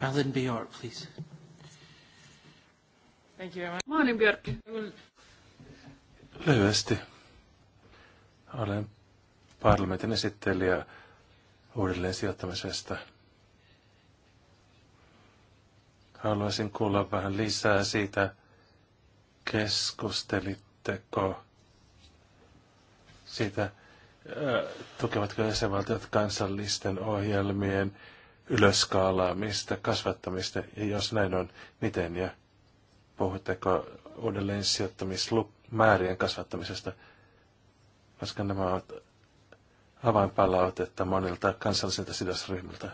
Malin Björk, please. Thank you very much. Malin Björk. Lyhyesti. Olen parlamentin esittelijä uudelleen sijoittamisesta. Haluaisin kuulla vähän lisää siitä, keskustelitteko siitä, tukevatko jäsenvaltiot kansallisten ohjelmien ylöskaalaamista, kasvattamista, ja jos näin on, miten ja puhutteko uudelleen sijoittamismäärien kasvattamisesta, koska nämä ovat avainpalautetta monilta kansallisilta sidosryhmiltä.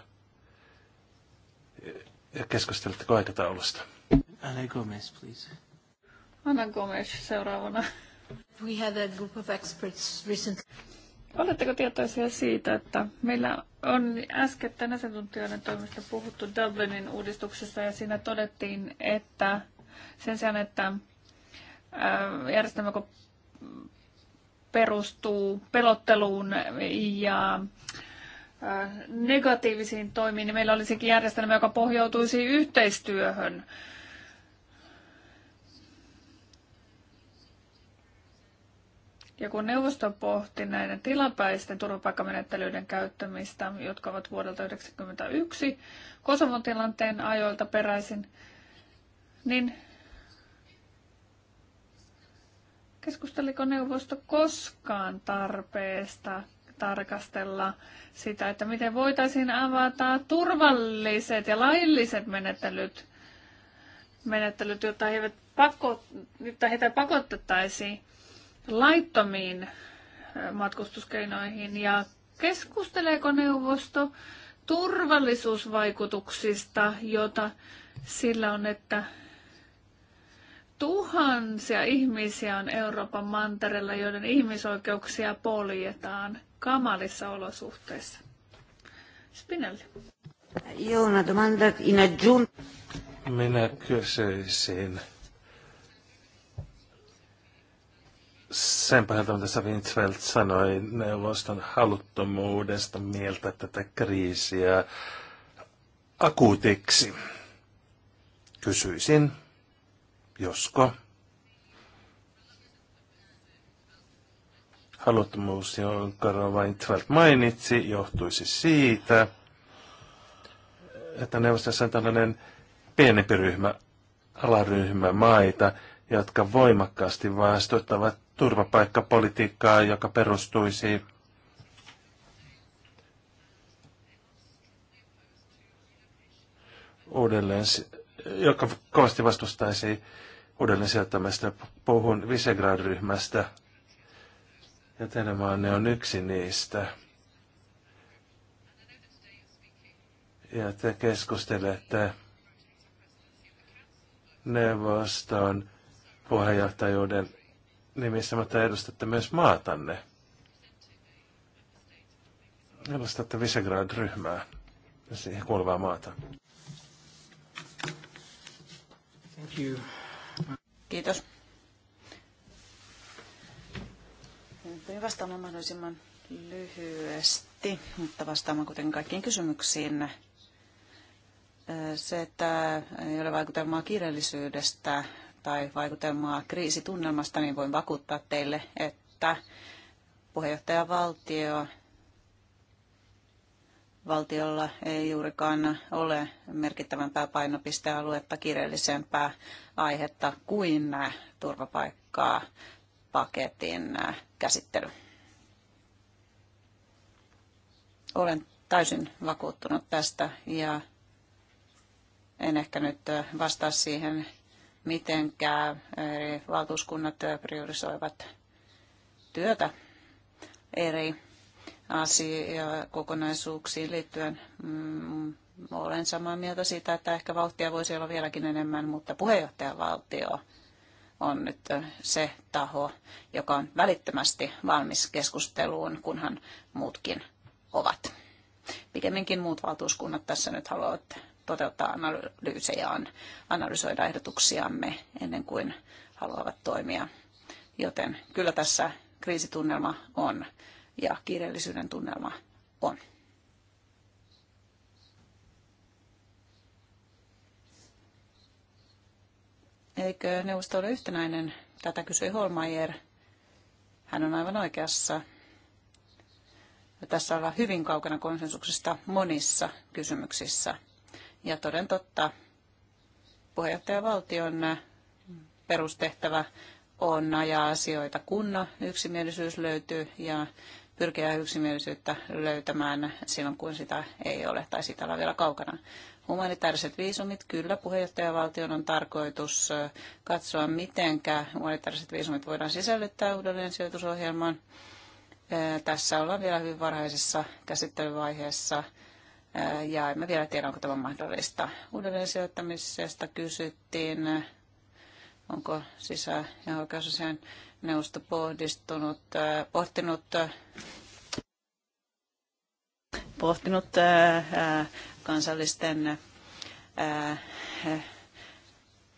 Ja keskustelitteko aikataulusta? Anna Gomez, please. Anna Gomez seuraavana. We had a group of experts recently. Oletteko tietoisia siitä, että meillä on äskettäin asiantuntijoiden toimesta puhuttu Dublinin uudistuksessa ja siinä todettiin, että sen sijaan, että äh, järjestelmä perustuu pelotteluun ja äh, negatiivisiin toimiin, niin meillä olisikin järjestelmä, joka pohjautuisi yhteistyöhön Ja kun neuvosto pohti näiden tilapäisten turvapaikkamenettelyiden käyttämistä, jotka ovat vuodelta 1991 Kosovon tilanteen ajoilta peräisin, niin keskusteliko neuvosto koskaan tarpeesta tarkastella sitä, että miten voitaisiin avata turvalliset ja lailliset menettelyt, menettelyt jotta, he pakot, jotta heitä pakotettaisiin laittomiin matkustuskeinoihin ja keskusteleeko neuvosto turvallisuusvaikutuksista, jota sillä on, että tuhansia ihmisiä on Euroopan mantarella, joiden ihmisoikeuksia poljetaan kamalissa olosuhteissa. Spinelli. Minä kysyisin sen pohjalta, mitä Savintveld sanoi neuvoston haluttomuudesta mieltä tätä kriisiä akuutiksi, kysyisin, josko haluttomuus, jonka Ravaintveld mainitsi, johtuisi siitä, että neuvostossa on tällainen pienempi ryhmä, alaryhmä maita, jotka voimakkaasti vastuuttavat turvapaikkapolitiikkaa, joka perustuisi uudelleen, joka kovasti vastustaisi uudelleen sijoittamista. Puhun Visegrad-ryhmästä ja ne on yksi niistä. Ja te keskustelette neuvoston puheenjohtajuuden nimissä, mutta edustatte myös maatanne. Edustatte Visegrad-ryhmää ja siihen kuuluvaa maata. Thank you. Kiitos. Pyrin vastaamaan mahdollisimman lyhyesti, mutta vastaamaan kuitenkin kaikkiin kysymyksiin. Se, että ei ole vaikutelmaa kiireellisyydestä, tai vaikutelmaa kriisitunnelmasta, niin voin vakuuttaa teille, että puheenjohtajavaltio valtiolla ei juurikaan ole merkittävämpää painopistealuetta, kirjallisempää aihetta kuin turvapaikkaa paketin käsittely. Olen täysin vakuuttunut tästä ja en ehkä nyt vastaa siihen miten eri valtuuskunnat priorisoivat työtä eri asiakokonaisuuksiin liittyen. Mm, olen samaa mieltä siitä, että ehkä vauhtia voisi olla vieläkin enemmän, mutta puheenjohtajavaltio on nyt se taho, joka on välittömästi valmis keskusteluun, kunhan muutkin ovat. Pikemminkin muut valtuuskunnat tässä nyt haluavat toteuttaa analyysejaan, analysoida ehdotuksiamme ennen kuin haluavat toimia. Joten kyllä tässä kriisitunnelma on ja kiireellisyyden tunnelma on. Eikö neuvosto ole yhtenäinen? Tätä kysyi Holmeier. Hän on aivan oikeassa. Ja tässä ollaan hyvin kaukana konsensuksesta monissa kysymyksissä – ja toden totta, puheenjohtajavaltion perustehtävä on ajaa asioita, kunna yksimielisyys löytyy ja pyrkiä yksimielisyyttä löytämään silloin, kun sitä ei ole tai sitä ollaan vielä kaukana. Humanitaariset viisumit, kyllä puheenjohtajavaltion on tarkoitus katsoa, miten humanitaariset viisumit voidaan sisällyttää uudelleen sijoitusohjelmaan. Tässä ollaan vielä hyvin varhaisessa käsittelyvaiheessa ja emme vielä tiedä, onko tämä mahdollista. Uudelleen sijoittamisesta kysyttiin, onko sisä- ja oikeusasian neuvosto pohdistunut, pohtinut, pohtinut kansallisten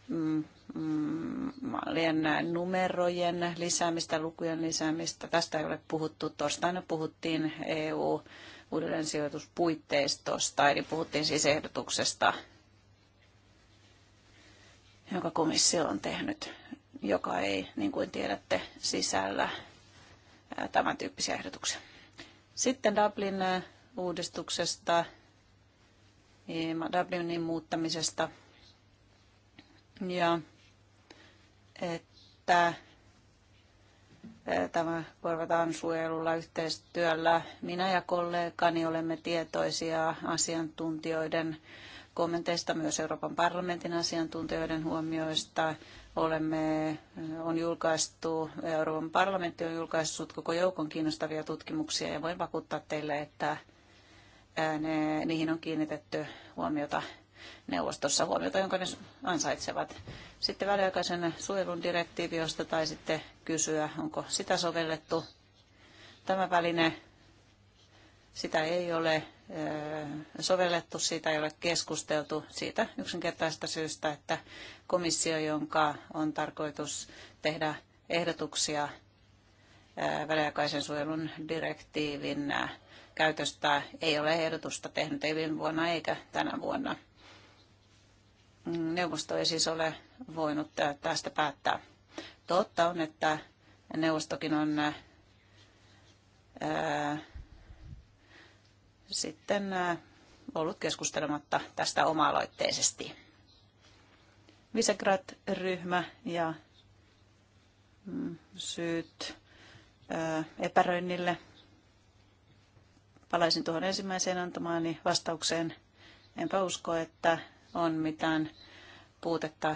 mm, mm, mallien numerojen lisäämistä, lukujen lisäämistä. Tästä ei ole puhuttu. Torstaina puhuttiin EU uudelleen sijoituspuitteistosta, eli puhuttiin siis ehdotuksesta, jonka komissio on tehnyt, joka ei, niin kuin tiedätte, sisällä tämän tyyppisiä ehdotuksia. Sitten Dublin-uudistuksesta, Dublinin muuttamisesta ja että Tämä korvataan suojelulla yhteistyöllä. Minä ja kollegani olemme tietoisia asiantuntijoiden kommenteista, myös Euroopan parlamentin asiantuntijoiden huomioista. Olemme, on julkaistu, Euroopan parlamentti on julkaissut koko joukon kiinnostavia tutkimuksia ja voin vakuuttaa teille, että ne, niihin on kiinnitetty huomiota neuvostossa huomiota, jonka ne ansaitsevat. Sitten väliaikaisen suojelun direktiivi, josta sitten kysyä, onko sitä sovellettu. Tämä väline, sitä ei ole sovellettu, siitä ei ole keskusteltu siitä yksinkertaisesta syystä, että komissio, jonka on tarkoitus tehdä ehdotuksia väliaikaisen suojelun direktiivin käytöstä ei ole ehdotusta tehnyt ei viime vuonna eikä tänä vuonna neuvosto ei siis ole voinut tästä päättää. Totta on, että neuvostokin on ää, sitten ää, ollut keskustelematta tästä oma-aloitteisesti. Visegrad-ryhmä ja mm, syyt ää, epäröinnille. Palaisin tuohon ensimmäiseen antamaani vastaukseen. Enpä usko, että on mitään puutetta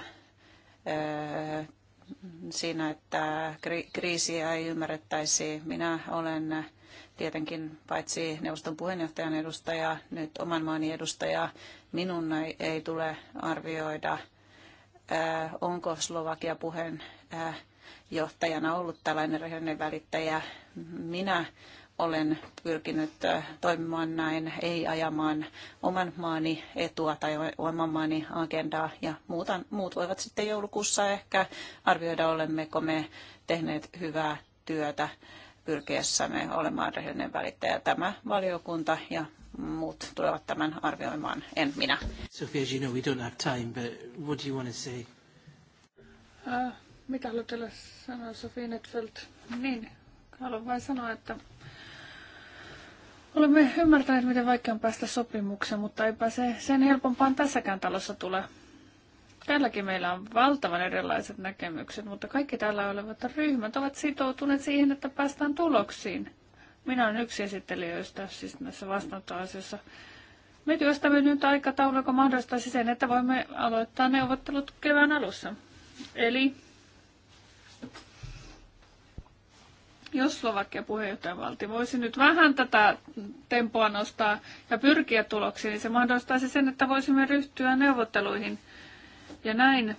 öö, siinä, että kriisiä ei ymmärrettäisi. Minä olen tietenkin paitsi neuvoston puheenjohtajan edustaja, nyt oman maani edustaja, minun ei tule arvioida, öö, onko Slovakia puheenjohtajana öö, ollut tällainen rehellinen välittäjä. Minä olen pyrkinyt äh, toimimaan näin, ei ajamaan oman maani etua tai oman maani agendaa. Ja muuta muut voivat sitten joulukuussa ehkä arvioida, olemmeko me tehneet hyvää työtä pyrkiessämme olemaan rehellinen välittäjä. Tämä valiokunta ja muut tulevat tämän arvioimaan, en minä. Sophia, you know, we don't have time, but what do you want to say? Uh, mitä haluat sanoa, Sofie Netfeld? Niin, haluan vain sanoa, että Olemme ymmärtäneet, miten vaikea on päästä sopimukseen, mutta eipä se sen helpompaan tässäkään talossa tule. Täälläkin meillä on valtavan erilaiset näkemykset, mutta kaikki täällä olevat ryhmät ovat sitoutuneet siihen, että päästään tuloksiin. Minä olen yksi esittelijöistä siis näissä vastaanottoasioissa. Me työstämme nyt aikataulu, joka mahdollistaisi sen, että voimme aloittaa neuvottelut kevään alussa. Eli Jos Slovakia puheenjohtajavalti voisi nyt vähän tätä tempoa nostaa ja pyrkiä tuloksiin, niin se mahdollistaisi sen, että voisimme ryhtyä neuvotteluihin. Ja näin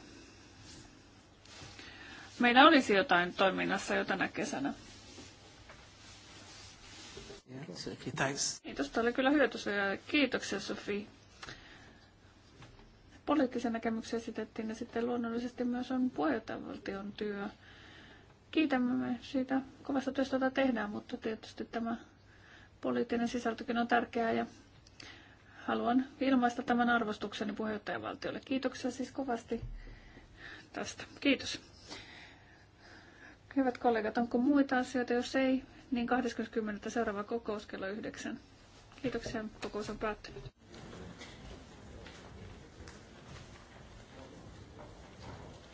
meillä olisi jotain toiminnassa jo tänä kesänä. Kiitos, tämä oli kyllä hyötysuoja. Kiitoksia Sofi. Poliittisen näkemyksen esitettiin ja sitten luonnollisesti myös on puheenjohtajavaltion työ. Kiitämme me siitä kovasta työstä, jota tehdään, mutta tietysti tämä poliittinen sisältökin on tärkeää ja haluan ilmaista tämän arvostukseni puheenjohtajavaltiolle. Kiitoksia siis kovasti tästä. Kiitos. Hyvät kollegat, onko muita asioita? Jos ei, niin 20.10. seuraava kokous kello 9. Kiitoksia. Kokous on päättynyt.